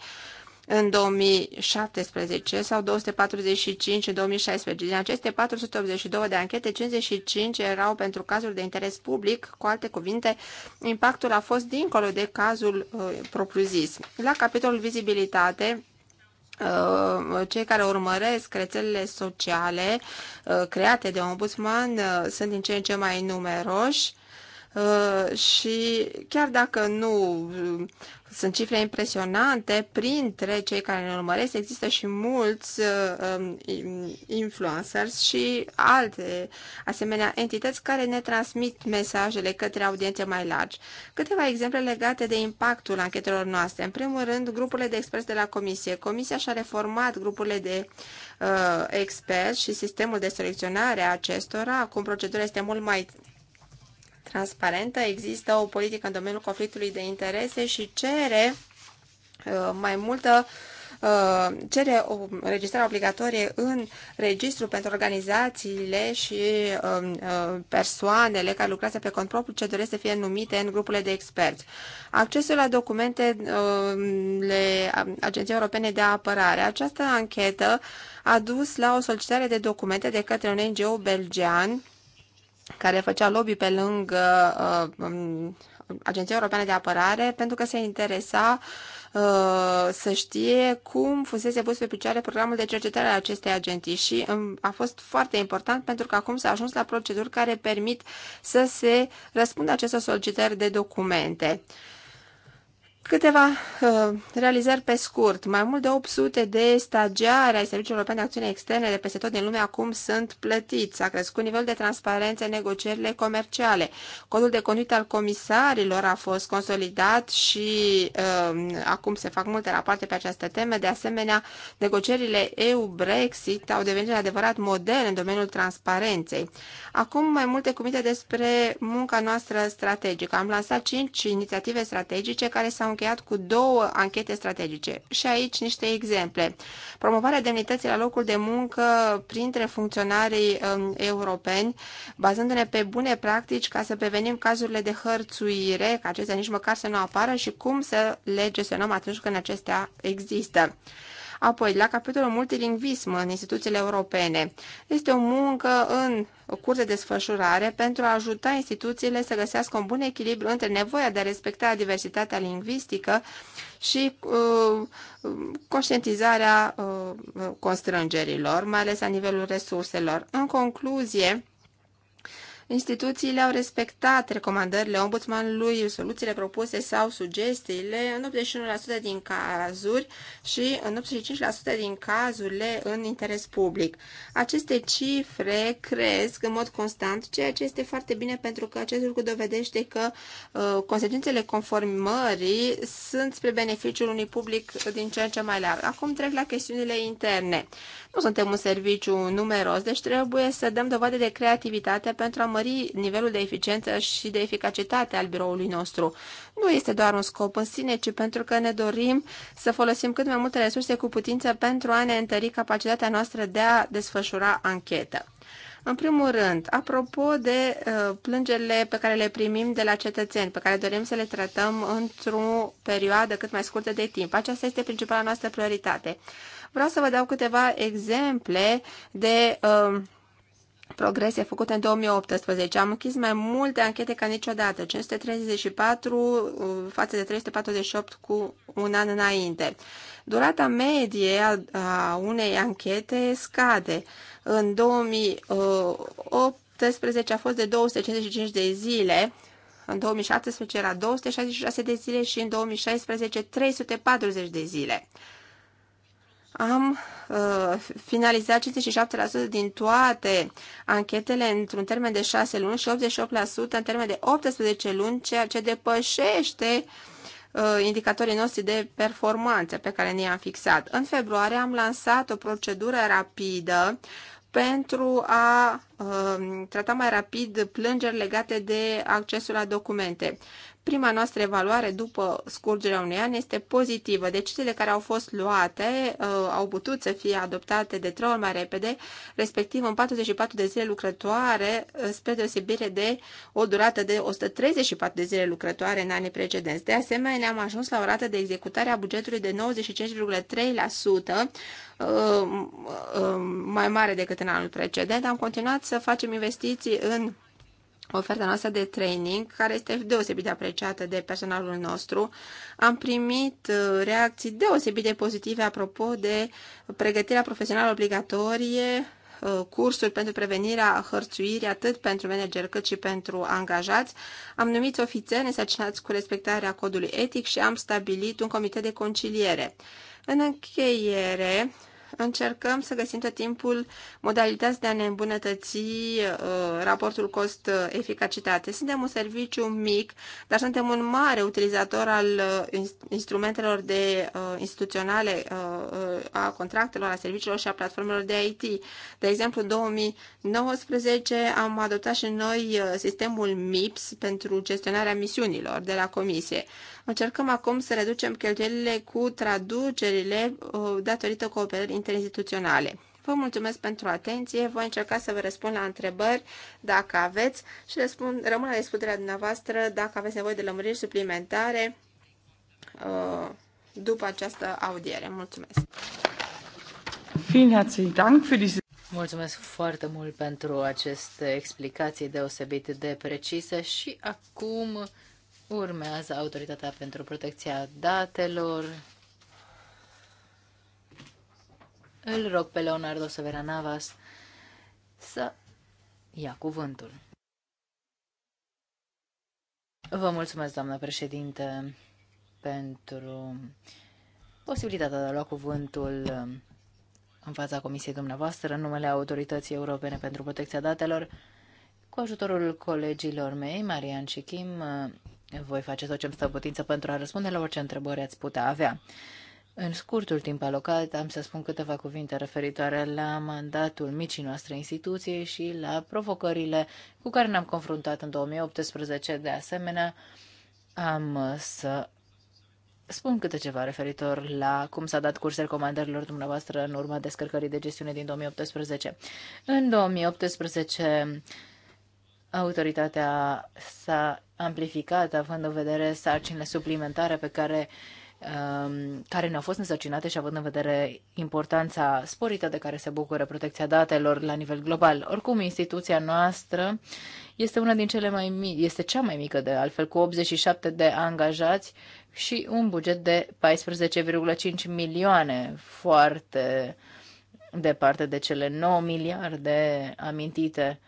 în 2017 sau 245 în 2016. Din aceste 482 de anchete, 55 erau pentru cazuri de interes public. Cu alte cuvinte, impactul a fost dincolo de cazul uh, propriu-zis. La capitolul vizibilitate, uh, cei care urmăresc rețelele sociale uh, create de ombudsman uh, sunt din ce în ce mai numeroși și chiar dacă nu sunt cifre impresionante. Printre cei care ne urmăresc există și mulți uh, um, influencers și alte asemenea entități care ne transmit mesajele către audiențe mai largi. Câteva exemple legate de impactul anchetelor noastre. În primul rând, grupurile de experți de la Comisie. Comisia și-a reformat grupurile de uh, experți și sistemul de selecționare a acestora. Acum procedura este mult mai transparentă, există o politică în domeniul conflictului de interese și cere uh, mai multă uh, cere o registrare obligatorie în registru pentru organizațiile și um, uh, persoanele care lucrează pe cont propriu ce doresc să fie numite în grupurile de experți. Accesul la documentele um, um, Agenției Europene de Apărare. Această anchetă a dus la o solicitare de documente de către un NGO belgean care făcea lobby pe lângă uh, um, Agenția Europeană de Apărare pentru că se interesa uh, să știe cum fusese pus pe picioare programul de cercetare al acestei agenții și um, a fost foarte important pentru că acum s-a ajuns la proceduri care permit să se răspundă acestor solicitări de documente. Câteva uh, realizări pe scurt. Mai mult de 800 de stagiari ai Serviciului European de Acțiune Externe de peste tot din lume acum sunt plătiți. A crescut nivelul de transparență în negocierile comerciale. Codul de conduită al comisarilor a fost consolidat și uh, acum se fac multe rapoarte pe această temă. De asemenea, negocierile EU-Brexit au devenit un adevărat model în domeniul transparenței. Acum mai multe cuvinte despre munca noastră strategică. Am lansat 5 inițiative strategice care s-au încheiat cu două anchete strategice. Și aici niște exemple. Promovarea demnității la locul de muncă printre funcționarii um, europeni, bazându-ne pe bune practici ca să prevenim cazurile de hărțuire, ca acestea nici măcar să nu apară și cum să le gestionăm atunci când acestea există. Apoi, la capitolul multilingvism în instituțiile europene. Este o muncă în curs de desfășurare pentru a ajuta instituțiile să găsească un bun echilibru între nevoia de a respecta diversitatea lingvistică și uh, conștientizarea uh, constrângerilor, mai ales la nivelul resurselor. În concluzie, Instituțiile au respectat recomandările ombudsmanului, soluțiile propuse sau sugestiile în 81% din cazuri și în 85% din cazurile în interes public. Aceste cifre cresc în mod constant, ceea ce este foarte bine pentru că acest lucru dovedește că uh, consecințele conformării sunt spre beneficiul unui public din ce în ce mai larg. Acum trec la chestiunile interne. Nu suntem un serviciu numeros, deci trebuie să dăm dovadă de creativitate pentru a mări nivelul de eficiență și de eficacitate al biroului nostru. Nu este doar un scop în sine, ci pentru că ne dorim să folosim cât mai multe resurse cu putință pentru a ne întări capacitatea noastră de a desfășura anchetă. În primul rând, apropo de uh, plângerile pe care le primim de la cetățeni, pe care dorim să le tratăm într-o perioadă cât mai scurtă de timp, aceasta este principala noastră prioritate. Vreau să vă dau câteva exemple de uh, progrese făcute în 2018. Am închis mai multe anchete ca niciodată, 534 uh, față de 348 cu un an înainte. Durata medie a unei anchete scade. În 2018 a fost de 255 de zile, în 2017 era 266 de zile și în 2016 340 de zile am uh, finalizat 57% din toate anchetele într-un termen de 6 luni și 88% în termen de 18 luni, ceea ce depășește uh, indicatorii noștri de performanță pe care ne-am fixat. În februarie am lansat o procedură rapidă pentru a uh, trata mai rapid plângeri legate de accesul la documente. Prima noastră evaluare după scurgerea unui an este pozitivă. Deciziile care au fost luate uh, au putut să fie adoptate de trei ori mai repede, respectiv în 44 de zile lucrătoare, uh, spre deosebire de o durată de 134 de zile lucrătoare în anii precedenți. De asemenea, am ajuns la o rată de executare a bugetului de 95,3%, uh, uh, mai mare decât în anul precedent. Am continuat să facem investiții în oferta noastră de training, care este deosebit de apreciată de personalul nostru. Am primit uh, reacții deosebit de pozitive apropo de pregătirea profesională obligatorie, uh, cursuri pentru prevenirea hărțuirii atât pentru manageri cât și pentru angajați. Am numit ofițeri însăcinați cu respectarea codului etic și am stabilit un comitet de conciliere. În încheiere, încercăm să găsim tot timpul modalități de a ne îmbunătăți uh, raportul cost-eficacitate. Suntem un serviciu mic, dar suntem un mare utilizator al uh, instrumentelor de uh, instituționale uh, uh, a contractelor, a serviciilor și a platformelor de IT. De exemplu, în 2019 am adoptat și noi uh, sistemul MIPS pentru gestionarea misiunilor de la Comisie. Încercăm acum să reducem cheltuielile cu traducerile uh, datorită cooperării interinstituționale. Vă mulțumesc pentru atenție, voi încerca să vă răspund la întrebări dacă aveți și răspund, rămân la discuterea dumneavoastră dacă aveți nevoie de lămuriri suplimentare uh, după această audiere. Mulțumesc! Mulțumesc foarte mult pentru aceste explicații deosebit de precise și acum Urmează Autoritatea pentru Protecția Datelor. Îl rog pe Leonardo Severanavas să ia cuvântul. Vă mulțumesc, doamnă președinte, pentru posibilitatea de a lua cuvântul în fața comisiei dumneavoastră în numele Autorității Europene pentru Protecția Datelor. Cu ajutorul colegilor mei, Marian și Kim, voi face tot ce-mi stă putință pentru a răspunde la orice întrebări ați putea avea. În scurtul timp alocat am să spun câteva cuvinte referitoare la mandatul micii noastre instituție și la provocările cu care ne-am confruntat în 2018. De asemenea, am să spun câte ceva referitor la cum s-a dat curs recomandărilor dumneavoastră în urma descărcării de gestiune din 2018. În 2018 autoritatea s-a amplificat având în vedere sarcinile suplimentare pe care um, care ne-au fost însărcinate și având în vedere importanța sporită de care se bucură protecția datelor la nivel global. Oricum, instituția noastră este una din cele mai mici, este cea mai mică de altfel, cu 87 de angajați și un buget de 14,5 milioane, foarte departe de cele 9 miliarde amintite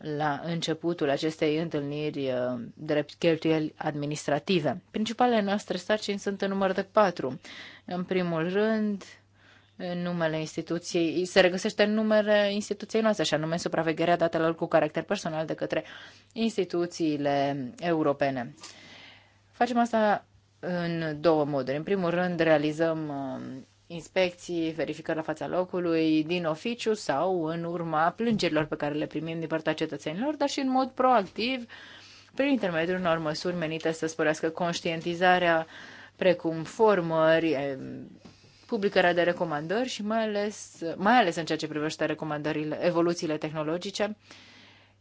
la începutul acestei întâlniri uh, drept cheltuieli administrative. Principalele noastre sarcini sunt în număr de patru. În primul rând, numele instituției, se regăsește în numele instituției noastre, și anume supravegherea datelor cu caracter personal de către instituțiile europene. Facem asta în două moduri. În primul rând, realizăm uh, inspecții, verificări la fața locului, din oficiu sau în urma plângerilor pe care le primim din partea cetățenilor, dar și în mod proactiv, prin intermediul unor măsuri menite să sporească conștientizarea, precum formări, eh, publicarea de recomandări și mai ales, mai ales în ceea ce privește recomandările, evoluțiile tehnologice,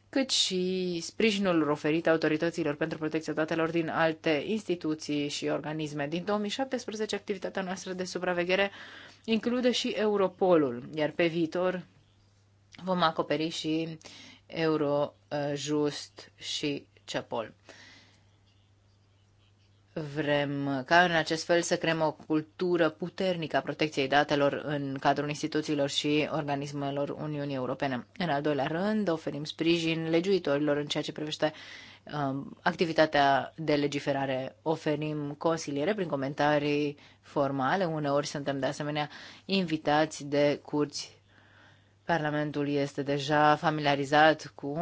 cât și sprijinul oferit autorităților pentru protecția datelor din alte instituții și organisme. Din 2017, activitatea noastră de supraveghere include și Europolul, iar pe viitor vom acoperi și Eurojust și CEPOL. Vrem ca în acest fel să creăm o cultură puternică a protecției datelor în cadrul instituțiilor și organismelor Uniunii Europene. În al doilea rând, oferim sprijin legiuitorilor în ceea ce privește um, activitatea de legiferare. Oferim consiliere prin comentarii formale. Uneori suntem de asemenea invitați de curți. Parlamentul este deja familiarizat cu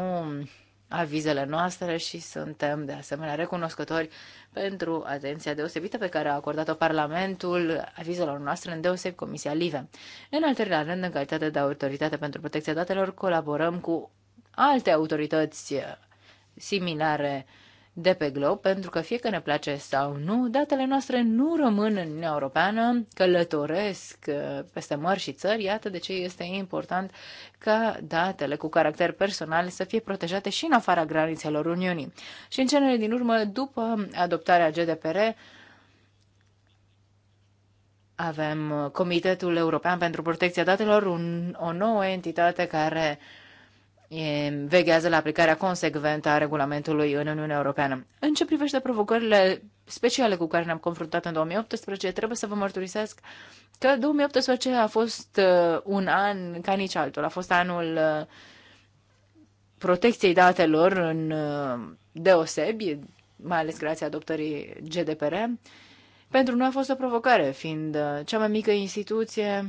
avizele noastre și suntem de asemenea recunoscători pentru atenția deosebită pe care a acordat-o Parlamentul avizelor noastre, în deoseb Comisia LIVE. În al treilea rând, în calitate de autoritate pentru protecția datelor, colaborăm cu alte autorități eh, similare de pe glob, pentru că fie că ne place sau nu, datele noastre nu rămân în Uniunea Europeană, călătoresc uh, peste mări și țări, iată de ce este important ca datele cu caracter personal să fie protejate și în afara granițelor Uniunii. Și în cele din urmă, după adoptarea GDPR, avem Comitetul European pentru Protecția Datelor, un, o nouă entitate care uh, veghează la aplicarea consecventă a regulamentului în Uniunea Europeană. În ce privește provocările speciale cu care ne-am confruntat în 2018, trebuie să vă mărturisesc că 2018 a fost uh, un an ca nici altul. A fost anul uh, protecției datelor în uh, deosebi, mai ales grație adoptării GDPR. Pentru noi a fost o provocare, fiind cea mai mică instituție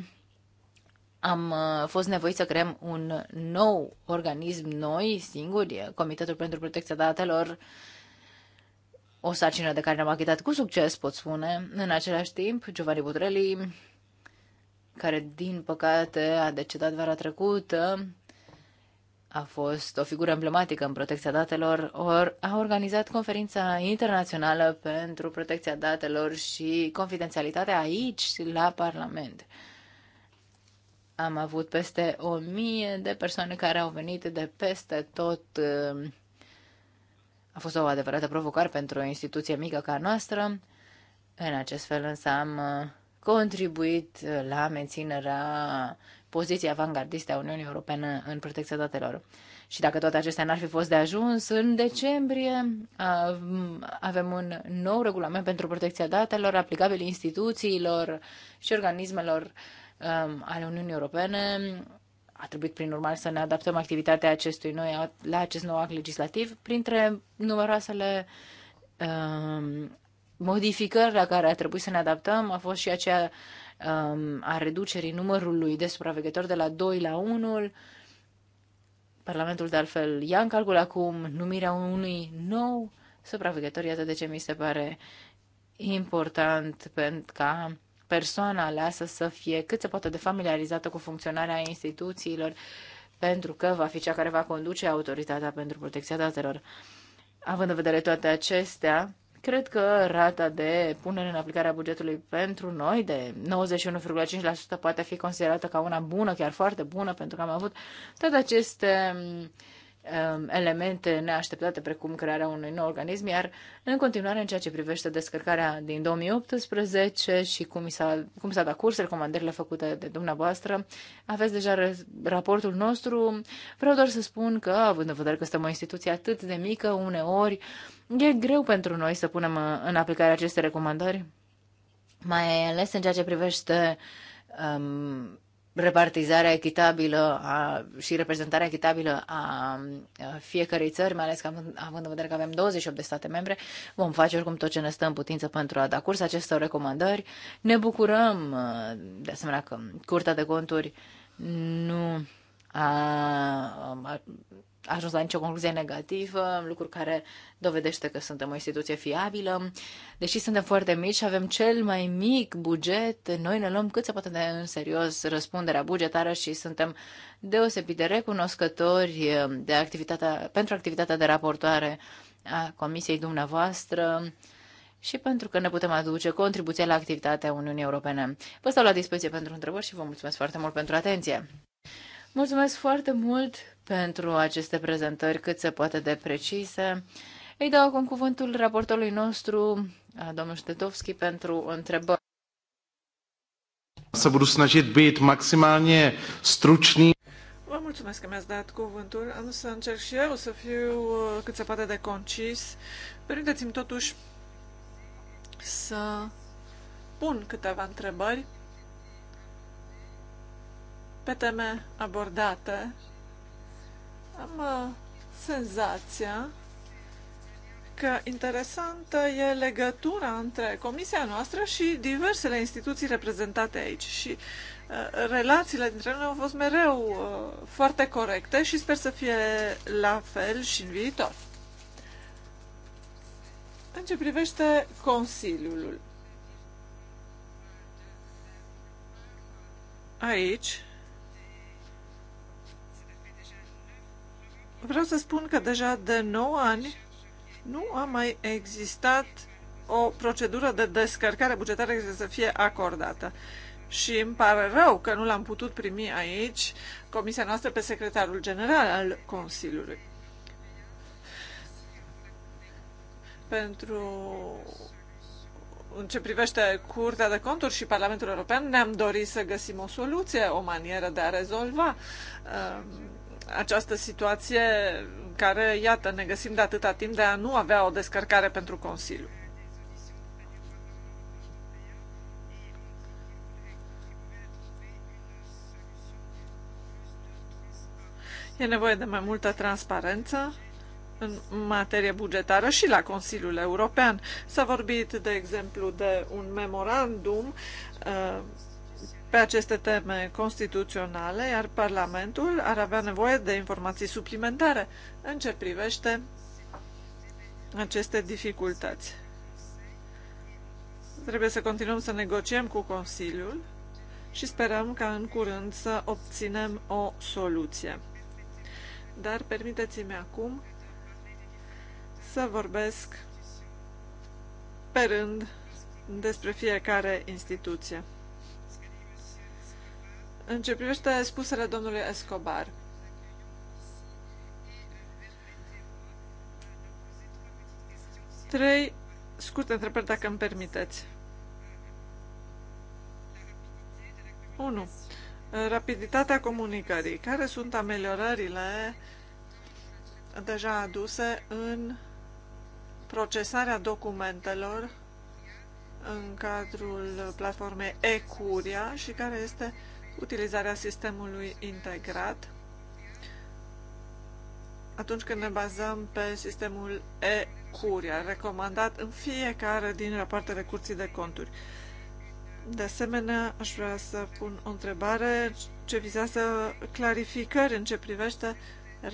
am uh, fost nevoiți să creăm un nou organism, noi singuri, Comitetul pentru Protecția Datelor, o sarcină de care ne-am achitat cu succes, pot spune. În același timp, Giovanni Butrelli, care din păcate a decedat vara trecută, a fost o figură emblematică în protecția datelor, or, a organizat conferința internațională pentru protecția datelor și confidențialitatea aici, la Parlament. Am avut peste o mie de persoane care au venit de peste tot. Um, a fost o adevărată provocare pentru o instituție mică ca noastră. În acest fel însă am uh, contribuit la menținerea poziției avangardiste a Uniunii Europene în protecția datelor. Și dacă toate acestea n-ar fi fost de ajuns, în decembrie avem un nou regulament pentru protecția datelor aplicabil instituțiilor și organismelor uh, Um, ale Uniunii Europene. A trebuit, prin urmare, să ne adaptăm activitatea acestui noi, la acest nou act legislativ, printre numeroasele um, modificări la care a trebuit să ne adaptăm a fost și aceea um, a reducerii numărului de supraveghetori de la 2 la 1. Parlamentul, de altfel, ia în calcul acum numirea unui nou supraveghetor. Iată de ce mi se pare important pentru ca persoana aleasă să fie cât se poate de familiarizată cu funcționarea instituțiilor, pentru că va fi cea care va conduce autoritatea pentru protecția datelor. Având în vedere toate acestea, cred că rata de punere în aplicare a bugetului pentru noi de 91,5% poate fi considerată ca una bună, chiar foarte bună, pentru că am avut toate aceste Um, elemente neașteptate, precum crearea unui nou organism, iar în continuare, în ceea ce privește descărcarea din 2018 și cum s-a, cum s-a dat curs recomandările făcute de dumneavoastră, aveți deja raportul nostru. Vreau doar să spun că, având în vedere că suntem o instituție atât de mică, uneori e greu pentru noi să punem în aplicare aceste recomandări, mai ales în ceea ce privește um, repartizarea echitabilă a, și reprezentarea echitabilă a fiecărei țări, mai ales că având în vedere că avem 28 de state membre, vom face oricum tot ce ne stă în putință pentru a da curs acestor recomandări. Ne bucurăm de asemenea că Curtea de Conturi nu a, a ajuns la nicio concluzie negativă, lucru care dovedește că suntem o instituție fiabilă. Deși suntem foarte mici și avem cel mai mic buget, noi ne luăm cât se poate de în serios răspunderea bugetară și suntem deosebit de recunoscători eh, de activitatea, pentru activitatea de raportoare a Comisiei dumneavoastră și pentru că ne putem aduce contribuția la activitatea Uniunii Europene. Vă stau la dispoziție pentru întrebări și vă mulțumesc foarte mult pentru atenție. Mulțumesc foarte mult pentru aceste prezentări cât se poate de precise. Îi dau acum cuvântul raportorului nostru, domnul Ștetovski, pentru întrebări. Să budu snažit bit maximálně stručný. Vă mulțumesc că mi-ați dat cuvântul. Am să încerc și eu să fiu uh, cât se poate de concis. Permiteți-mi totuși să pun câteva întrebări pe teme abordate am uh, senzația că interesantă e legătura între comisia noastră și diversele instituții reprezentate aici și uh, relațiile dintre noi au fost mereu uh, foarte corecte și sper să fie la fel și în viitor. În ce privește Consiliul, aici Vreau să spun că deja de 9 ani nu a mai existat o procedură de descărcare bugetară care să fie acordată. Și îmi pare rău că nu l-am putut primi aici, comisia noastră, pe secretarul general al Consiliului. Pentru în ce privește Curtea de Conturi și Parlamentul European, ne-am dorit să găsim o soluție, o manieră de a rezolva uh, această situație în care, iată, ne găsim de atâta timp de a nu avea o descărcare pentru Consiliu. E nevoie de mai multă transparență în materie bugetară și la Consiliul European. S-a vorbit, de exemplu, de un memorandum uh, pe aceste teme constituționale, iar Parlamentul ar avea nevoie de informații suplimentare în ce privește aceste dificultăți. Trebuie să continuăm să negociem cu Consiliul și sperăm ca în curând să obținem o soluție. Dar permiteți-mi acum să vorbesc pe rând despre fiecare instituție. În ce privește spusele domnului Escobar, trei scurte întrebări, dacă îmi permiteți. 1. Rapiditatea comunicării. Care sunt ameliorările deja aduse în procesarea documentelor în cadrul platformei eCuria și care este uh, utilizarea sistemului integrat atunci când ne bazăm pe sistemul e-curia, recomandat în fiecare din rapoartele curții de conturi. De asemenea, aș vrea să pun o întrebare ce vizează clarificări în ce privește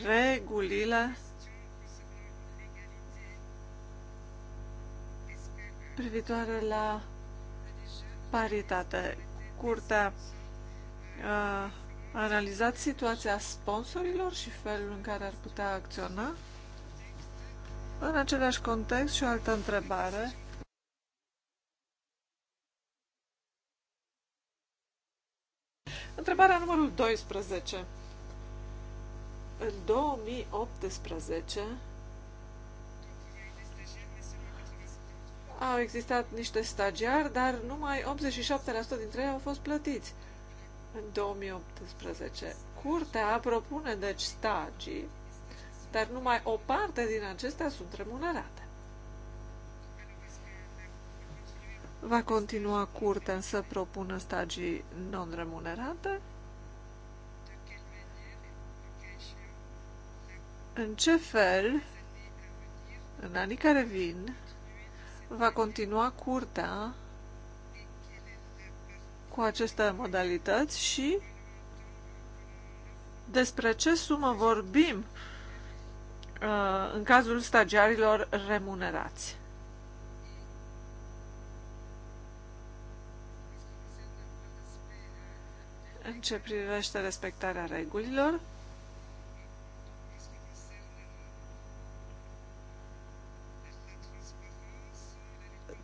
regulile privitoare la paritate. Curtea analizat situația sponsorilor și felul în care ar putea acționa? În același context și o altă întrebare. Întrebarea numărul 12. În 2018 au existat niște stagiari, dar numai 87% dintre ei au fost plătiți în 2018. Curtea propune deci stagii, dar numai o parte din acestea sunt remunerate. Va continua curtea să propună stagii non-remunerate? În ce fel, în anii care vin, va continua curtea cu aceste modalități și despre ce sumă vorbim uh, în cazul stagiarilor remunerați. În ce privește respectarea regulilor,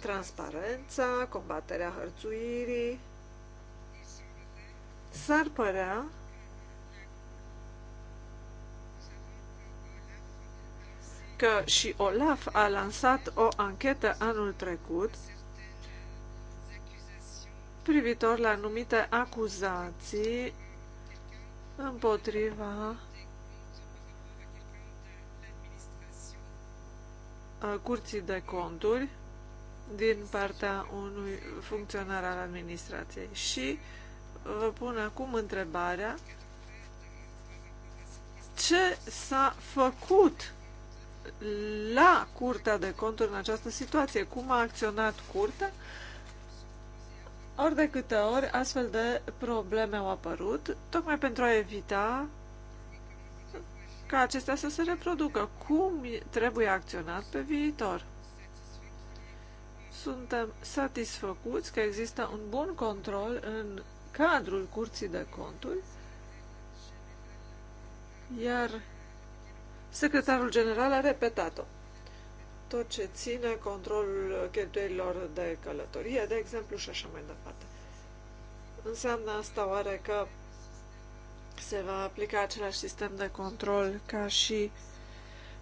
transparența, combaterea hărțuirii, S-ar părea că și Olaf a lansat o anchetă anul trecut privitor la anumite acuzații împotriva uh, curții de conturi din partea unui funcționar al administrației și vă pun acum întrebarea ce s-a făcut la Curtea de Conturi în această situație, cum a acționat Curtea, ori de câte ori astfel de probleme au apărut, tocmai pentru a evita ca acestea să se reproducă. Cum trebuie acționat pe viitor? Suntem satisfăcuți că există un bun control în cadrul Curții de Conturi, iar secretarul general a repetat-o. Tot ce ține controlul cheltuielilor de călătorie, de exemplu, și așa mai departe. Înseamnă asta oare că se va aplica același sistem de control ca și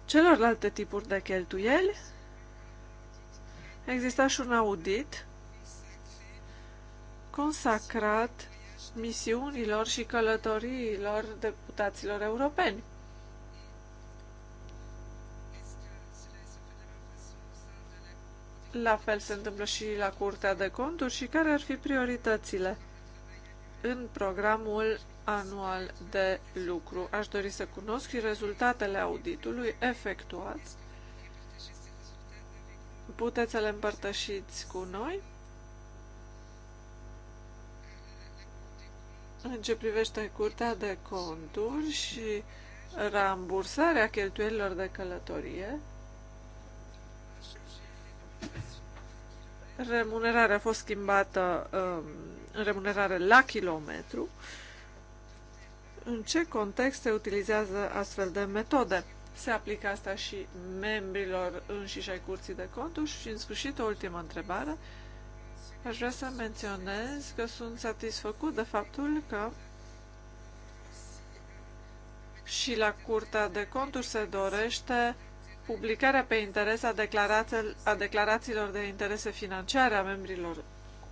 celorlalte tipuri de cheltuieli? Exista și un audit consacrat misiunilor și călătoriilor deputaților europeni. La fel se întâmplă și la Curtea de Conturi și care ar fi prioritățile în programul anual de lucru. Aș dori să cunosc și rezultatele auditului efectuat. Puteți să le împărtășiți cu noi? În ce privește curtea de conturi și rambursarea cheltuielilor de călătorie, remunerarea a fost schimbată um, în remunerare la kilometru. În ce context se utilizează astfel de metode? Se aplică asta și membrilor înșiși ai curții de conturi? Și, în sfârșit, o ultimă întrebare. Aș vrea să menționez că sunt satisfăcut de faptul că și la Curtea de Conturi se dorește publicarea pe interes a, a declarațiilor de interese financiare a membrilor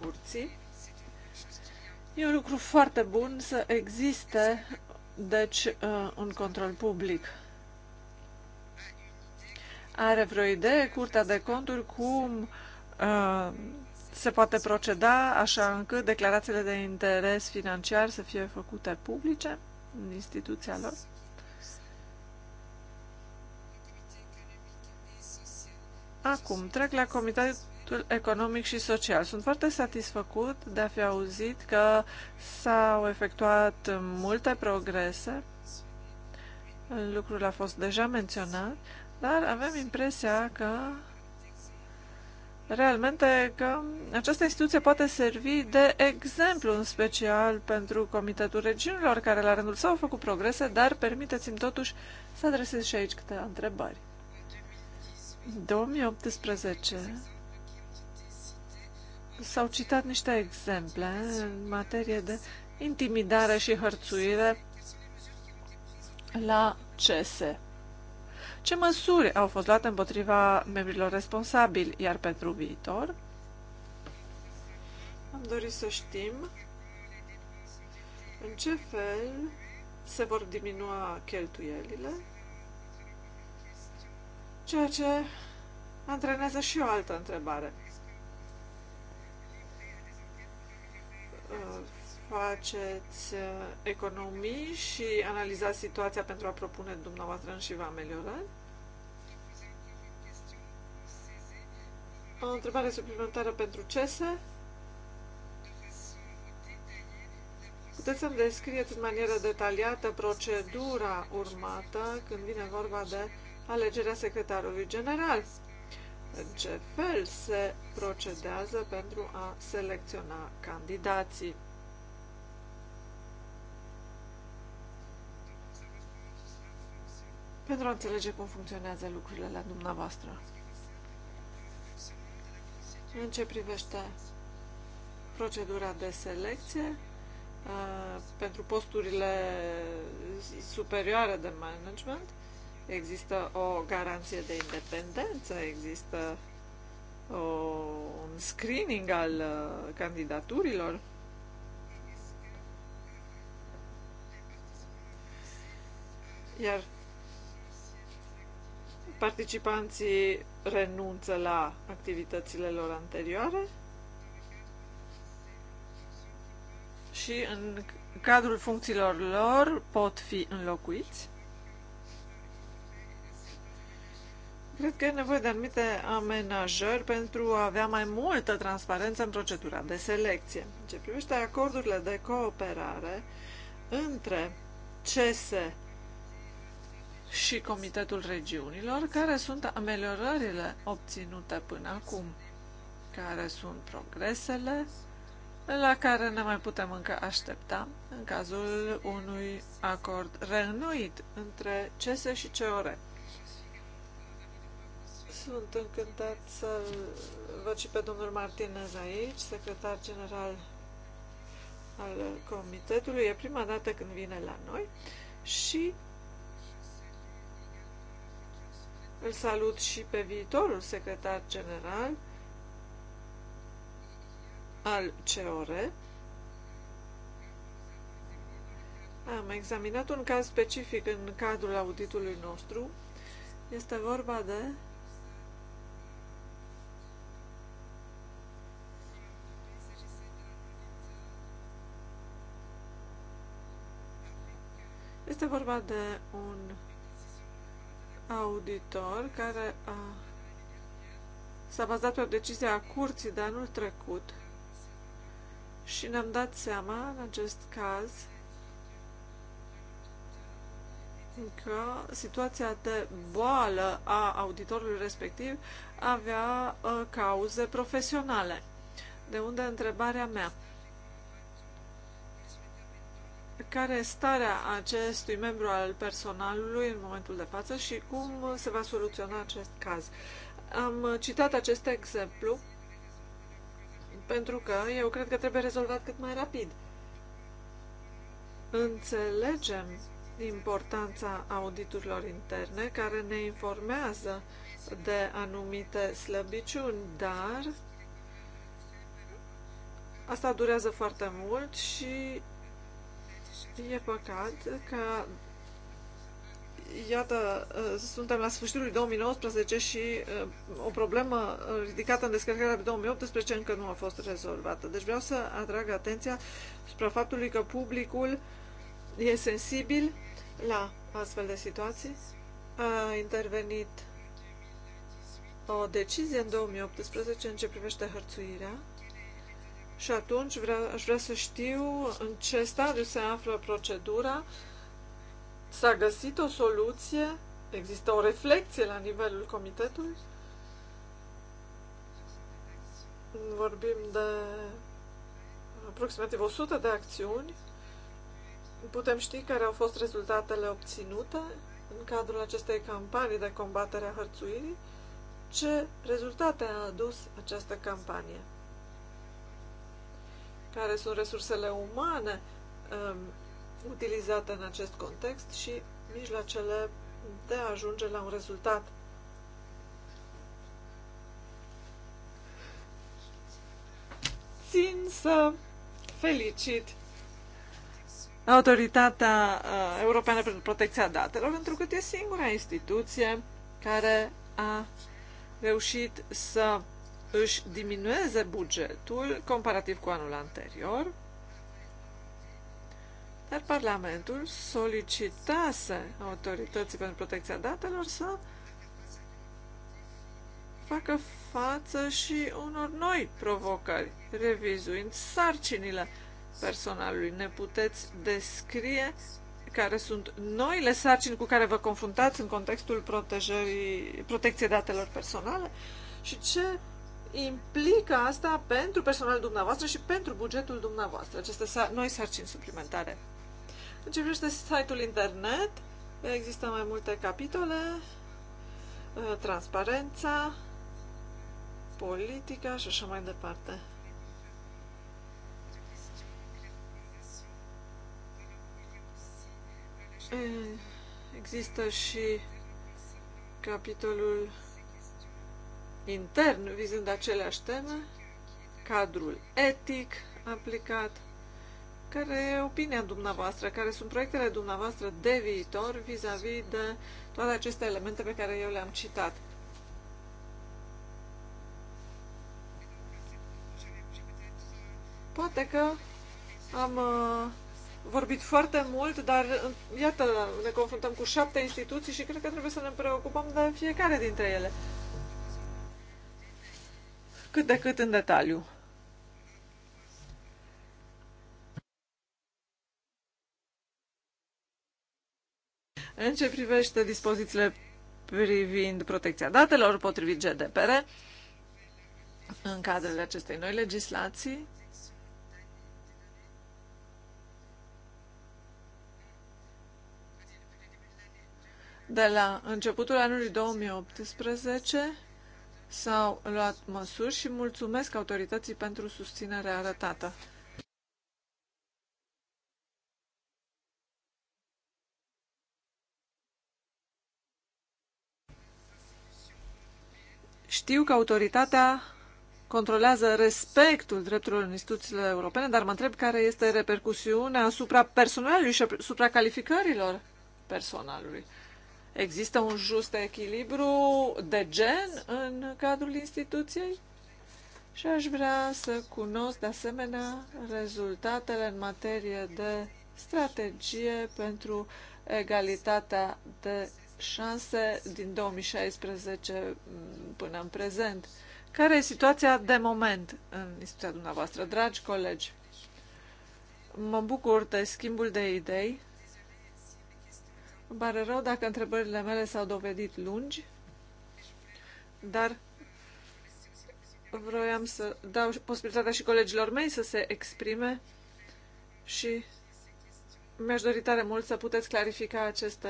curții. E un lucru foarte bun să existe, deci, uh, un control public. Are vreo idee Curtea de Conturi cum uh, se poate proceda așa încât declarațiile de interes financiar să fie făcute publice în instituția lor? Acum trec la Comitetul Economic și Social. Sunt foarte satisfăcut de a fi auzit că s-au efectuat multe progrese. Lucrul a fost deja menționat, dar avem impresia că realmente că această instituție poate servi de exemplu, în special pentru Comitetul Regiunilor, care la rândul său au făcut progrese, dar permiteți-mi totuși să adresez și aici câte întrebări. 2018 s-au citat niște exemple în materie de intimidare și hărțuire la CESE. Ce măsuri au fost luate împotriva membrilor responsabili? Iar pentru viitor, am dorit să știm în ce fel se vor diminua cheltuielile, ceea ce antrenează și o altă întrebare faceți uh, economii și analizați situația pentru a propune dumneavoastră și vă ameliora. O întrebare suplimentară pentru CESE? Puteți să-mi descrieți în manieră detaliată procedura urmată când vine vorba de alegerea secretarului general? În ce fel se procedează pentru a selecționa candidații? pentru a înțelege cum funcționează lucrurile la dumneavoastră. În ce privește procedura de selecție, pentru posturile superioare de management există o garanție de independență, există o, un screening al candidaturilor. Iar participanții renunță la activitățile lor anterioare și în cadrul funcțiilor lor pot fi înlocuiți. Cred că e nevoie de anumite amenajări pentru a avea mai multă transparență în procedura de selecție. În ce privește acordurile de cooperare între CSE și Comitetul Regiunilor, care sunt ameliorările obținute până acum, care sunt progresele la care ne mai putem încă aștepta în cazul unui acord reînnoit între CS și COR. Sunt încântat să văd și pe domnul Martinez aici, secretar general al comitetului. E prima dată când vine la noi și Îl salut și pe viitorul secretar general al CEORE. Am examinat un caz specific în cadrul auditului nostru. Este vorba de Este vorba de un auditor care s-a bazat pe o decizie a curții de anul trecut și ne-am dat seama, în acest caz, că situația de boală a auditorului respectiv avea uh, cauze profesionale. De unde întrebarea mea? care este starea acestui membru al personalului în momentul de față și cum se va soluționa acest caz. Am citat acest exemplu pentru că eu cred că trebuie rezolvat cât mai rapid. Înțelegem importanța auditurilor interne care ne informează de anumite slăbiciuni, dar asta durează foarte mult și E păcat că iată, uh, suntem la sfârșitul lui 2019 și uh, o problemă uh, ridicată în descărcarea de 2018 încă nu a fost rezolvată. Deci vreau să atrag atenția spre faptului că publicul e sensibil la astfel de situații. A intervenit o decizie în 2018 în ce privește hărțuirea și atunci vrea, aș vrea să știu în ce stadiu se află procedura. S-a găsit o soluție? Există o reflexie la nivelul comitetului? Vorbim de aproximativ 100 de acțiuni. Putem ști care au fost rezultatele obținute în cadrul acestei campanii de combatere a hărțuirii? Ce rezultate a adus această campanie? care sunt resursele umane um, utilizate în acest context și mijloacele de a ajunge la un rezultat. Țin să felicit Autoritatea uh, Europeană pentru Protecția Datelor, pentru că e singura instituție care a reușit să își diminueze bugetul comparativ cu anul anterior, dar Parlamentul solicitase autorității pentru protecția datelor să facă față și unor noi provocări, revizuind sarcinile personalului. Ne puteți descrie care sunt noile sarcini cu care vă confruntați în contextul protecției datelor personale și ce implică asta pentru personalul dumneavoastră și pentru bugetul dumneavoastră, aceste noi sarcini suplimentare. În ce privește site-ul internet, există mai multe capitole, uh, transparența, politica și așa mai departe. Există și capitolul intern vizând aceleași teme, cadrul etic aplicat, care e opinia dumneavoastră, care sunt proiectele dumneavoastră de viitor vis-a-vis -vis de toate aceste elemente pe care eu le-am citat. Poate că am uh, vorbit foarte mult, dar uh, iată, ne confruntăm cu șapte instituții și cred că trebuie să ne preocupăm de fiecare dintre ele cât de cât în detaliu. În ce privește dispozițiile privind protecția datelor potrivit GDPR, în cadrele acestei noi legislații, de la începutul anului 2018, s-au luat măsuri și mulțumesc autorității pentru susținerea arătată. Știu că autoritatea controlează respectul drepturilor în instituțiile europene, dar mă întreb care este repercusiunea asupra personalului și asupra calificărilor personalului. Există un just echilibru de gen în cadrul instituției? Și aș vrea să cunosc, de asemenea, rezultatele în materie de strategie pentru egalitatea de șanse din 2016 până în prezent. Care e situația de moment în instituția dumneavoastră, dragi colegi? Mă bucur de schimbul de idei îmi pare rău dacă întrebările mele s-au dovedit lungi, dar vroiam să dau posibilitatea și colegilor mei să se exprime și mi-aș dori tare mult să puteți clarifica aceste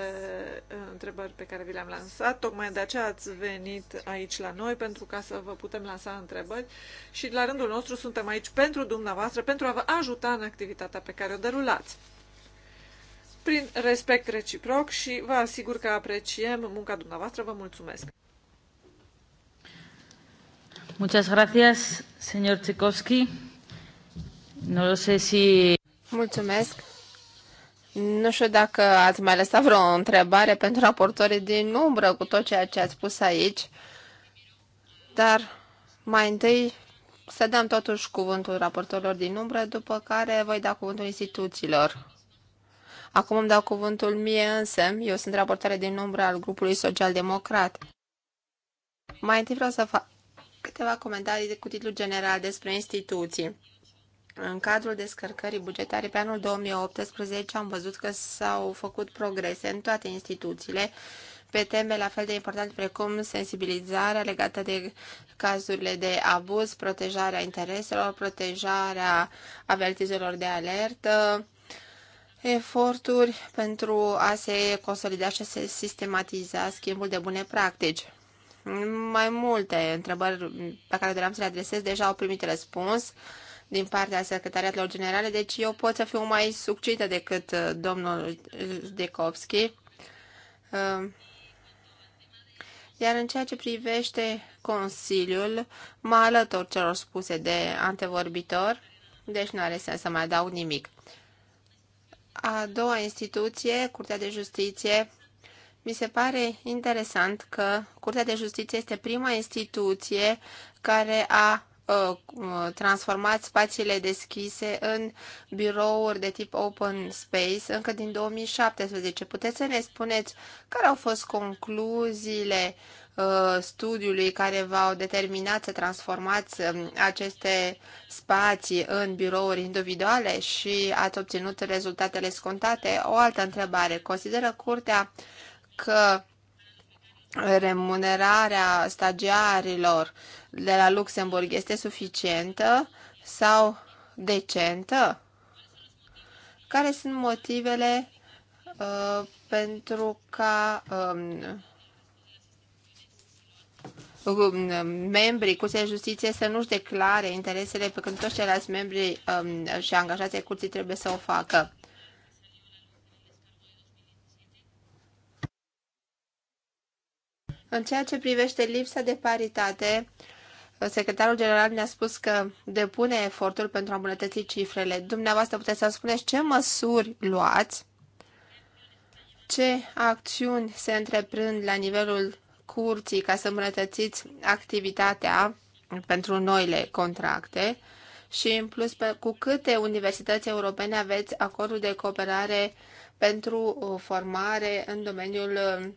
uh, întrebări pe care vi le-am lansat. Tocmai de aceea ați venit aici la noi pentru ca să vă putem lansa întrebări și la rândul nostru suntem aici pentru dumneavoastră, pentru a vă ajuta în activitatea pe care o derulați prin respect reciproc și vă asigur că apreciem munca dumneavoastră. Vă mulțumesc! Muchas gracias, señor Tchaikovsky. No lo sé si... Mulțumesc. Nu știu dacă ați mai lăsat vreo întrebare pentru raportorii din umbră cu tot ceea ce ați spus aici, dar mai întâi să dăm totuși cuvântul raportorilor din umbră, după care voi da cuvântul instituțiilor. Acum îmi dau cuvântul mie însă. Eu sunt raportare din umbră al grupului social-democrat. Mai întâi vreau să fac câteva comentarii cu titlu general despre instituții. În cadrul descărcării bugetare pe anul 2018 am văzut că s-au făcut progrese în toate instituțiile pe teme la fel de importante precum sensibilizarea legată de cazurile de abuz, protejarea intereselor, protejarea avertizelor de alertă, eforturi pentru a se consolida și a se sistematiza schimbul de bune practici. Mai multe întrebări pe care doream să le adresez deja au primit răspuns din partea secretariatelor generale, deci eu pot să fiu mai succită decât uh, domnul Dekovski. Uh, iar în ceea ce privește Consiliul, mă alătur celor spuse de antevorbitor, deci nu are sens să mai adaug nimic a doua instituție, Curtea de Justiție, mi se pare interesant că Curtea de Justiție este prima instituție care a uh, transformat spațiile deschise în birouri de tip open space încă din 2017. Puteți să ne spuneți care au fost concluziile Uh, studiului care v-au determinat să transformați um, aceste spații în birouri individuale și ați obținut rezultatele scontate? O altă întrebare. Consideră curtea că remunerarea stagiarilor de la Luxemburg este suficientă sau decentă? Care sunt motivele uh, pentru ca um, Um, membrii Curții de Justiție să nu-și declare interesele pe când toți ceilalți membri um, și angajații Curții trebuie să o facă. În ceea ce privește lipsa de paritate, secretarul general ne-a spus că depune efortul pentru a îmbunătăți cifrele. Dumneavoastră puteți să spuneți ce măsuri luați, ce acțiuni se întreprind la nivelul curții ca să îmbrătățiți activitatea pentru noile contracte și, în plus, pe, cu câte universități europene aveți acordul de cooperare pentru uh, formare în domeniul uh,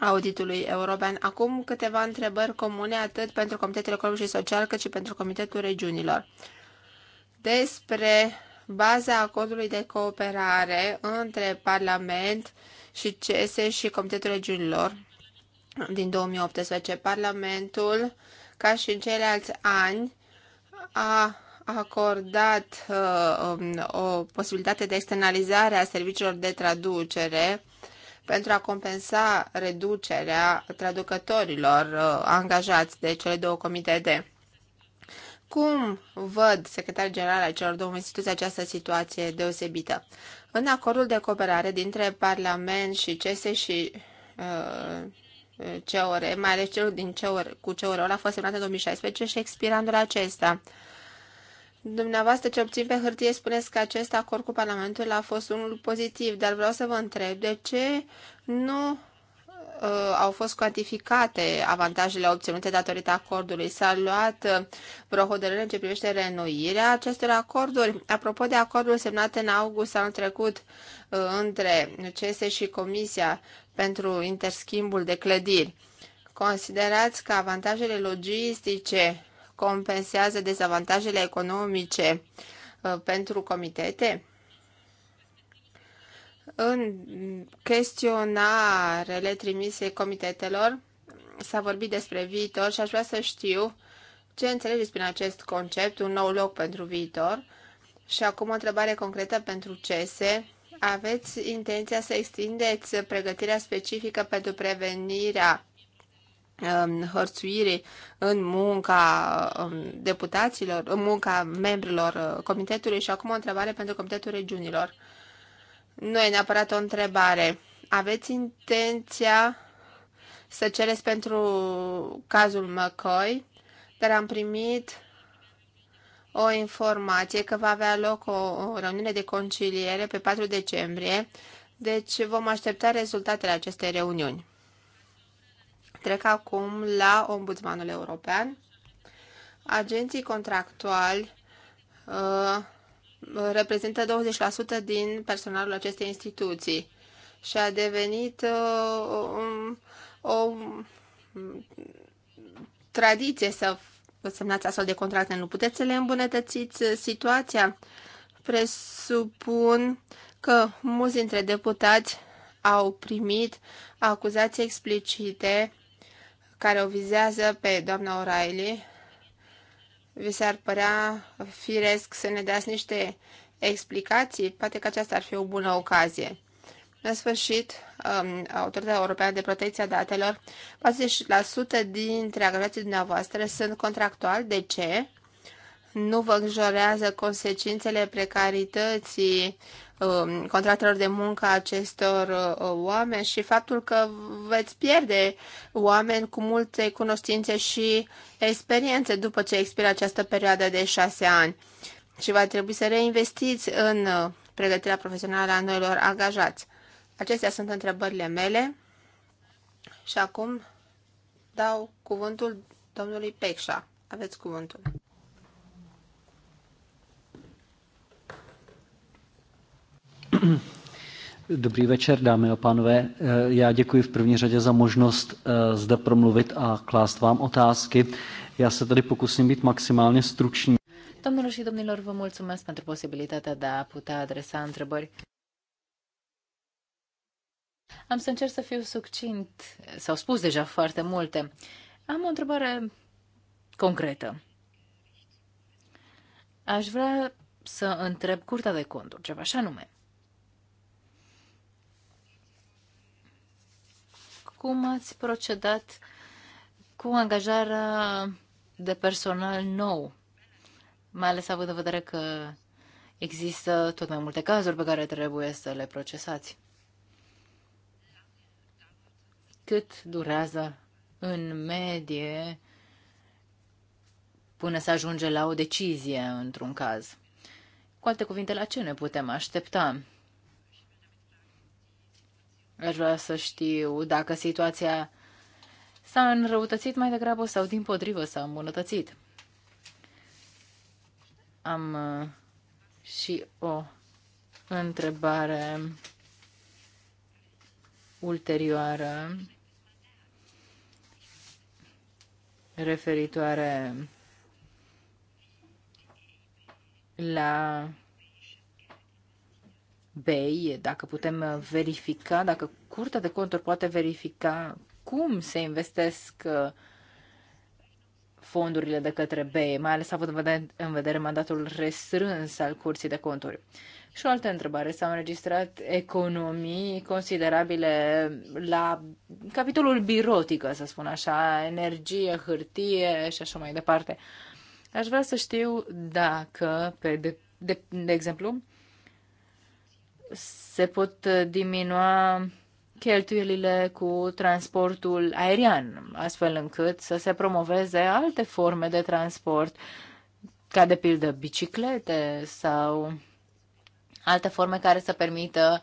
auditului european. Acum câteva întrebări comune atât pentru Comitetul Economic și Social cât și pentru Comitetul Regiunilor. Despre baza acordului de cooperare între Parlament și CESE și Comitetul Regiunilor din 2018. Parlamentul, ca și în ceilalți ani, a acordat uh, um, o posibilitate de externalizare a serviciilor de traducere pentru a compensa reducerea traducătorilor uh, angajați de cele două comitete. Cum văd secretarul general al celor două instituții această situație deosebită? În acordul de cooperare dintre Parlament și CESE și uh, ce ore mai ales celul din ce ore cu ce ore ul a fost semnat în 2016 și expirandul acesta. Dumneavoastră, ce obțin pe hârtie, spuneți că acest acord cu Parlamentul a fost unul pozitiv, dar vreau să vă întreb de ce nu uh, au fost cuantificate avantajele obținute datorită acordului. S-a luat uh, vreo hotărâre în ce privește reînnoirea acestor acorduri. Apropo de acordul semnat în august anul trecut uh, între CESE și Comisia pentru interschimbul de clădiri, considerați că avantajele logistice compensează dezavantajele economice uh, pentru comitete? În chestionarele trimise comitetelor s-a vorbit despre viitor și aș vrea să știu ce înțelegeți prin acest concept, un nou loc pentru viitor. Și acum o întrebare concretă pentru CESE. Aveți intenția să extindeți pregătirea specifică pentru prevenirea um, hărțuirii în munca um, deputaților, în munca membrilor uh, comitetului și acum o întrebare pentru comitetul regiunilor. Nu e neapărat o întrebare. Aveți intenția să cereți pentru cazul McCoy, dar am primit o informație că va avea loc o, o reuniune de conciliere pe 4 decembrie, deci vom aștepta rezultatele acestei reuniuni. Trec acum la Ombudsmanul European. Agenții contractuali uh, reprezintă 20% din personalul acestei instituții și a devenit uh, um, o, o um, tradiție să semnați astfel de contracte. Nu puteți să le îmbunătățiți situația? Presupun că mulți dintre deputați au primit acuzații explicite care o vizează pe doamna O'Reilly vi s-ar părea firesc să ne dați niște explicații, poate că aceasta ar fi o bună ocazie. În sfârșit, um, Autoritatea Europeană de Protecție a Datelor, 40% dintre angajații dumneavoastră sunt contractuali. De ce? nu vă îngrijorează consecințele precarității um, contractelor de muncă acestor uh, oameni și faptul că veți pierde oameni cu multe cunoștințe și experiențe după ce expiră această perioadă de șase ani și va trebui să reinvestiți în uh, pregătirea profesională a noilor angajați. Acestea sunt întrebările mele și acum dau cuvântul domnului Pecșa. Aveți cuvântul. Dobrý večer, dámy a pánové. Eh, já děkuji v první řadě za možnost eh, zde promluvit a klást vám otázky. Já se tady pokusím být maximálně stručný. Domnilor și domnilor, vă mulțumesc pentru posibilitatea de a putea adresa întrebări. Am să încerc să fiu succint. S-au spus deja foarte multe. Am o întrebare concretă. Aș vrea să întreb Curtea de Conturi ceva, așa nume. cum ați procedat cu angajarea de personal nou, mai ales având în vedere că există tot mai multe cazuri pe care trebuie să le procesați. Cât durează în medie până să ajunge la o decizie într-un caz? Cu alte cuvinte, la ce ne putem aștepta? Aș vrea să știu dacă situația s-a înrăutățit mai degrabă sau din potrivă s-a îmbunătățit. Am uh, și o întrebare ulterioară referitoare la Bay, dacă putem verifica, dacă Curtea de Conturi poate verifica cum se investesc uh, fondurile de către BEI, mai ales având în vedere, în vedere mandatul restrâns al Curții de Conturi. Și o altă întrebare. S-au înregistrat economii considerabile la capitolul birotică, să spun așa, energie, hârtie și așa mai departe. Aș vrea să știu dacă, pe de, de, de exemplu, se pot uh, diminua cheltuielile cu transportul aerian, astfel încât să se promoveze alte forme de transport, ca de pildă biciclete sau alte forme care să permită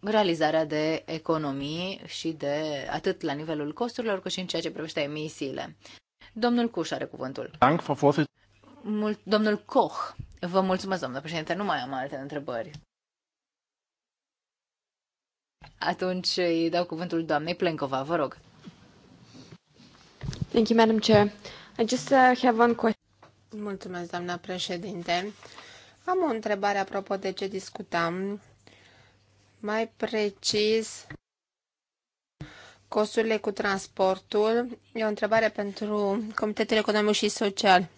realizarea de economii și de atât la nivelul costurilor, cât și în ceea ce privește emisiile. Domnul Cuș are cuvântul. Mul- domnul Koch, vă mulțumesc, domnule președinte, nu mai am alte întrebări. Atunci îi dau cuvântul doamnei Plencova, vă rog. Thank you, Madam Chair. I just uh, have one question. Mulțumesc, doamna președinte. Am o întrebare apropo de ce discutam. Mai precis, costurile cu transportul. E o întrebare pentru Comitetul Economic și Social.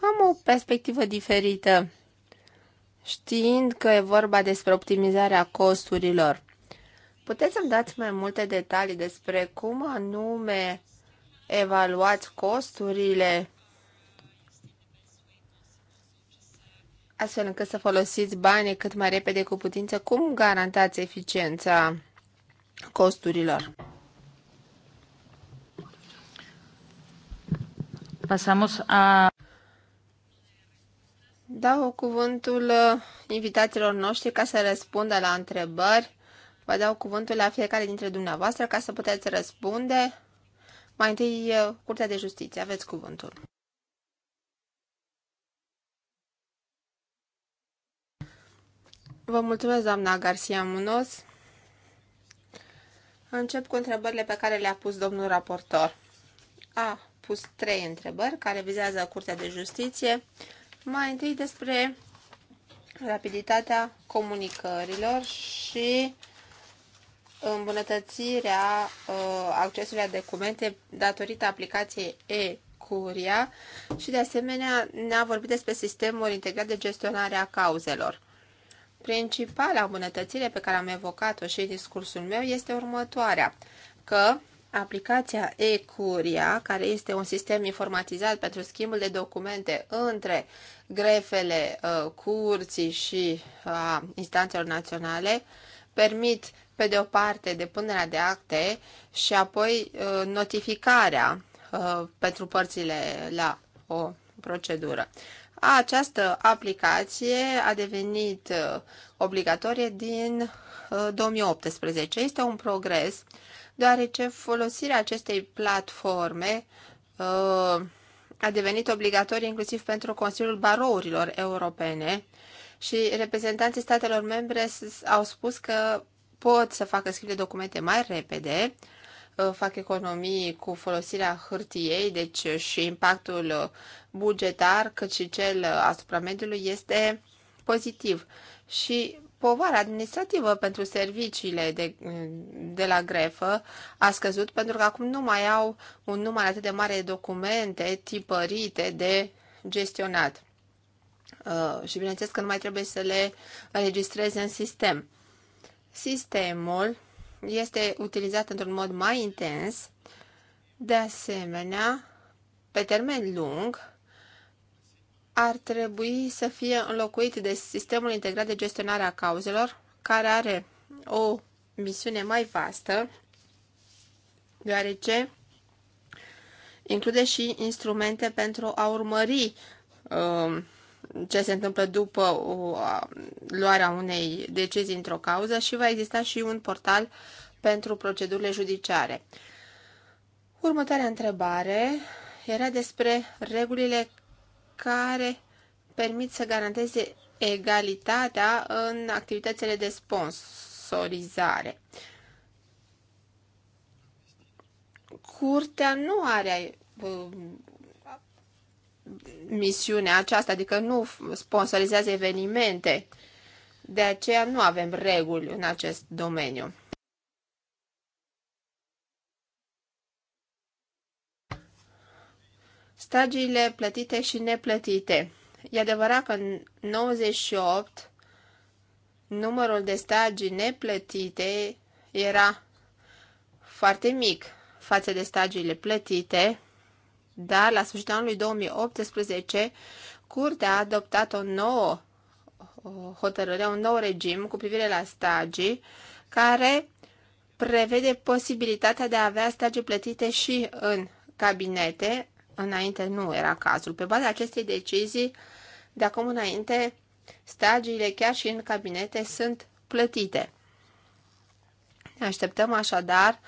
Am o perspectivă diferită știind că e vorba despre optimizarea costurilor. Puteți să-mi dați mai multe detalii despre cum anume evaluați costurile astfel încât să folosiți banii cât mai repede cu putință? Cum garantați eficiența costurilor? Pasamos a... Dau cuvântul uh, invitațiilor noștri ca să răspundă la întrebări. Vă dau cuvântul la fiecare dintre dumneavoastră ca să puteți răspunde. Mai întâi, uh, Curtea de Justiție. Aveți cuvântul. Vă mulțumesc, doamna Garcia Munoz. Încep cu întrebările pe care le-a pus domnul raportor. A pus trei întrebări care vizează Curtea de Justiție mai întâi despre rapiditatea comunicărilor și îmbunătățirea uh, accesului la documente datorită aplicației e-Curia și de asemenea ne-a vorbit despre sistemul integrat de gestionare a cauzelor. Principala îmbunătățire pe care am evocat-o și în discursul meu este următoarea, că aplicația eCuria, care este un sistem informatizat pentru schimbul de documente între grefele uh, curții și uh, instanțelor naționale, permit pe de o parte depunerea de acte și apoi uh, notificarea uh, pentru părțile la o procedură. Această aplicație a devenit uh, obligatorie din 2018. Uh, este un progres, deoarece folosirea acestei platforme uh, a devenit obligatorie inclusiv pentru Consiliul Barourilor Europene și reprezentanții statelor membre au spus că pot să facă schimb de documente mai repede Uh, fac economii cu folosirea hârtiei, deci uh, și impactul uh, bugetar, cât și cel asupra mediului este pozitiv. Și povara administrativă pentru serviciile de, de la grefă a scăzut pentru că acum nu mai au un număr atât de mare de documente tipărite de gestionat. Uh, și bineînțeles că nu mai trebuie să le înregistreze în sistem. Sistemul este utilizat într-un mod mai intens. De asemenea, pe termen lung, ar trebui să fie înlocuit de sistemul integrat de gestionare a cauzelor, care are o misiune mai vastă, deoarece include și instrumente pentru a urmări uh, ce se întâmplă după o, luarea unei decizii într-o cauză și va exista și un portal pentru procedurile judiciare. Următoarea întrebare era despre regulile care permit să garanteze egalitatea în activitățile de sponsorizare. Curtea nu are um, misiunea aceasta, adică nu sponsorizează evenimente. De aceea nu avem reguli în acest domeniu. Stagiile plătite și neplătite. E adevărat că în 98 numărul de stagii neplătite era foarte mic față de stagiile plătite dar la sfârșitul anului 2018 Curtea a adoptat o nouă hotărâre, un nou regim cu privire la stagii, care prevede posibilitatea de a avea stagii plătite și în cabinete, înainte nu era cazul. Pe baza acestei decizii, de acum înainte, stagiile chiar și în cabinete sunt plătite. Ne așteptăm așadar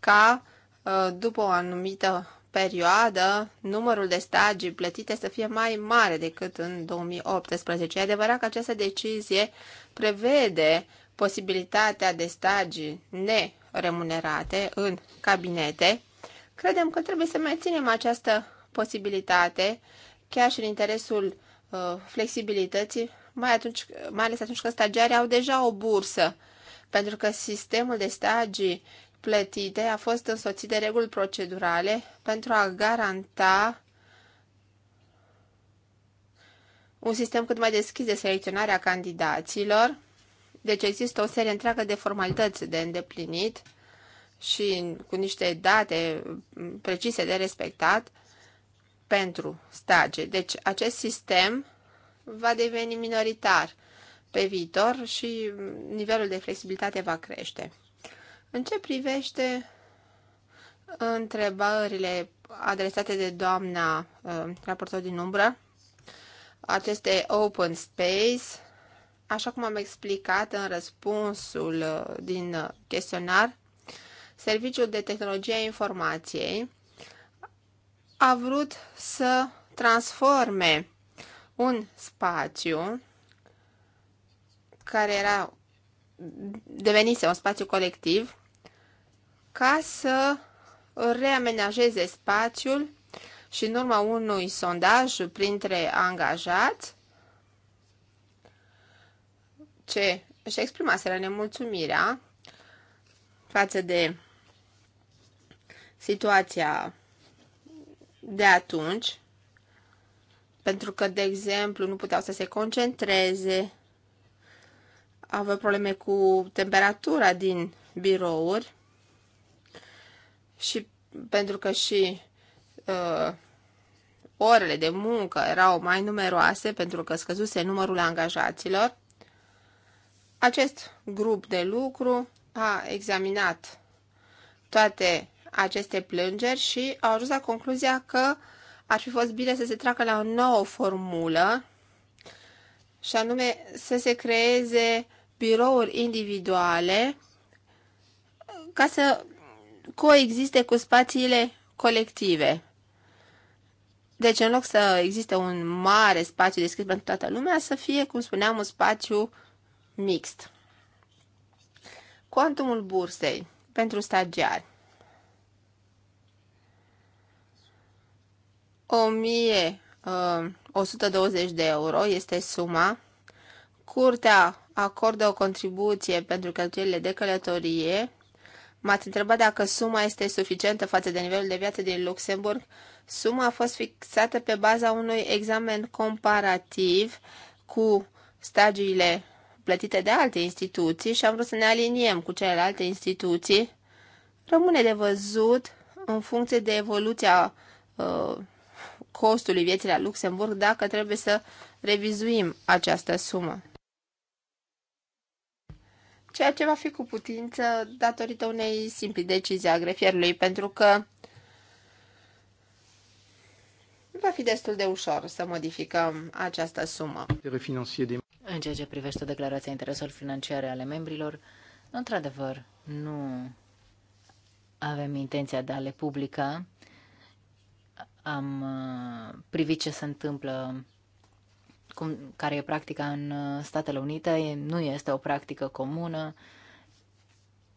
ca ă, după o anumită perioadă numărul de stagii plătite să fie mai mare decât în 2018. E adevărat că această decizie prevede posibilitatea de stagii neremunerate în cabinete. Credem că trebuie să menținem această posibilitate chiar și în interesul uh, flexibilității, mai, atunci, mai ales atunci când stagiarii au deja o bursă, pentru că sistemul de stagii plătite a fost însoțit de reguli procedurale pentru a garanta un sistem cât mai deschis de selecționare a candidaților. Deci există o serie întreagă de formalități de îndeplinit și cu niște date precise de respectat pentru stage. Deci acest sistem va deveni minoritar pe viitor și nivelul de flexibilitate va crește. În ce privește întrebările adresate de doamna uh, raportor din umbră, aceste open space, așa cum am explicat în răspunsul uh, din chestionar, Serviciul de Tehnologie a Informației a vrut să transforme un spațiu care era devenise un spațiu colectiv ca să reamenajeze spațiul și în urma unui sondaj printre angajați ce își exprimaseră nemulțumirea față de situația de atunci, pentru că, de exemplu, nu puteau să se concentreze, aveau probleme cu temperatura din birouri, și pentru că și uh, orele de muncă erau mai numeroase pentru că scăzuse numărul angajaților, acest grup de lucru a examinat toate aceste plângeri și a ajuns la concluzia că ar fi fost bine să se treacă la o nouă formulă și anume să se creeze birouri individuale ca să coexiste cu spațiile colective. Deci, în loc să existe un mare spațiu deschis pentru toată lumea, să fie, cum spuneam, un spațiu mixt. Quantumul bursei pentru stagiari. 1120 uh, de euro este suma. Curtea acordă o contribuție pentru cheltuielile de călătorie M-ați întrebat dacă suma este suficientă față de nivelul de viață din Luxemburg. Suma a fost fixată pe baza unui examen comparativ cu stagiile plătite de alte instituții și am vrut să ne aliniem cu celelalte instituții. Rămâne de văzut în funcție de evoluția uh, costului vieții la Luxemburg dacă trebuie să revizuim această sumă ceea ce va fi cu putință datorită unei simpli decizii a grefierului, pentru că va fi destul de ușor să modificăm această sumă. În ceea ce privește declarația intereselor financiare ale membrilor, într-adevăr, nu avem intenția de a le publica. Am uh, privit ce se întâmplă cum, care e practica în uh, Statele Unite, nu este o practică comună.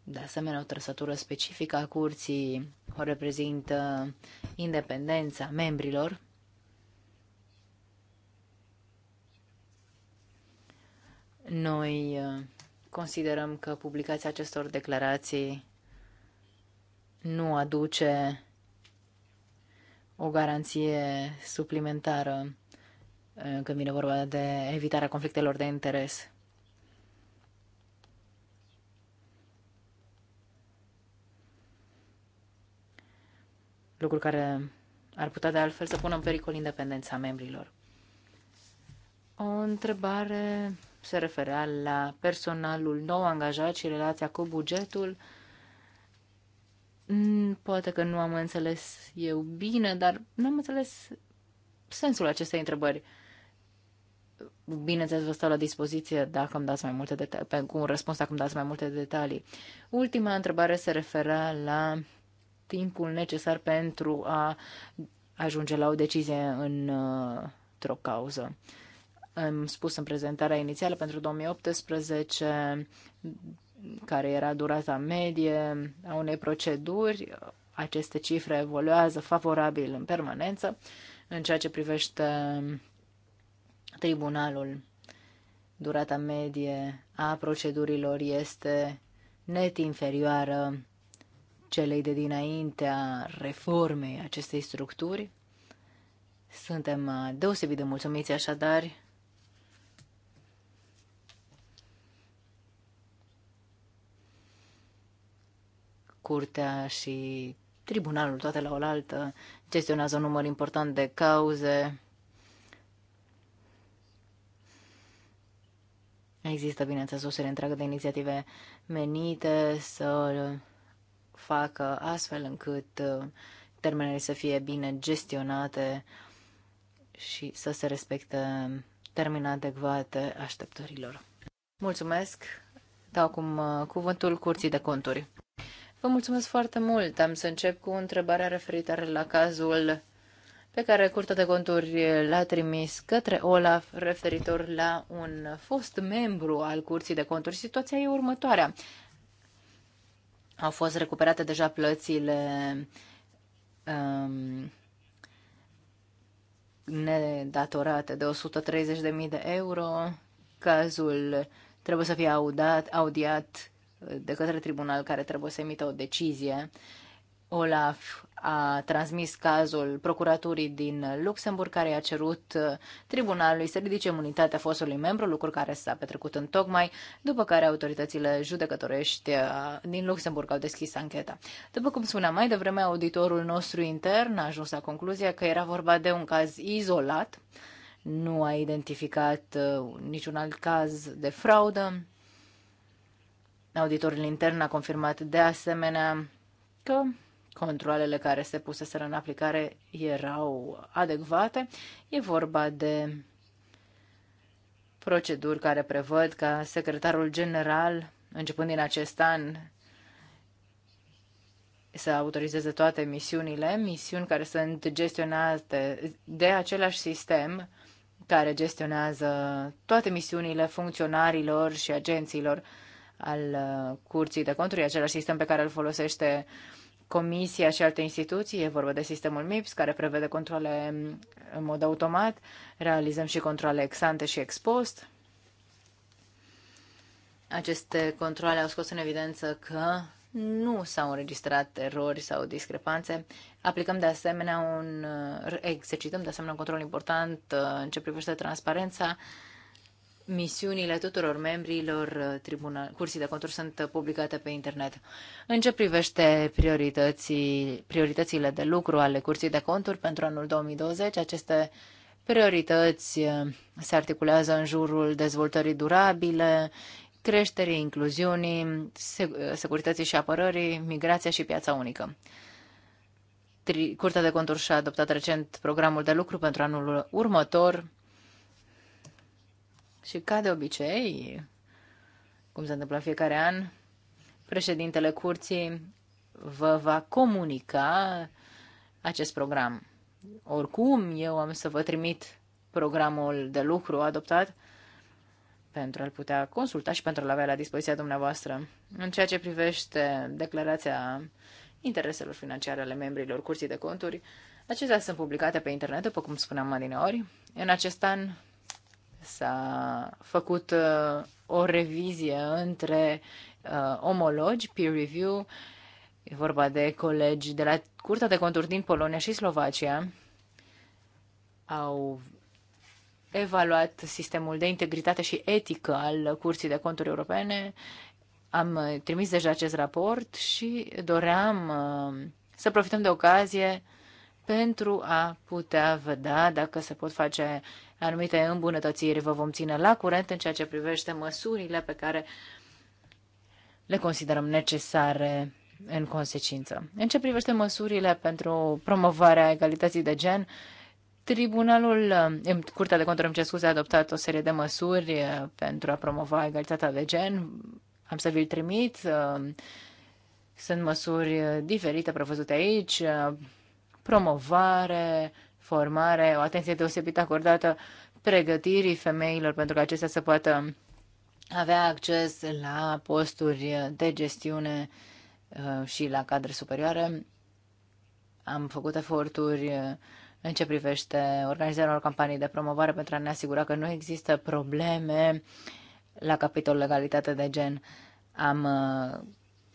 De asemenea, o trăsătură specifică a curții o reprezintă independența membrilor. Noi uh, considerăm că publicația acestor declarații nu aduce o garanție suplimentară Eh, când vine vorba de evitarea conflictelor de interes. Lucruri care ar putea de altfel să pună în pericol independența membrilor. O întrebare se referea la personalul nou angajat și relația cu bugetul. Mm, poate că nu am înțeles eu bine, dar nu am înțeles sensul acestei întrebări bineînțeles, vă stau la dispoziție dacă îmi dați mai multe detalii, cu un răspuns dacă îmi dați mai multe detalii. Ultima întrebare se referă la timpul necesar pentru a ajunge la o decizie în uh, o cauză. Am spus în prezentarea inițială pentru 2018 care era durata medie a unei proceduri. Aceste cifre evoluează favorabil în permanență în ceea ce privește tribunalul. Durata medie a procedurilor este net inferioară celei de dinaintea reformei acestei structuri. Suntem uh, deosebit de mulțumiți așadar curtea și tribunalul, toate la oaltă, gestionează un număr important de cauze Există, bineînțeles, o serie întreagă de inițiative menite să facă astfel încât uh, termenele să fie bine gestionate și să se respecte termene adecvate așteptărilor. Mulțumesc! Dau acum uh, cuvântul Curții de Conturi. Vă mulțumesc foarte mult! Am să încep cu întrebarea referitoare la cazul pe care Curtea de Conturi l-a trimis către Olaf referitor la un fost membru al Curții de Conturi. Situația e următoarea. Au fost recuperate deja plățile um, nedatorate de 130.000 de euro. Cazul trebuie să fie audat, audiat de către tribunal care trebuie să emită o decizie. Uh, Olaf a transmis cazul procuraturii din Luxemburg, care i-a cerut uh, tribunalului să ridice imunitatea fostului membru, lucru care s-a petrecut în tocmai, după care autoritățile judecătorești uh, din Luxemburg au deschis ancheta. După cum spuneam mai devreme, auditorul nostru intern a ajuns la concluzia că era vorba de un caz izolat, nu a identificat uh, niciun alt caz de fraudă. Auditorul intern a confirmat de asemenea că controlele care se puseseră în aplicare erau adecvate. E vorba de proceduri care prevăd ca secretarul general, începând din acest an, să autorizeze toate misiunile, misiuni care sunt gestionate de același sistem care gestionează toate misiunile funcționarilor și agenților al uh, Curții de Conturi, același sistem pe care îl folosește uh, Comisia și alte instituții, e vorba de sistemul MIPS, care prevede controle în mod automat, realizăm și controle ex ante și ex post. Aceste controle au scos în evidență că nu s-au înregistrat erori sau discrepanțe. Aplicăm de asemenea un, exercităm de asemenea un control important uh, în ce privește transparența, misiunile tuturor membrilor uh, tribunal, Curții de Conturi sunt uh, publicate pe internet. În ce privește prioritățile de lucru ale Curții de Conturi pentru anul 2020, aceste priorități uh, se articulează în jurul dezvoltării durabile, creșterii, incluziunii, securității și apărării, migrația și piața unică. Curtea de Conturi și-a adoptat recent programul de lucru pentru anul următor, și ca de obicei, cum se întâmplă fiecare an, președintele curții vă va comunica acest program. Oricum, eu am să vă trimit programul de lucru adoptat pentru a-l putea consulta și pentru a-l avea la dispoziția dumneavoastră. În ceea ce privește declarația intereselor financiare ale membrilor Curții de Conturi, acestea sunt publicate pe internet, după cum spuneam mai adineori. În acest an S-a făcut uh, o revizie între uh, omologi, peer review, e vorba de colegi de la Curtea de Conturi din Polonia și Slovacia, au evaluat sistemul de integritate și etică al Curții de Conturi Europene. Am trimis deja acest raport și doream uh, să profităm de ocazie pentru a putea vedea dacă se pot face anumite îmbunătățiri. Vă vom ține la curent în ceea ce privește măsurile pe care le considerăm necesare în consecință. În ce privește măsurile pentru promovarea egalității de gen, Tribunalul, Curtea de Conturi, îmi scuze, a adoptat o serie de măsuri eh, pentru a promova egalitatea de gen. Am să vi-l trimit. Eh, sunt măsuri eh, diferite prevăzute aici, promovare, formare, o atenție deosebită acordată pregătirii femeilor pentru că acestea să poată avea acces la posturi de gestiune uh, și la cadre superioare. Am făcut eforturi uh, în ce privește organizarea unor campanii de promovare pentru a ne asigura că nu există probleme la capitolul legalitate de gen. Am uh,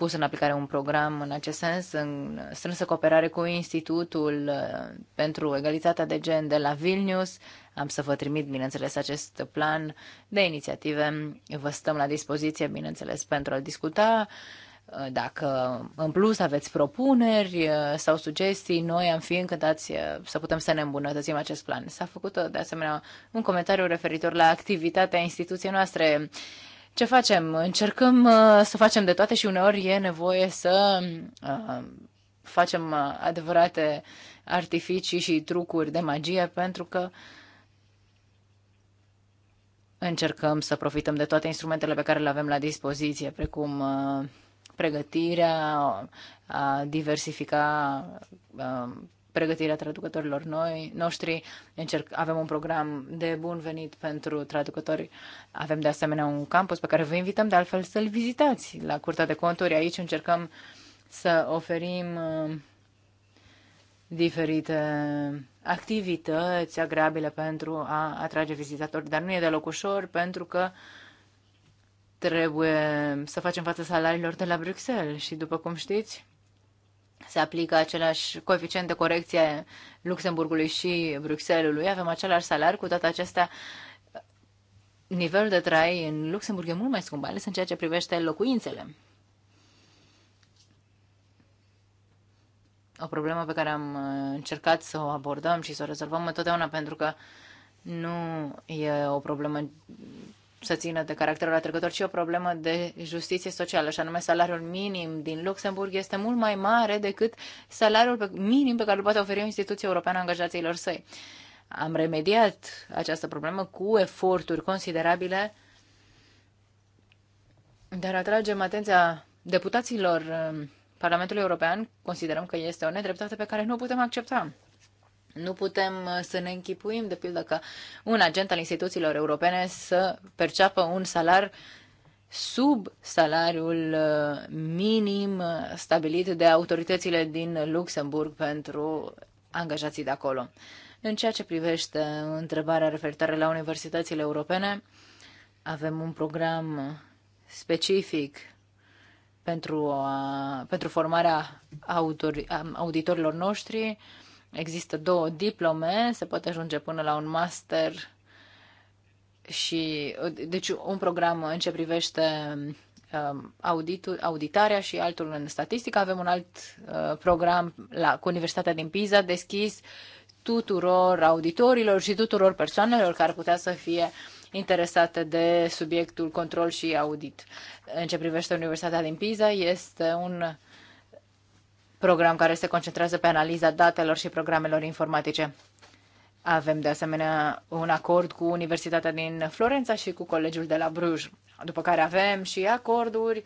pus în aplicare un program în acest sens, în strânsă cooperare cu Institutul uh, pentru Egalitatea de Gen de la Vilnius. Am să vă trimit, bineînțeles, acest plan de inițiative. Vă stăm la dispoziție, bineînțeles, pentru a discuta. Uh, dacă în plus aveți propuneri uh, sau sugestii, noi am fi încântați să putem să ne îmbunătățim acest plan. S-a făcut de asemenea un comentariu referitor la activitatea instituției noastre. Ce facem? Încercăm uh, să facem de toate și uneori e nevoie să uh, facem uh, adevărate artificii și trucuri de magie pentru că încercăm să profităm de toate instrumentele pe care le avem la dispoziție, precum pregătirea, a diversifica pregătirea traducătorilor noi, noștri. Încerc, avem un program de bun venit pentru traducători. Avem de asemenea un campus pe care vă invităm de altfel să-l vizitați la Curtea de Conturi. Aici încercăm să oferim uh, diferite activități agreabile pentru a atrage vizitatori, dar nu e deloc ușor pentru că trebuie să facem față salariilor de la Bruxelles și după cum știți, se aplică același coeficient de corecție Luxemburgului și Bruxellesului, avem același salariu, cu toate acestea nivelul de trai în Luxemburg e mult mai scump, ales în ceea ce privește locuințele. O problemă pe care am uh, încercat să o abordăm și să o rezolvăm întotdeauna pentru că nu e o problemă să țină de caracterul atrăgător, ci o problemă de justiție socială, și anume salariul minim din Luxemburg este mult mai mare decât salariul minim pe care îl poate oferi o instituție europeană a angajaților săi. Am remediat această problemă cu eforturi considerabile, dar atragem atenția deputaților eh, Parlamentului European, considerăm că este o nedreptate pe care nu o putem accepta. Nu putem uh, să ne închipuim, de pildă, că un agent al instituțiilor europene să perceapă un salar sub salariul uh, minim uh, stabilit de autoritățile din Luxemburg pentru angajații de acolo. În ceea ce privește întrebarea referitoare la universitățile europene, avem un program specific pentru, a, pentru formarea autor, auditorilor noștri. Există două diplome, se poate ajunge până la un master și deci un program în ce privește um, auditul, auditarea și altul în statistică. Avem un alt uh, program la, cu Universitatea din Pisa deschis tuturor auditorilor și tuturor persoanelor care putea să fie interesate de subiectul control și audit. În ce privește Universitatea din Pisa, este un uh, program care se concentrează pe analiza datelor și programelor informatice. Avem de asemenea un acord cu Universitatea din Florența și cu Colegiul de la Bruj, după care avem și acorduri,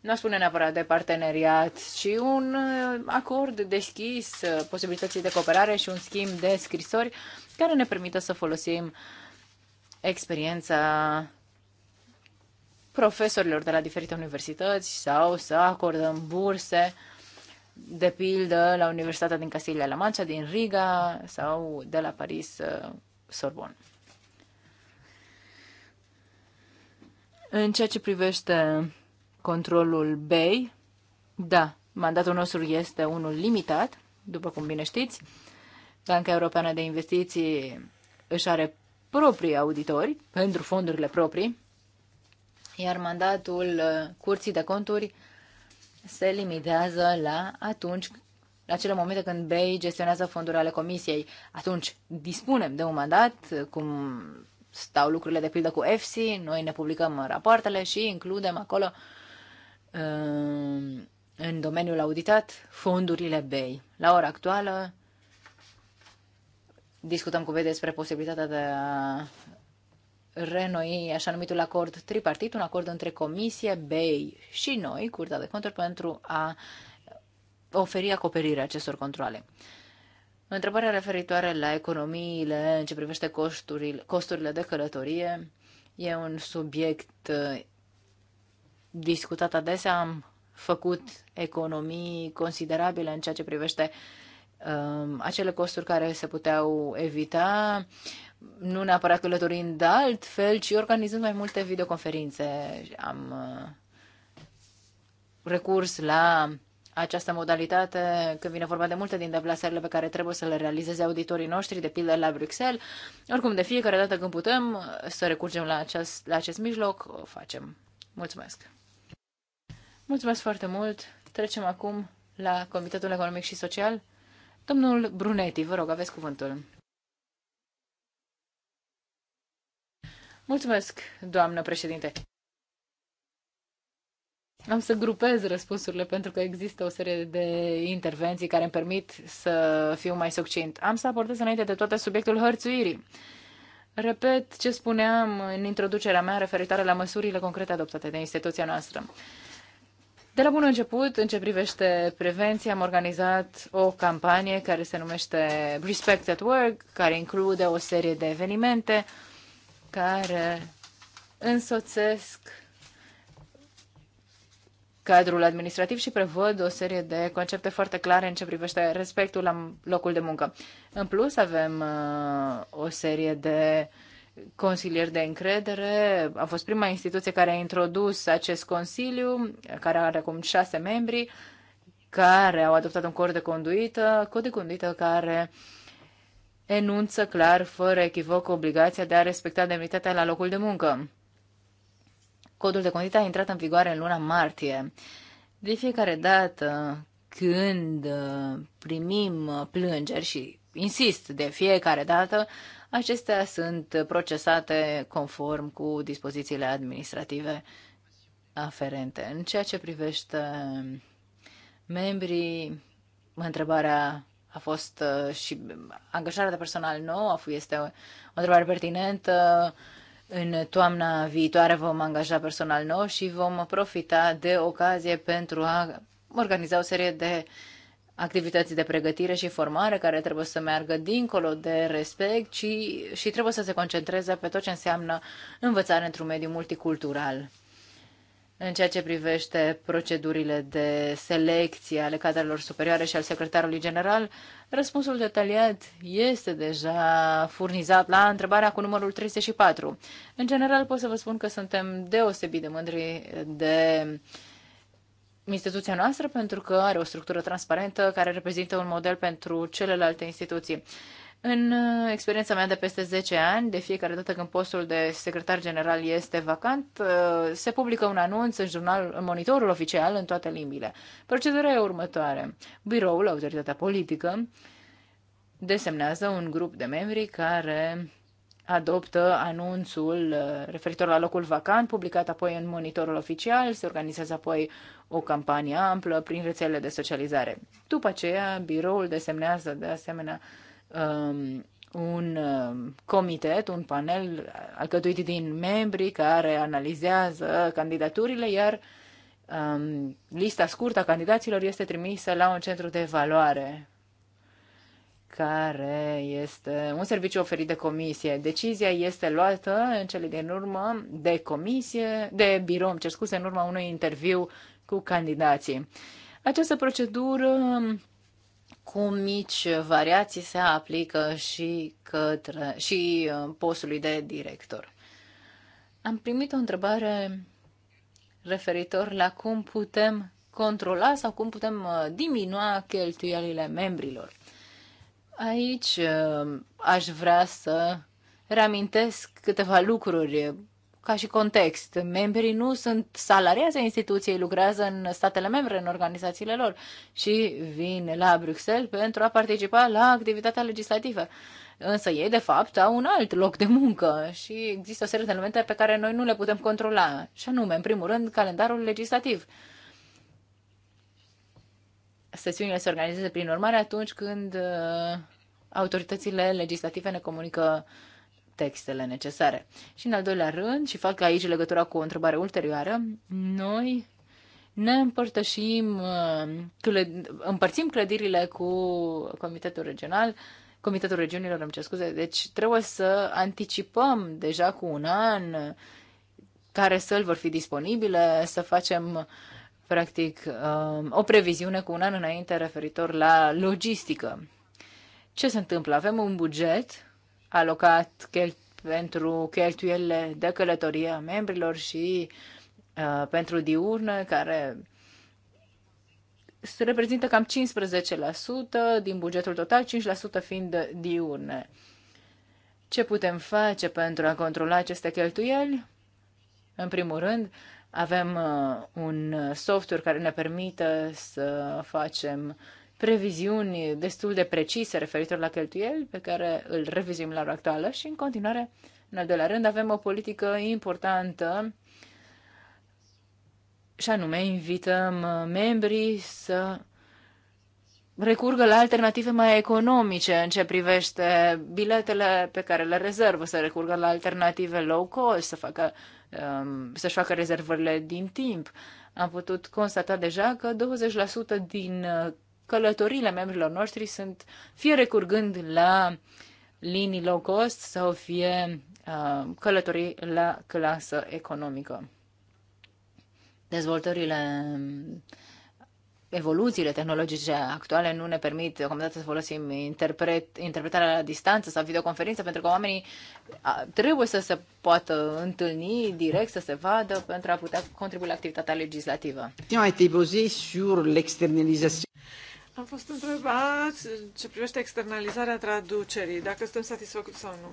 nu spune neapărat de parteneriat, și un uh, acord deschis, uh, posibilității de cooperare și un schimb de scrisori care ne permită să folosim experiența profesorilor de la diferite universități sau să acordăm burse de pildă la Universitatea din castilla la Mancha, din Riga sau de la Paris uh, Sorbon. În ceea ce privește controlul BEI, da, mandatul nostru este unul limitat, după cum bine știți. Banca Europeană de Investiții își are proprii auditori pentru fondurile proprii, iar mandatul uh, Curții de Conturi se limitează la atunci, la acele momente când BEI gestionează fonduri ale comisiei. Atunci dispunem de un mandat, cum stau lucrurile de pildă cu EFSI, noi ne publicăm rapoartele și includem acolo uh, în domeniul auditat fondurile BEI. La ora actuală discutăm cu BEI despre posibilitatea de a renoi așa numitul acord tripartit, un acord între Comisie, BEI și noi, Curtea de Conturi, pentru a oferi acoperire acestor controle. Întrebarea referitoare la economiile în ce privește costurile, costurile de călătorie e un subiect uh, discutat adesea. Am făcut economii considerabile în ceea ce privește um, acele costuri care se puteau evita. Uh, nu neapărat călătorind de altfel, ci organizând mai multe videoconferințe. Am uh, recurs la această modalitate când vine vorba de multe din deplasările pe care trebuie să le realizeze auditorii noștri, de pildă la Bruxelles. Oricum, de fiecare dată când putem să recurgem la acest, la acest mijloc, o facem. Mulțumesc! Mulțumesc foarte mult! Trecem acum la Comitetul Economic și Social. Domnul Brunetti, vă rog, aveți cuvântul. Mulțumesc, doamnă președinte. Am să grupez răspunsurile pentru că există o serie de intervenții care îmi permit să fiu mai succint. Am să abordez înainte de toate subiectul hărțuirii. Repet ce spuneam în introducerea mea referitoare la măsurile concrete adoptate de instituția noastră. De la bun început, în ce privește prevenția, am organizat o campanie care se numește Respect at Work, care include o serie de evenimente uh, care însoțesc cadrul administrativ și prevăd o serie de concepte foarte clare în ce privește respectul la locul de muncă. În plus, avem uh, o serie de consilieri de încredere. A fost prima instituție care a introdus acest consiliu, care are acum șase membri, care au adoptat un cod de conduită, cod de conduită care uh, enunță clar, fără echivoc, obligația de a respecta demnitatea la locul de muncă. Codul de conduită a intrat în vigoare în luna martie. De fiecare dată când uh, primim uh, plângeri și insist de fiecare dată, acestea sunt procesate conform cu dispozițiile administrative aferente. În ceea ce privește membrii, întrebarea a fost uh, și angajarea de personal nou, este o întrebare pertinentă. În toamna viitoare vom angaja personal nou și vom profita de ocazie pentru a organiza o serie de activități de pregătire și formare care trebuie să meargă dincolo de respect și, și trebuie să se concentreze pe tot ce înseamnă învățare într-un mediu multicultural în ceea ce privește procedurile de selecție ale cadrelor superioare și al secretarului general, răspunsul detaliat este deja furnizat la întrebarea cu numărul 34. În general, pot să vă spun că suntem deosebit de mândri de instituția noastră pentru că are o structură transparentă care reprezintă un model pentru celelalte instituții. În uh, experiența mea de peste 10 ani, de fiecare dată când postul de secretar general este vacant, uh, se publică un anunț în jurnal, în monitorul oficial, în toate limbile. Procedura e următoare. Biroul, autoritatea politică, desemnează un grup de membri care adoptă anunțul uh, referitor la locul vacant, publicat apoi în monitorul oficial, se organizează apoi o campanie amplă prin rețelele de socializare. După aceea, biroul desemnează de asemenea um, un um, comitet, un panel alcătuit din membri care analizează candidaturile, iar um, lista scurtă a candidaților este trimisă la un centru de evaluare care este un serviciu oferit de comisie. Decizia este luată în cele din urmă de comisie, de birou, Ce cer scuze, în urma unui interviu cu candidații. Această procedură cu mici variații se aplică și, către, și uh, postului de director. Am primit o întrebare referitor la cum putem controla sau cum putem uh, diminua cheltuielile membrilor. Aici uh, aș vrea să reamintesc câteva lucruri ca și context. Membrii nu sunt salariați ai instituției, lucrează în statele membre, în organizațiile lor și vin la Bruxelles pentru a participa la activitatea legislativă. Însă ei, de fapt, au un alt loc de muncă și există o serie de elemente pe care noi nu le putem controla, și anume, în primul rând, calendarul legislativ. Sesiunile se organizează prin urmare atunci când uh, autoritățile legislative ne comunică uh, textele necesare. Și în al doilea rând, și fac aici legătura cu o întrebare ulterioară, noi ne împărtășim, uh, împărțim clădirile cu Comitetul Regional, Comitetul Regiunilor, îmi cer scuze, deci trebuie să anticipăm deja cu un an care săli vor fi disponibile, să facem practic um, o previziune cu un an înainte referitor la logistică. Ce se întâmplă? Avem un buget alocat chel- pentru cheltuielile de călătorie a membrilor și uh, pentru diurnă, care se reprezintă cam 15% din bugetul total, 5% fiind diurne. Ce putem face pentru a controla aceste cheltuieli? În primul rând, avem uh, un software care ne permite să facem uh, previziuni destul de precise referitor la cheltuieli pe care îl revizim la ora actuală și în continuare, în al doilea rând, avem o politică importantă și anume invităm uh, membrii să recurgă la alternative mai economice în ce privește biletele pe care le rezervă, să recurgă la alternative low cost, să facă, um, să-și facă rezervările din timp. Am putut constata deja că 20% din uh, călătorile membrilor noștri sunt fie recurgând la linii low cost sau fie uh, călătorii la clasă economică. Dezvoltările, evoluțiile tehnologice actuale nu ne permit deocamdată să folosim interpret, interpretarea la distanță sau videoconferință pentru că oamenii trebuie să se poată întâlni direct, să se vadă pentru a putea contribui la activitatea legislativă. sur l'externalisation. Am fost întrebat ce privește externalizarea traducerii, dacă suntem satisfăcuți sau nu.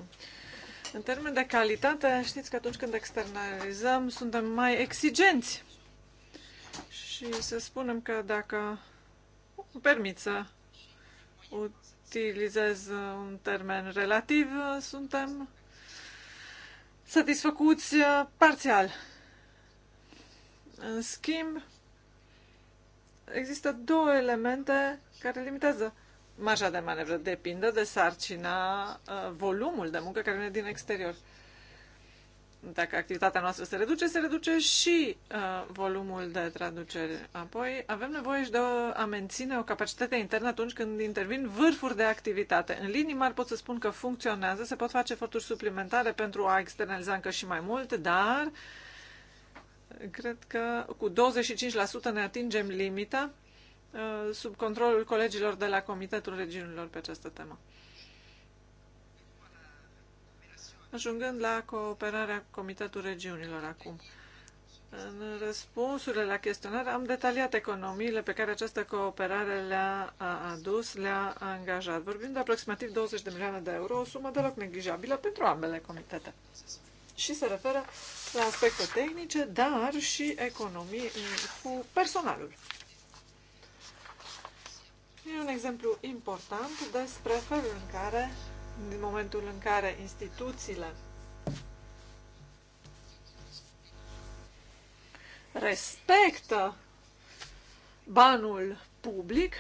În termen de calitate, știți că atunci când externalizăm, suntem mai exigenți. Și să spunem că dacă îmi permit să utilizez un termen relativ, suntem satisfăcuți uh, parțial. În schimb, există două elemente care limitează marja de manevră. Depinde de sarcina, uh, volumul de muncă care vine din exterior. Dacă activitatea noastră se reduce, se reduce și uh, volumul de traducere. Apoi avem nevoie și de a menține o capacitate internă atunci când intervin vârfuri de activitate. În linii mari pot să spun că funcționează, se pot face eforturi suplimentare pentru a externaliza încă și mai mult, dar uh, Cred că cu 25% ne atingem limita uh, sub controlul colegilor de la Comitetul Regiunilor pe această temă. Ajungând la cooperarea Comitetul Regiunilor acum. În răspunsurile la chestionare am detaliat economiile pe care această cooperare le-a adus, le-a angajat. Vorbim de aproximativ 20 de milioane de euro, o sumă deloc neglijabilă pentru ambele comitete și se referă la aspecte tehnice, dar și economii cu personalul. E un exemplu important despre felul în care, din momentul în care instituțiile respectă banul public,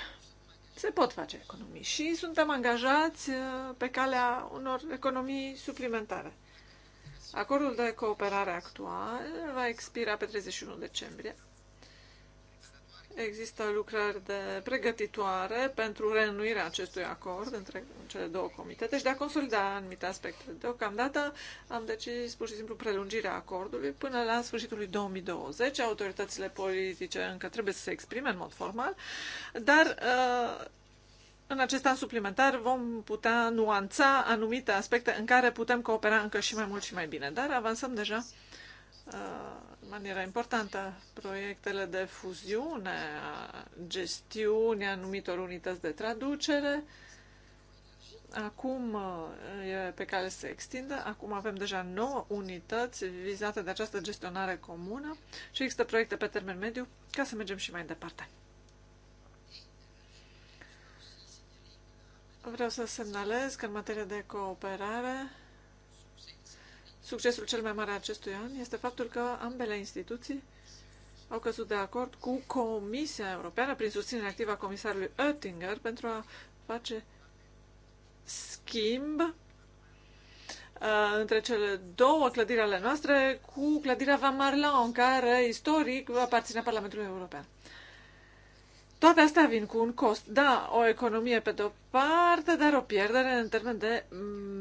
se pot face economii și suntem angajați uh, pe calea unor economii suplimentare. Acordul de cooperare actual va expira pe 31 decembrie. Există lucrări de pregătitoare pentru reînnuirea acestui acord între cele două comitete și de a consolida anumite aspecte. Deocamdată am decis pur și simplu prelungirea acordului până la sfârșitul lui 2020. Autoritățile politice încă trebuie să se exprime în mod formal, dar uh, în acest an suplimentar vom putea nuanța anumite aspecte în care putem coopera încă și mai mult și mai bine, dar avansăm deja uh, în maniera importantă proiectele de fuziune, gestiune anumitor unități de traducere. Acum uh, e pe care se extindă, acum avem deja 9 unități vizate de această gestionare comună și există proiecte pe termen mediu ca să mergem și mai departe. Vreau să semnalez că în materie de cooperare, succesul cel mai mare acestui an este faptul că ambele instituții au căzut de acord cu Comisia Europeană, prin susținerea activă a comisarului Oettinger, pentru a face schimb uh, între cele două clădiri ale noastre cu clădirea Van Marlon, care istoric aparține Parlamentului European. Toate astea vin cu un cost. Da, o economie pe de-o parte, dar o pierdere în termen de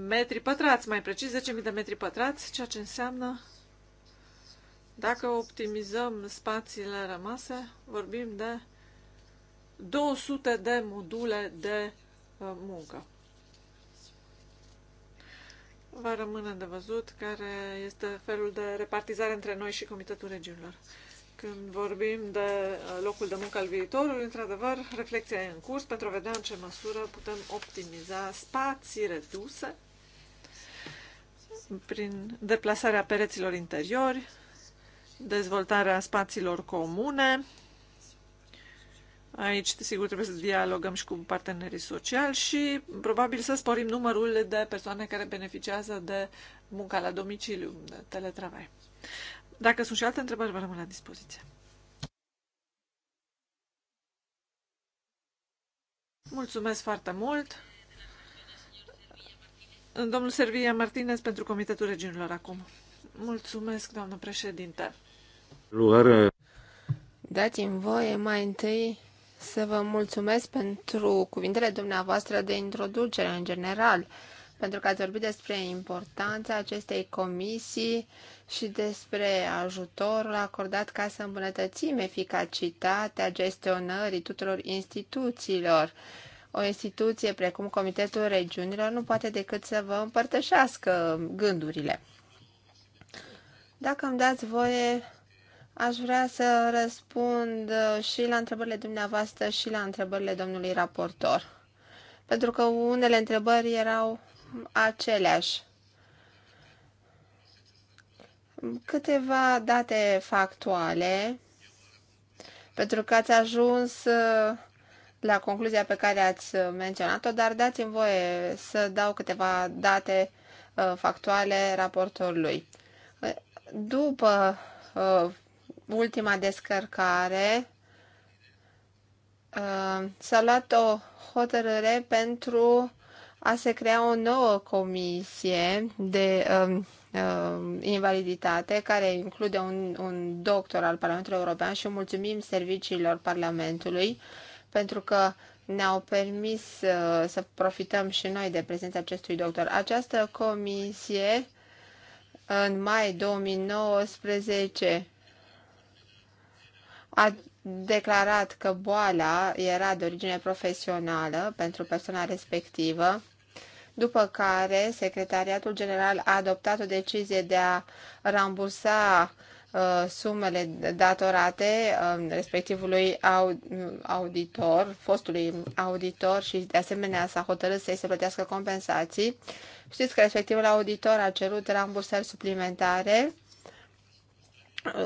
metri pătrați, mai precis 10.000 de metri pătrați, ceea ce înseamnă dacă optimizăm spațiile rămase, vorbim de 200 de module de uh, muncă. Va rămâne de văzut care este felul de repartizare între noi și Comitetul Regiunilor. Când vorbim de uh, locul de muncă al viitorului, într-adevăr, reflexia e în curs pentru a vedea în ce măsură putem optimiza spații reduse prin deplasarea pereților interiori, dezvoltarea spațiilor comune. Aici, sigur, trebuie să dialogăm și cu partenerii sociali și probabil să sporim numărul de persoane care beneficiază de munca la domiciliu, de teletravai. Dacă sunt și alte întrebări, vă rămân la dispoziție. Mulțumesc foarte mult. Domnul Servia Martinez pentru Comitetul Regiunilor acum. Mulțumesc, doamnă președinte. Luară. Dați-mi voie mai întâi să vă mulțumesc pentru cuvintele dumneavoastră de introducere în general pentru că ați vorbit despre importanța acestei comisii și despre ajutorul acordat ca să îmbunătățim eficacitatea gestionării tuturor instituțiilor. O instituție precum Comitetul Regiunilor nu poate decât să vă împărtășească gândurile. Dacă îmi dați voie, aș vrea să răspund și la întrebările dumneavoastră și la întrebările domnului raportor pentru că unele întrebări erau aceleași. Câteva date factuale, pentru că ați ajuns uh, la concluzia pe care ați menționat-o, dar dați-mi voie să dau câteva date uh, factuale raportorului. După uh, ultima descărcare, s-a luat o hotărâre pentru a se crea o nouă comisie de um, um, invaliditate care include un, un doctor al Parlamentului European și mulțumim serviciilor Parlamentului pentru că ne-au permis uh, să profităm și noi de prezența acestui doctor. Această comisie în mai 2019 a declarat că boala era de origine profesională pentru persoana respectivă după care Secretariatul General a adoptat o decizie de a rambursa uh, sumele datorate um, respectivului auditor, fostului auditor și de asemenea s-a hotărât să-i se plătească compensații. Știți că respectivul auditor a cerut rambursări suplimentare,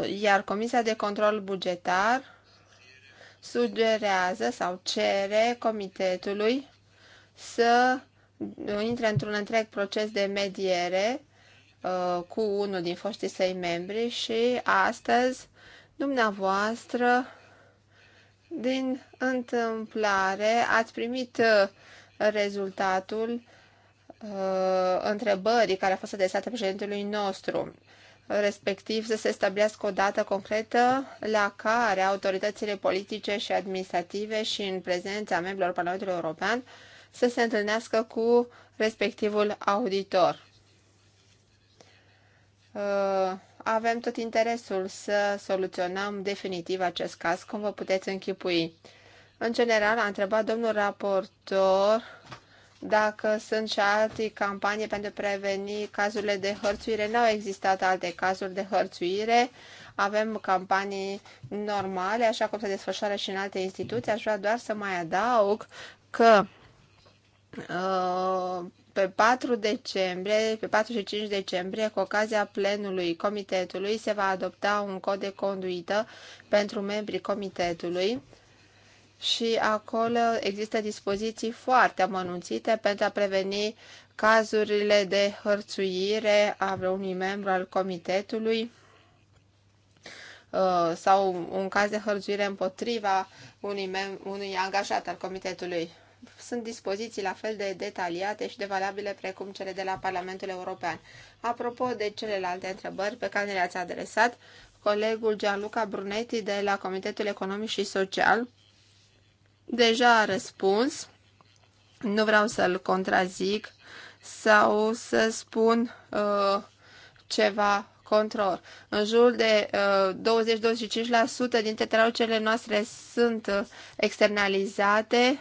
uh, iar Comisia de Control Bugetar sugerează sau cere comitetului să Uh, intre într-un întreg proces de mediere uh, cu unul din foștii săi membri și astăzi dumneavoastră din întâmplare ați primit uh, rezultatul întrebării care a fost adresată președintelui nostru, respectiv să se stabilească o dată concretă la care autoritățile politice și administrative și în prezența membrilor Parlamentului European să se întâlnească cu respectivul auditor. Uh, avem tot interesul să soluționăm definitiv acest caz, cum vă puteți închipui. În general, a întrebat domnul raportor dacă sunt și alte campanii pentru a preveni cazurile de hărțuire. Nu au existat alte cazuri de hărțuire. Avem campanii normale, așa cum se desfășoară și în alte instituții. Aș vrea doar să mai adaug că Uh, pe 4 decembrie, pe 4 și 5 decembrie, cu ocazia plenului comitetului, se va adopta un cod de conduită pentru membrii comitetului și acolo există dispoziții foarte amănunțite pentru a preveni cazurile de hărțuire a vreunui membru al comitetului uh, sau un caz de hărțuire împotriva unui, unui angajat al comitetului sunt dispoziții la fel de detaliate și de valabile precum cele de la Parlamentul European. Apropo de celelalte întrebări pe care le-ați adresat, colegul Gianluca Brunetti de la Comitetul Economic și Social deja a răspuns. Nu vreau să-l contrazic sau să spun uh, ceva control. În jur de uh, 20-25% dintre traducerile noastre sunt uh, externalizate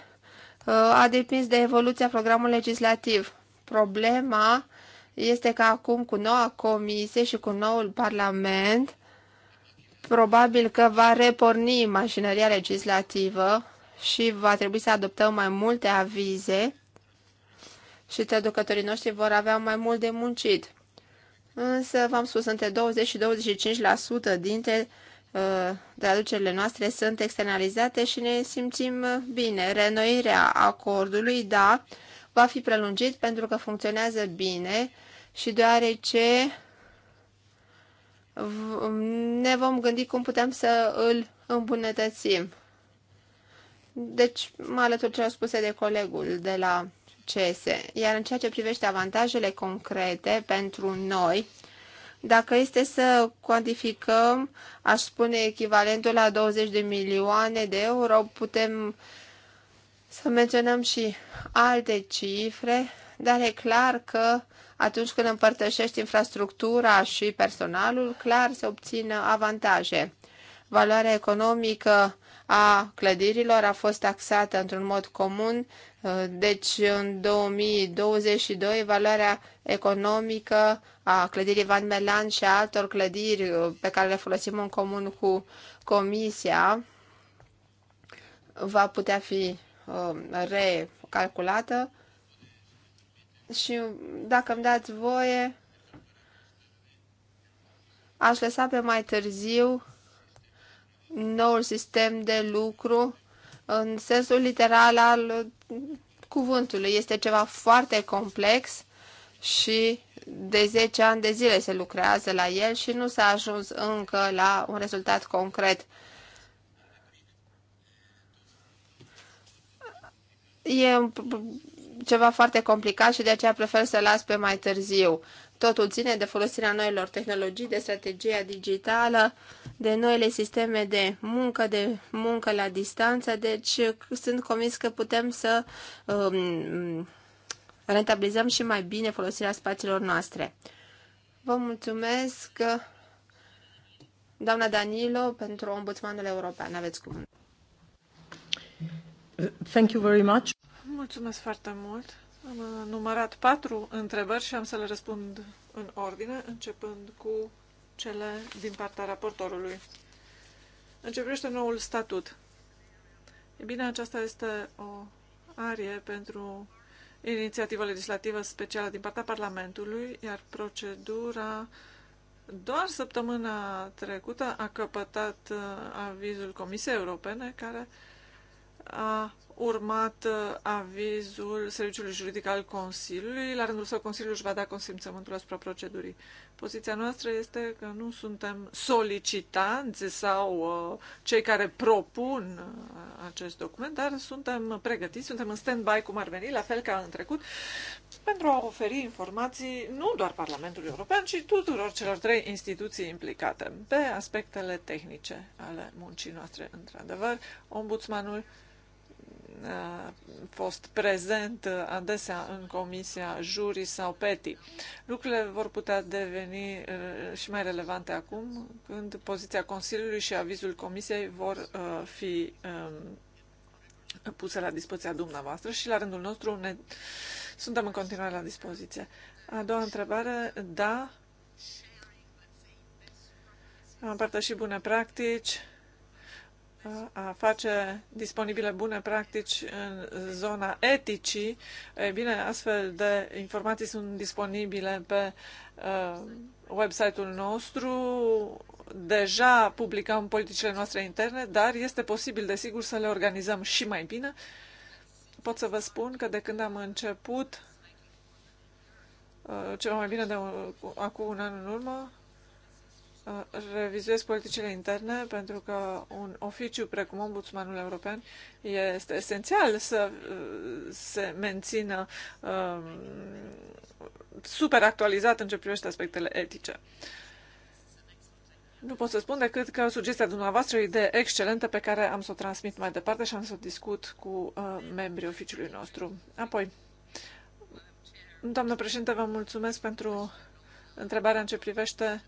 Uh, a depins de evoluția programului legislativ. Problema este că acum cu noua comisie și cu noul parlament, probabil că va reporni mașinăria legislativă și va trebui să adoptăm mai multe avize și traducătorii noștri vor avea mai mult de muncit. Însă, v-am spus, între 20 și 25% dintre traducerile uh, noastre sunt externalizate și ne simțim uh, bine. Renoirea acordului, da, va fi prelungit pentru că funcționează bine și deoarece ne vom gândi cum putem să îl îmbunătățim. Deci, mă alătur ce au spuse de colegul de la CS. Iar în ceea ce privește avantajele concrete pentru noi, dacă este să cuantificăm, aș spune echivalentul la 20 de milioane de euro, putem să menționăm și alte cifre, dar e clar că atunci când împărtășești infrastructura și personalul, clar se obțin avantaje. Valoarea economică a clădirilor a fost taxată într-un mod comun, uh, deci în 2022 valoarea economică a clădirii Van Melan și a altor clădiri uh, pe care le folosim în comun cu Comisia va putea fi uh, recalculată și dacă îmi dați voie, aș lăsa pe mai târziu noul sistem de lucru în sensul literal al cuvântului. Este ceva foarte complex și de 10 ani de zile se lucrează la el și nu s-a ajuns încă la un rezultat concret. E ceva foarte complicat și de aceea prefer să las pe mai târziu. Totul ține de folosirea noilor tehnologii, de strategia digitală, de noile sisteme de muncă, de muncă la distanță, deci sunt convins că putem să um, rentabilizăm și mai bine folosirea spațiilor noastre. Vă mulțumesc, doamna Danilo, pentru Ombudsmanul European. Aveți cuvânt. Thank you very much. Mulțumesc foarte mult. Am uh, numărat patru întrebări și am să le răspund în ordine, începând cu cele din partea raportorului. Începește noul statut. E bine, aceasta este o arie pentru inițiativă legislativă specială din partea Parlamentului, iar procedura doar săptămâna trecută a căpătat uh, avizul Comisiei Europene, care a urmat uh, avizul Serviciului Juridic al Consiliului. La rândul său, Consiliul își va da consimțământul asupra procedurii. Poziția noastră este că nu suntem solicitanți sau uh, cei care propun uh, acest document, dar suntem pregătiți, suntem în stand-by, cum ar veni, la fel ca în trecut, pentru a oferi informații nu doar Parlamentului European, ci tuturor celor trei instituții implicate pe aspectele tehnice ale muncii noastre. Într-adevăr, ombudsmanul fost prezent adesea în comisia juri sau PETI. Lucrurile vor putea deveni și mai relevante acum, când poziția Consiliului și avizul comisiei vor fi puse la dispoziția dumneavoastră și la rândul nostru ne, suntem în continuare la dispoziție. A doua întrebare, da, am împărtășit bune practici, a face disponibile bune practici în zona eticii, e bine, astfel de informații sunt disponibile pe uh, website-ul nostru. Deja publicăm politicile noastre interne, dar este posibil, desigur, să le organizăm și mai bine. Pot să vă spun că de când am început, uh, ceva mai bine de un, acum un an în urmă, Uh, revizuiesc politicile interne pentru că un oficiu precum Ombudsmanul European este esențial să uh, se mențină um, super actualizat în ce privește aspectele etice. Nu pot să spun decât că sugestia dumneavoastră e o idee excelentă pe care am să o transmit mai departe și am să o discut cu uh, membrii oficiului nostru. Apoi, doamnă președinte, vă mulțumesc pentru întrebarea în ce privește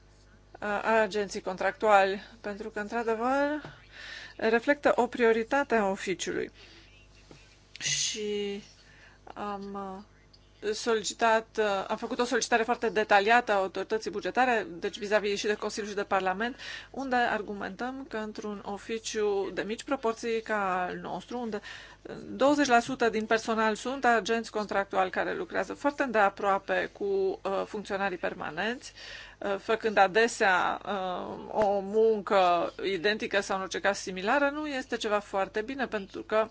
a agenții contractuali, pentru că, într-adevăr, reflectă o prioritate a oficiului. Și am solicitat, am făcut o solicitare foarte detaliată a autorității bugetare, deci vis-a-vis -vis și de Consiliu și de Parlament, unde argumentăm că într-un oficiu de mici proporții ca al nostru, unde 20% din personal sunt agenți contractuali care lucrează foarte îndeaproape cu funcționarii permanenți, uh, Uh, făcând adesea uh, o muncă identică sau în orice caz similară, nu este ceva foarte bine, pentru că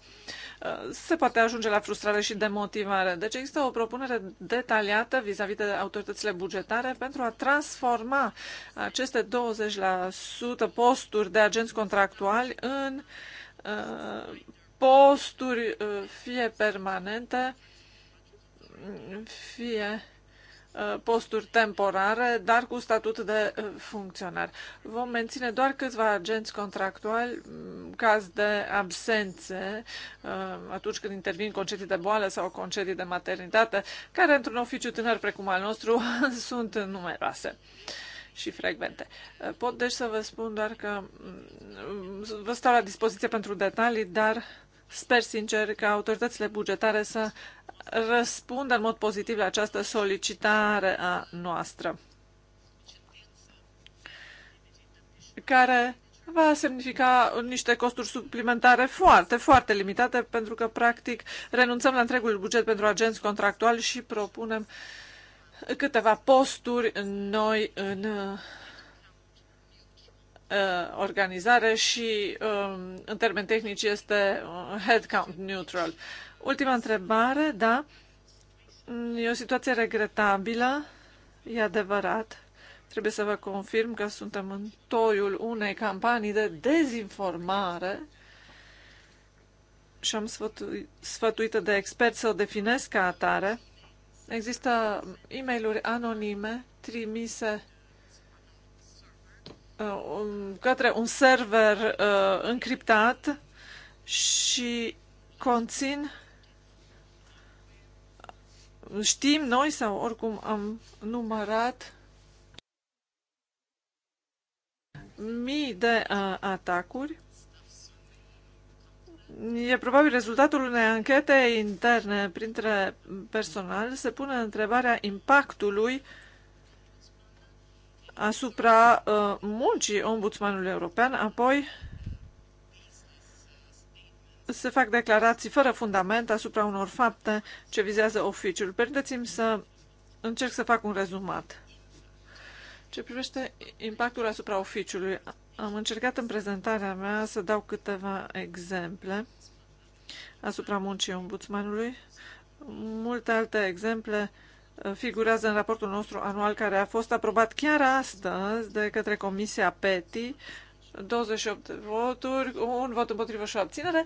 uh, se poate ajunge la frustrare și demotivare. Deci există o propunere detaliată vis-a-vis -vis de autoritățile bugetare pentru a transforma aceste 20% posturi de agenți contractuali în posturi fie permanente, fie Uh, posturi temporare, dar cu statut de uh, funcționar. Vom menține doar câțiva agenți contractuali în mm, caz de absențe, uh, atunci când intervin concedii de boală sau concedii de maternitate, care într-un oficiu tânăr precum al nostru sunt numeroase și frecvente. Pot deci să vă spun doar că mm, vă stau la dispoziție pentru detalii, dar Sper sincer că autoritățile bugetare să răspundă în mod pozitiv la această solicitare a noastră, care va semnifica niște costuri suplimentare foarte, foarte limitate, pentru că, practic, renunțăm la întregul buget pentru agenți contractuali și propunem câteva posturi noi în uh, organizare și um, în termeni tehnici este uh, headcount neutral. Ultima întrebare, da, mm, e o situație regretabilă, e adevărat. Trebuie să vă confirm că suntem în toiul unei campanii de dezinformare și am sfătu- sfătuită de experți să o definesc ca atare. Există e mail anonime trimise Uh, către un server uh, încriptat și conțin știm noi sau oricum am numărat mii de uh, atacuri. E probabil rezultatul unei anchete interne printre personal. Se pune întrebarea impactului asupra uh, muncii ombudsmanului european, apoi se fac declarații fără fundament asupra unor fapte ce vizează oficiul. Permiteți-mi să încerc să fac un rezumat. Ce privește impactul asupra oficiului, am încercat în prezentarea mea să dau câteva exemple asupra muncii ombudsmanului. Multe alte exemple uh, figurează în raportul nostru anual care a fost aprobat chiar astăzi de către Comisia PETI, 28 voturi, un vot împotrivă și o abținere.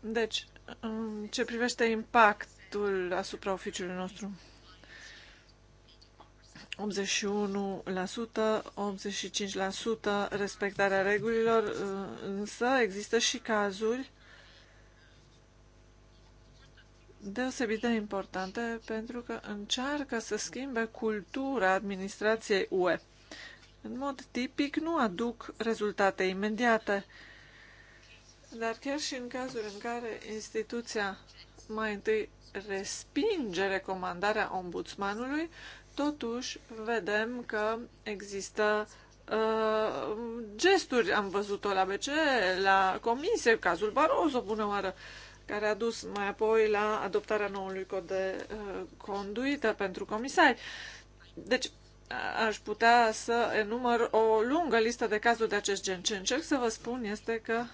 Deci, ce privește impactul asupra oficiului nostru? 81%, 85% respectarea regulilor, însă există și cazuri deosebit de importante pentru că încearcă să schimbe cultura administrației UE. În mod tipic nu aduc rezultate imediate, dar chiar și în cazuri în care instituția mai întâi respinge recomandarea ombudsmanului, totuși vedem că există uh, gesturi. Am văzut-o la BC, la comisie, cazul Barozo, bună oară. Uh, care a dus mai apoi la adoptarea noului cod de uh, conduită pentru comisari. Deci, aș putea să enumăr o lungă listă de cazuri de acest gen. Ce încerc să vă spun este că,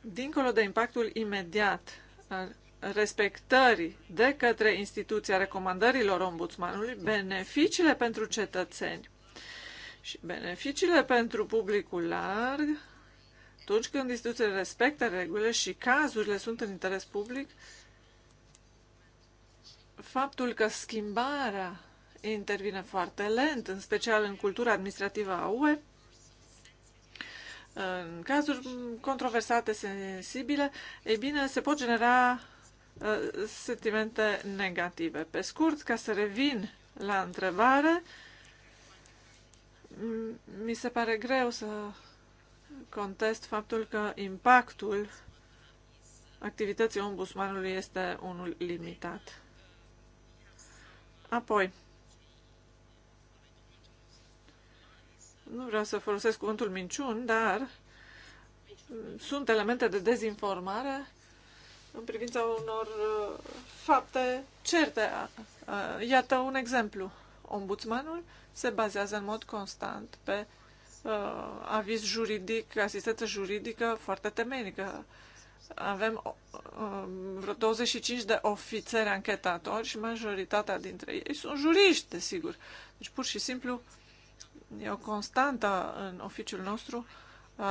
dincolo de impactul imediat al respectării de către instituția recomandărilor ombudsmanului, beneficiile pentru cetățeni și beneficiile pentru publicul larg atunci când instituțiile respectă regulile și cazurile sunt în interes public, faptul că schimbarea intervine foarte lent, în special în cultura administrativă a UE, în cazuri controversate, sensibile, ei bine, se pot genera uh, sentimente negative. Pe scurt, ca să revin la întrebare, mi se pare greu să contest faptul că impactul activității ombudsmanului este unul limitat. Apoi, nu vreau să folosesc cuvântul minciun, dar sunt elemente de dezinformare în privința unor uh, fapte certe. Iată un exemplu. Ombudsmanul se bazează în mod constant pe uh, aviz juridic, asistență juridică foarte temeinică. Avem uh, vreo 25 de ofițeri anchetatori și majoritatea dintre ei sunt juriști, desigur. Deci, pur și simplu, e o constantă în oficiul nostru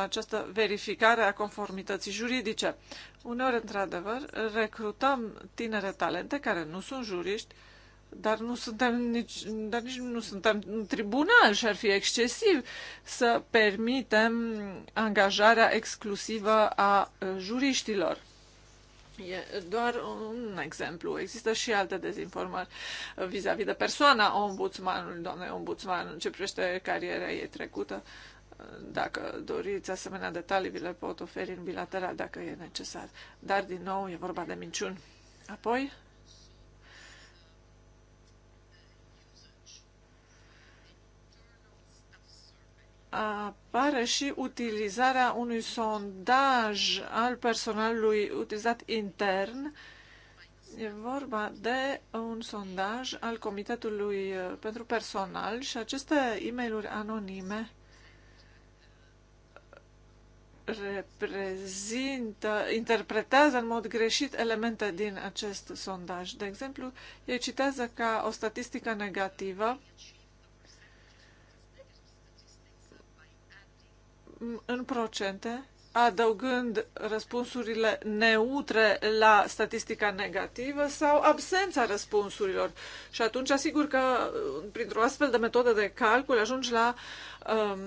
această verificare a conformității juridice. Uneori, într-adevăr, recrutăm tinere talente care nu sunt juriști, uh, dar nu suntem nici, dar nici nu suntem în tribunal și ar fi excesiv să permitem angajarea exclusivă a uh, juriștilor. E doar un exemplu. Există și alte dezinformări vis-a-vis -vis de persoana ombudsmanului, doamnei ombudsman, în ce privește cariera ei trecută. Dacă doriți asemenea detalii, vi le pot oferi în bilateral dacă e necesar. Dar, din nou, e vorba de minciuni. Apoi, apare și utilizarea unui sondaj al personalului utilizat intern. E vorba de un sondaj al Comitetului uh, pentru Personal și aceste e mail anonime reprezintă, interpretează în mod greșit elemente din acest sondaj. De exemplu, ei citează ca o statistică negativă în procente, adăugând răspunsurile neutre la statistica negativă sau absența răspunsurilor. Și atunci, asigur că printr-o astfel de metodă de calcul ajungi la um,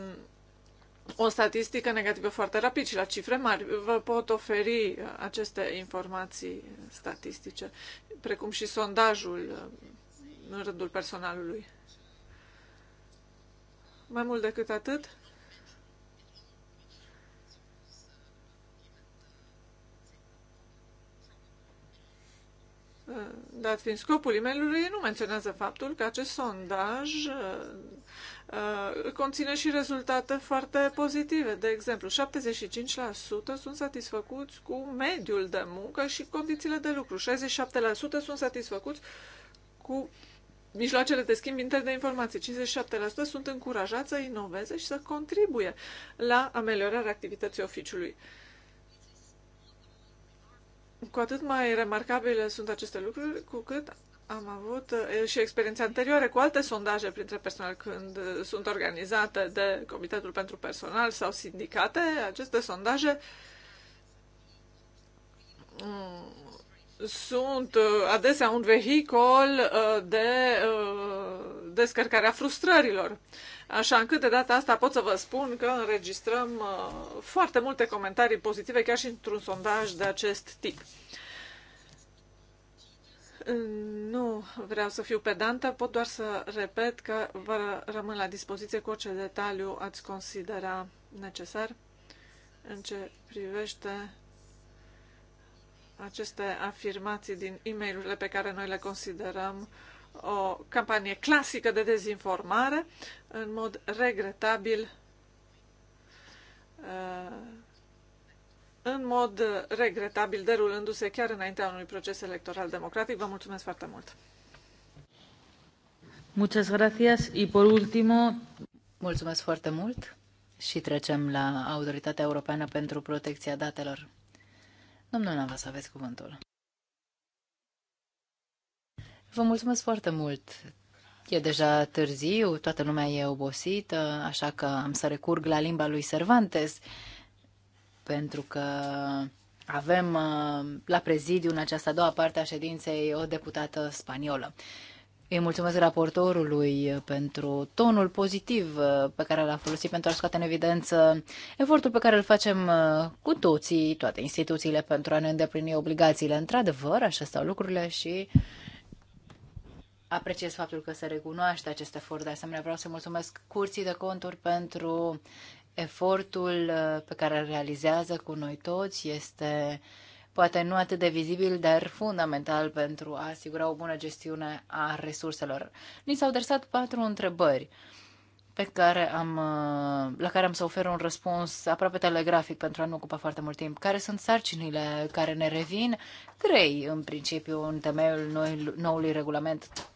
o statistică negativă foarte rapid și la cifre mari. Vă pot oferi uh, aceste informații statistice, precum și sondajul uh, în rândul personalului. Mai mult decât atât, dat fiind scopul e nu menționează faptul că acest sondaj uh, uh, conține și rezultate foarte pozitive. De exemplu, 75% sunt satisfăcuți cu mediul de muncă și condițiile de lucru. 67% sunt satisfăcuți cu mijloacele de schimb inter de informații. 57% sunt încurajați să inoveze și să contribuie la ameliorarea activității oficiului. Cu atât mai remarcabile sunt aceste lucruri, cu cât am avut eh, și experiențe anterioare cu alte sondaje printre personal când eh, sunt organizate de Comitetul pentru Personal sau sindicate. Aceste sondaje mm, sunt uh, adesea un vehicol uh, de uh, descărcare a frustrărilor. Așa încât de data asta pot să vă spun că înregistrăm foarte multe comentarii pozitive, chiar și într-un sondaj de acest tip. Nu vreau să fiu pedantă, pot doar să repet că vă rămân la dispoziție cu orice detaliu ați considera necesar în ce privește aceste afirmații din e mail pe care noi le considerăm o campanie clasică de dezinformare, în mod regretabil, uh, în mod regretabil derulându-se chiar înaintea unui proces electoral democratic. Vă mulțumesc foarte mult! Muchas gracias y por último... Mulțumesc foarte mult și trecem la Autoritatea Europeană pentru Protecția Datelor. Domnul să aveți cuvântul. Vă mulțumesc foarte mult. E deja târziu, toată lumea e obosită, așa că am să recurg la limba lui Cervantes, pentru că avem uh, la prezidiu în această a doua parte a ședinței o deputată spaniolă. Îi mulțumesc raportorului uh, pentru tonul pozitiv uh, pe care l-a folosit pentru a scoate în evidență efortul pe care îl facem uh, cu toții, toate instituțiile, pentru a ne îndeplini obligațiile. Într-adevăr, așa stau lucrurile și apreciez faptul că se recunoaște acest efort. De asemenea, vreau să mulțumesc curții de conturi pentru efortul pe care îl realizează cu noi toți. Este poate nu atât de vizibil, dar fundamental pentru a asigura o bună gestiune a resurselor. Ni s-au adresat patru întrebări pe care am, uh, la care am să ofer un răspuns aproape telegrafic pentru a nu ocupa foarte mult timp. Care sunt sarcinile care ne revin? Trei, în principiu, în temeiul noi, noului regulament.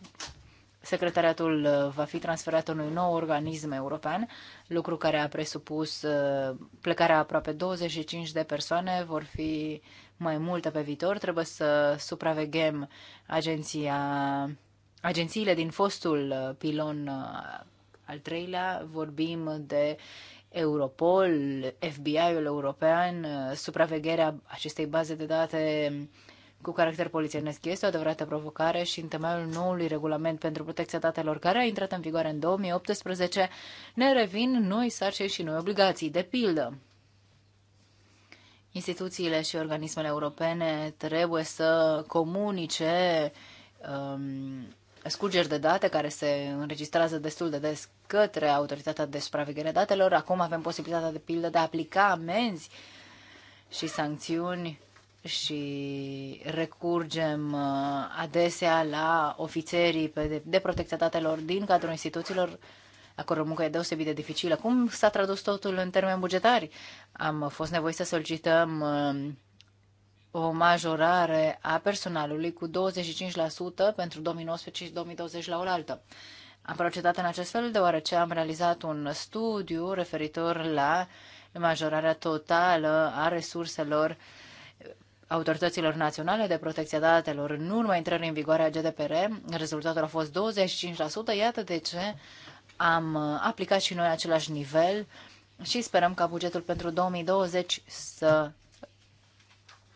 Secretariatul uh, va fi transferat unui nou organism european, lucru care a presupus uh, plecarea aproape 25 de persoane, vor fi mai multă pe viitor. Trebuie să supraveghem agenția, agențiile din fostul uh, pilon uh, al treilea. Vorbim de Europol, FBI-ul european, uh, supravegherea acestei baze de date cu caracter polițienesc este o adevărată provocare și în temeiul noului regulament pentru protecția datelor care a intrat în vigoare în 2018 ne revin noi sarcini și noi obligații. De pildă, Instituțiile și organismele europene trebuie să comunice um, scurgeri de date care se înregistrează destul de des către autoritatea de supraveghere datelor. Acum avem posibilitatea, de pildă, de a aplica amenzi și sancțiuni și recurgem uh, adesea la ofițerii de protecția datelor din cadrul instituțiilor Acolo muncă e deosebit de dificilă. Cum s-a tradus totul în termeni bugetari? Am fost nevoi să solicităm um, o majorare a personalului cu 25% pentru 2019 și 2020 la oaltă. Am procedat în acest fel deoarece am realizat un studiu referitor la majorarea totală a resurselor autorităților naționale de protecție a datelor în urma intrării în vigoare a GDPR. Rezultatul a fost 25%. Iată de ce am uh, aplicat și noi același nivel și sperăm ca bugetul pentru 2020 să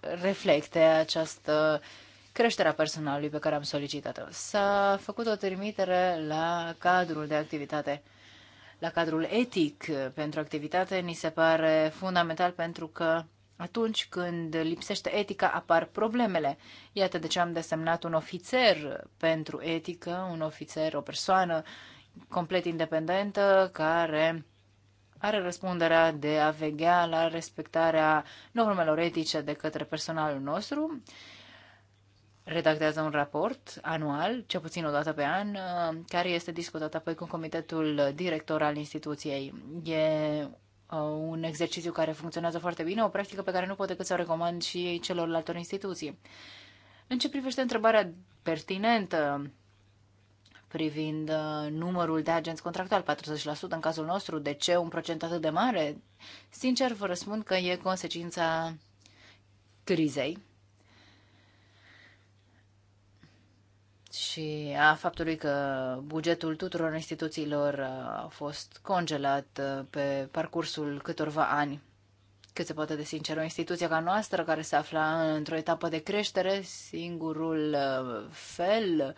reflecte această creșterea personalului pe care am solicitat-o. S-a făcut o trimitere la cadrul de activitate, la cadrul etic pentru activitate. Ni se pare fundamental pentru că atunci când lipsește etica, apar problemele. Iată de ce am desemnat un ofițer pentru etică, un ofițer, o persoană complet independentă care are răspunderea de a veghea la respectarea normelor etice de către personalul nostru, redactează un raport anual, cel puțin o dată pe an, care este discutat apoi cu comitetul director al instituției. E uh, un exercițiu care funcționează foarte bine, o practică pe care nu pot decât să o recomand și celorlalte instituții. În ce privește întrebarea pertinentă privind uh, numărul de agenți contractuali, 40% în cazul nostru. De ce un procent atât de mare? Sincer, vă răspund că e consecința crizei și a faptului că bugetul tuturor instituțiilor uh, a fost congelat uh, pe parcursul câtorva ani cât se poate de sincer, o instituție ca noastră care se afla într-o etapă de creștere, singurul fel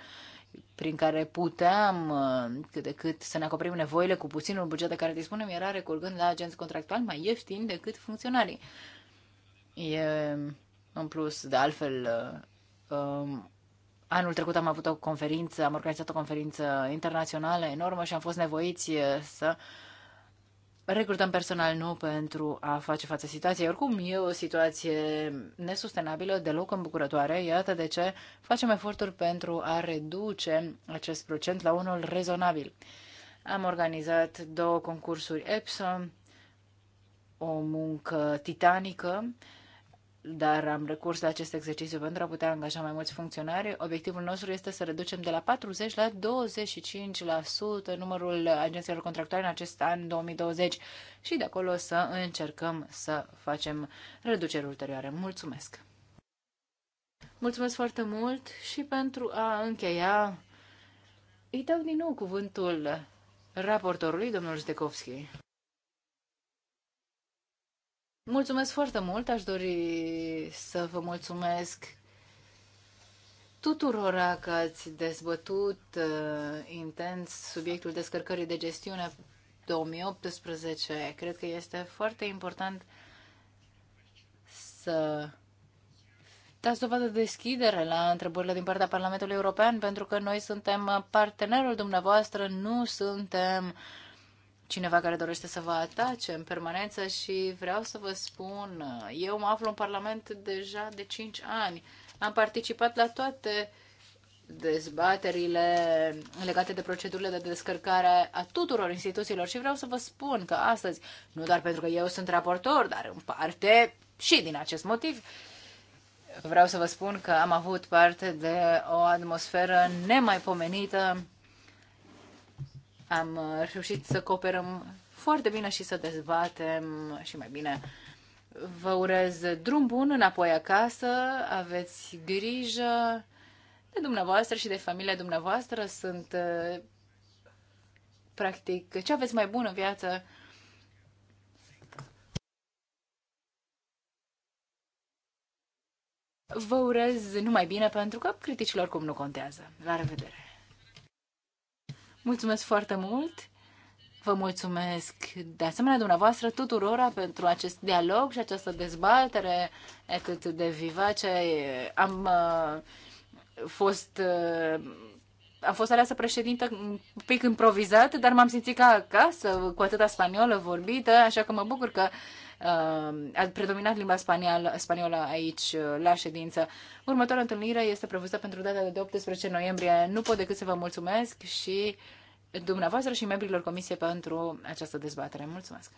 prin care puteam uh, cât de cât să ne acoperim nevoile cu puținul buget de care dispunem, era recurgând la agenți contractuali mai ieftini decât funcționarii. E, în plus, de altfel, uh, um, anul trecut am avut o conferință, am organizat o conferință internațională enormă și am fost nevoiți uh, să uh, recrutăm personal nou pentru a face față situației. Oricum, e o situație nesustenabilă, deloc îmbucurătoare. Iată de ce facem eforturi pentru a reduce acest procent la unul rezonabil. Am organizat două concursuri EPSO, o muncă titanică, dar am recurs la acest exercițiu pentru a putea angaja mai mulți funcționari. Obiectivul nostru este să reducem de la 40 la 25% numărul agențiilor contractuale în acest an 2020 și de acolo să încercăm să facem reduceri ulterioare. Mulțumesc! Mulțumesc foarte mult și pentru a încheia îi dau din nou cuvântul raportorului, domnul Zdekovski. Mulțumesc foarte mult, aș dori să vă mulțumesc tuturora că ați dezbătut uh, intens subiectul descărcării de gestiune 2018. Cred că este foarte important să dați dovadă de deschidere la întrebările din partea Parlamentului European, pentru că noi suntem partenerul dumneavoastră, nu suntem cineva care dorește să vă atace în permanență și vreau să vă spun, eu mă aflu în Parlament deja de 5 ani. Am participat la toate dezbaterile legate de procedurile de descărcare a tuturor instituțiilor și vreau să vă spun că astăzi, nu doar pentru că eu sunt raportor, dar în parte și din acest motiv, vreau să vă spun că am avut parte de o atmosferă nemaipomenită am uh, reușit să cooperăm foarte bine și să dezbatem și mai bine. Vă urez drum bun înapoi acasă, aveți grijă de dumneavoastră și de familia dumneavoastră. Sunt, uh, practic, ce aveți mai bun în viață, Vă urez numai bine pentru că criticilor cum nu contează. La revedere! Mulțumesc foarte mult! Vă mulțumesc de asemenea dumneavoastră tuturora pentru acest dialog și această dezbatere atât de vivace. Am uh, fost uh, am fost aleasă președintă un pic improvizat, dar m-am simțit ca acasă, cu atâta spaniolă vorbită, așa că mă bucur că Um, a predominat limba spaniolă, spaniolă aici uh, la ședință. Următoarea întâlnire este prevăzută pentru data de 18 noiembrie. Nu pot decât să vă mulțumesc și dumneavoastră și membrilor Comisiei pentru această dezbatere. Mulțumesc!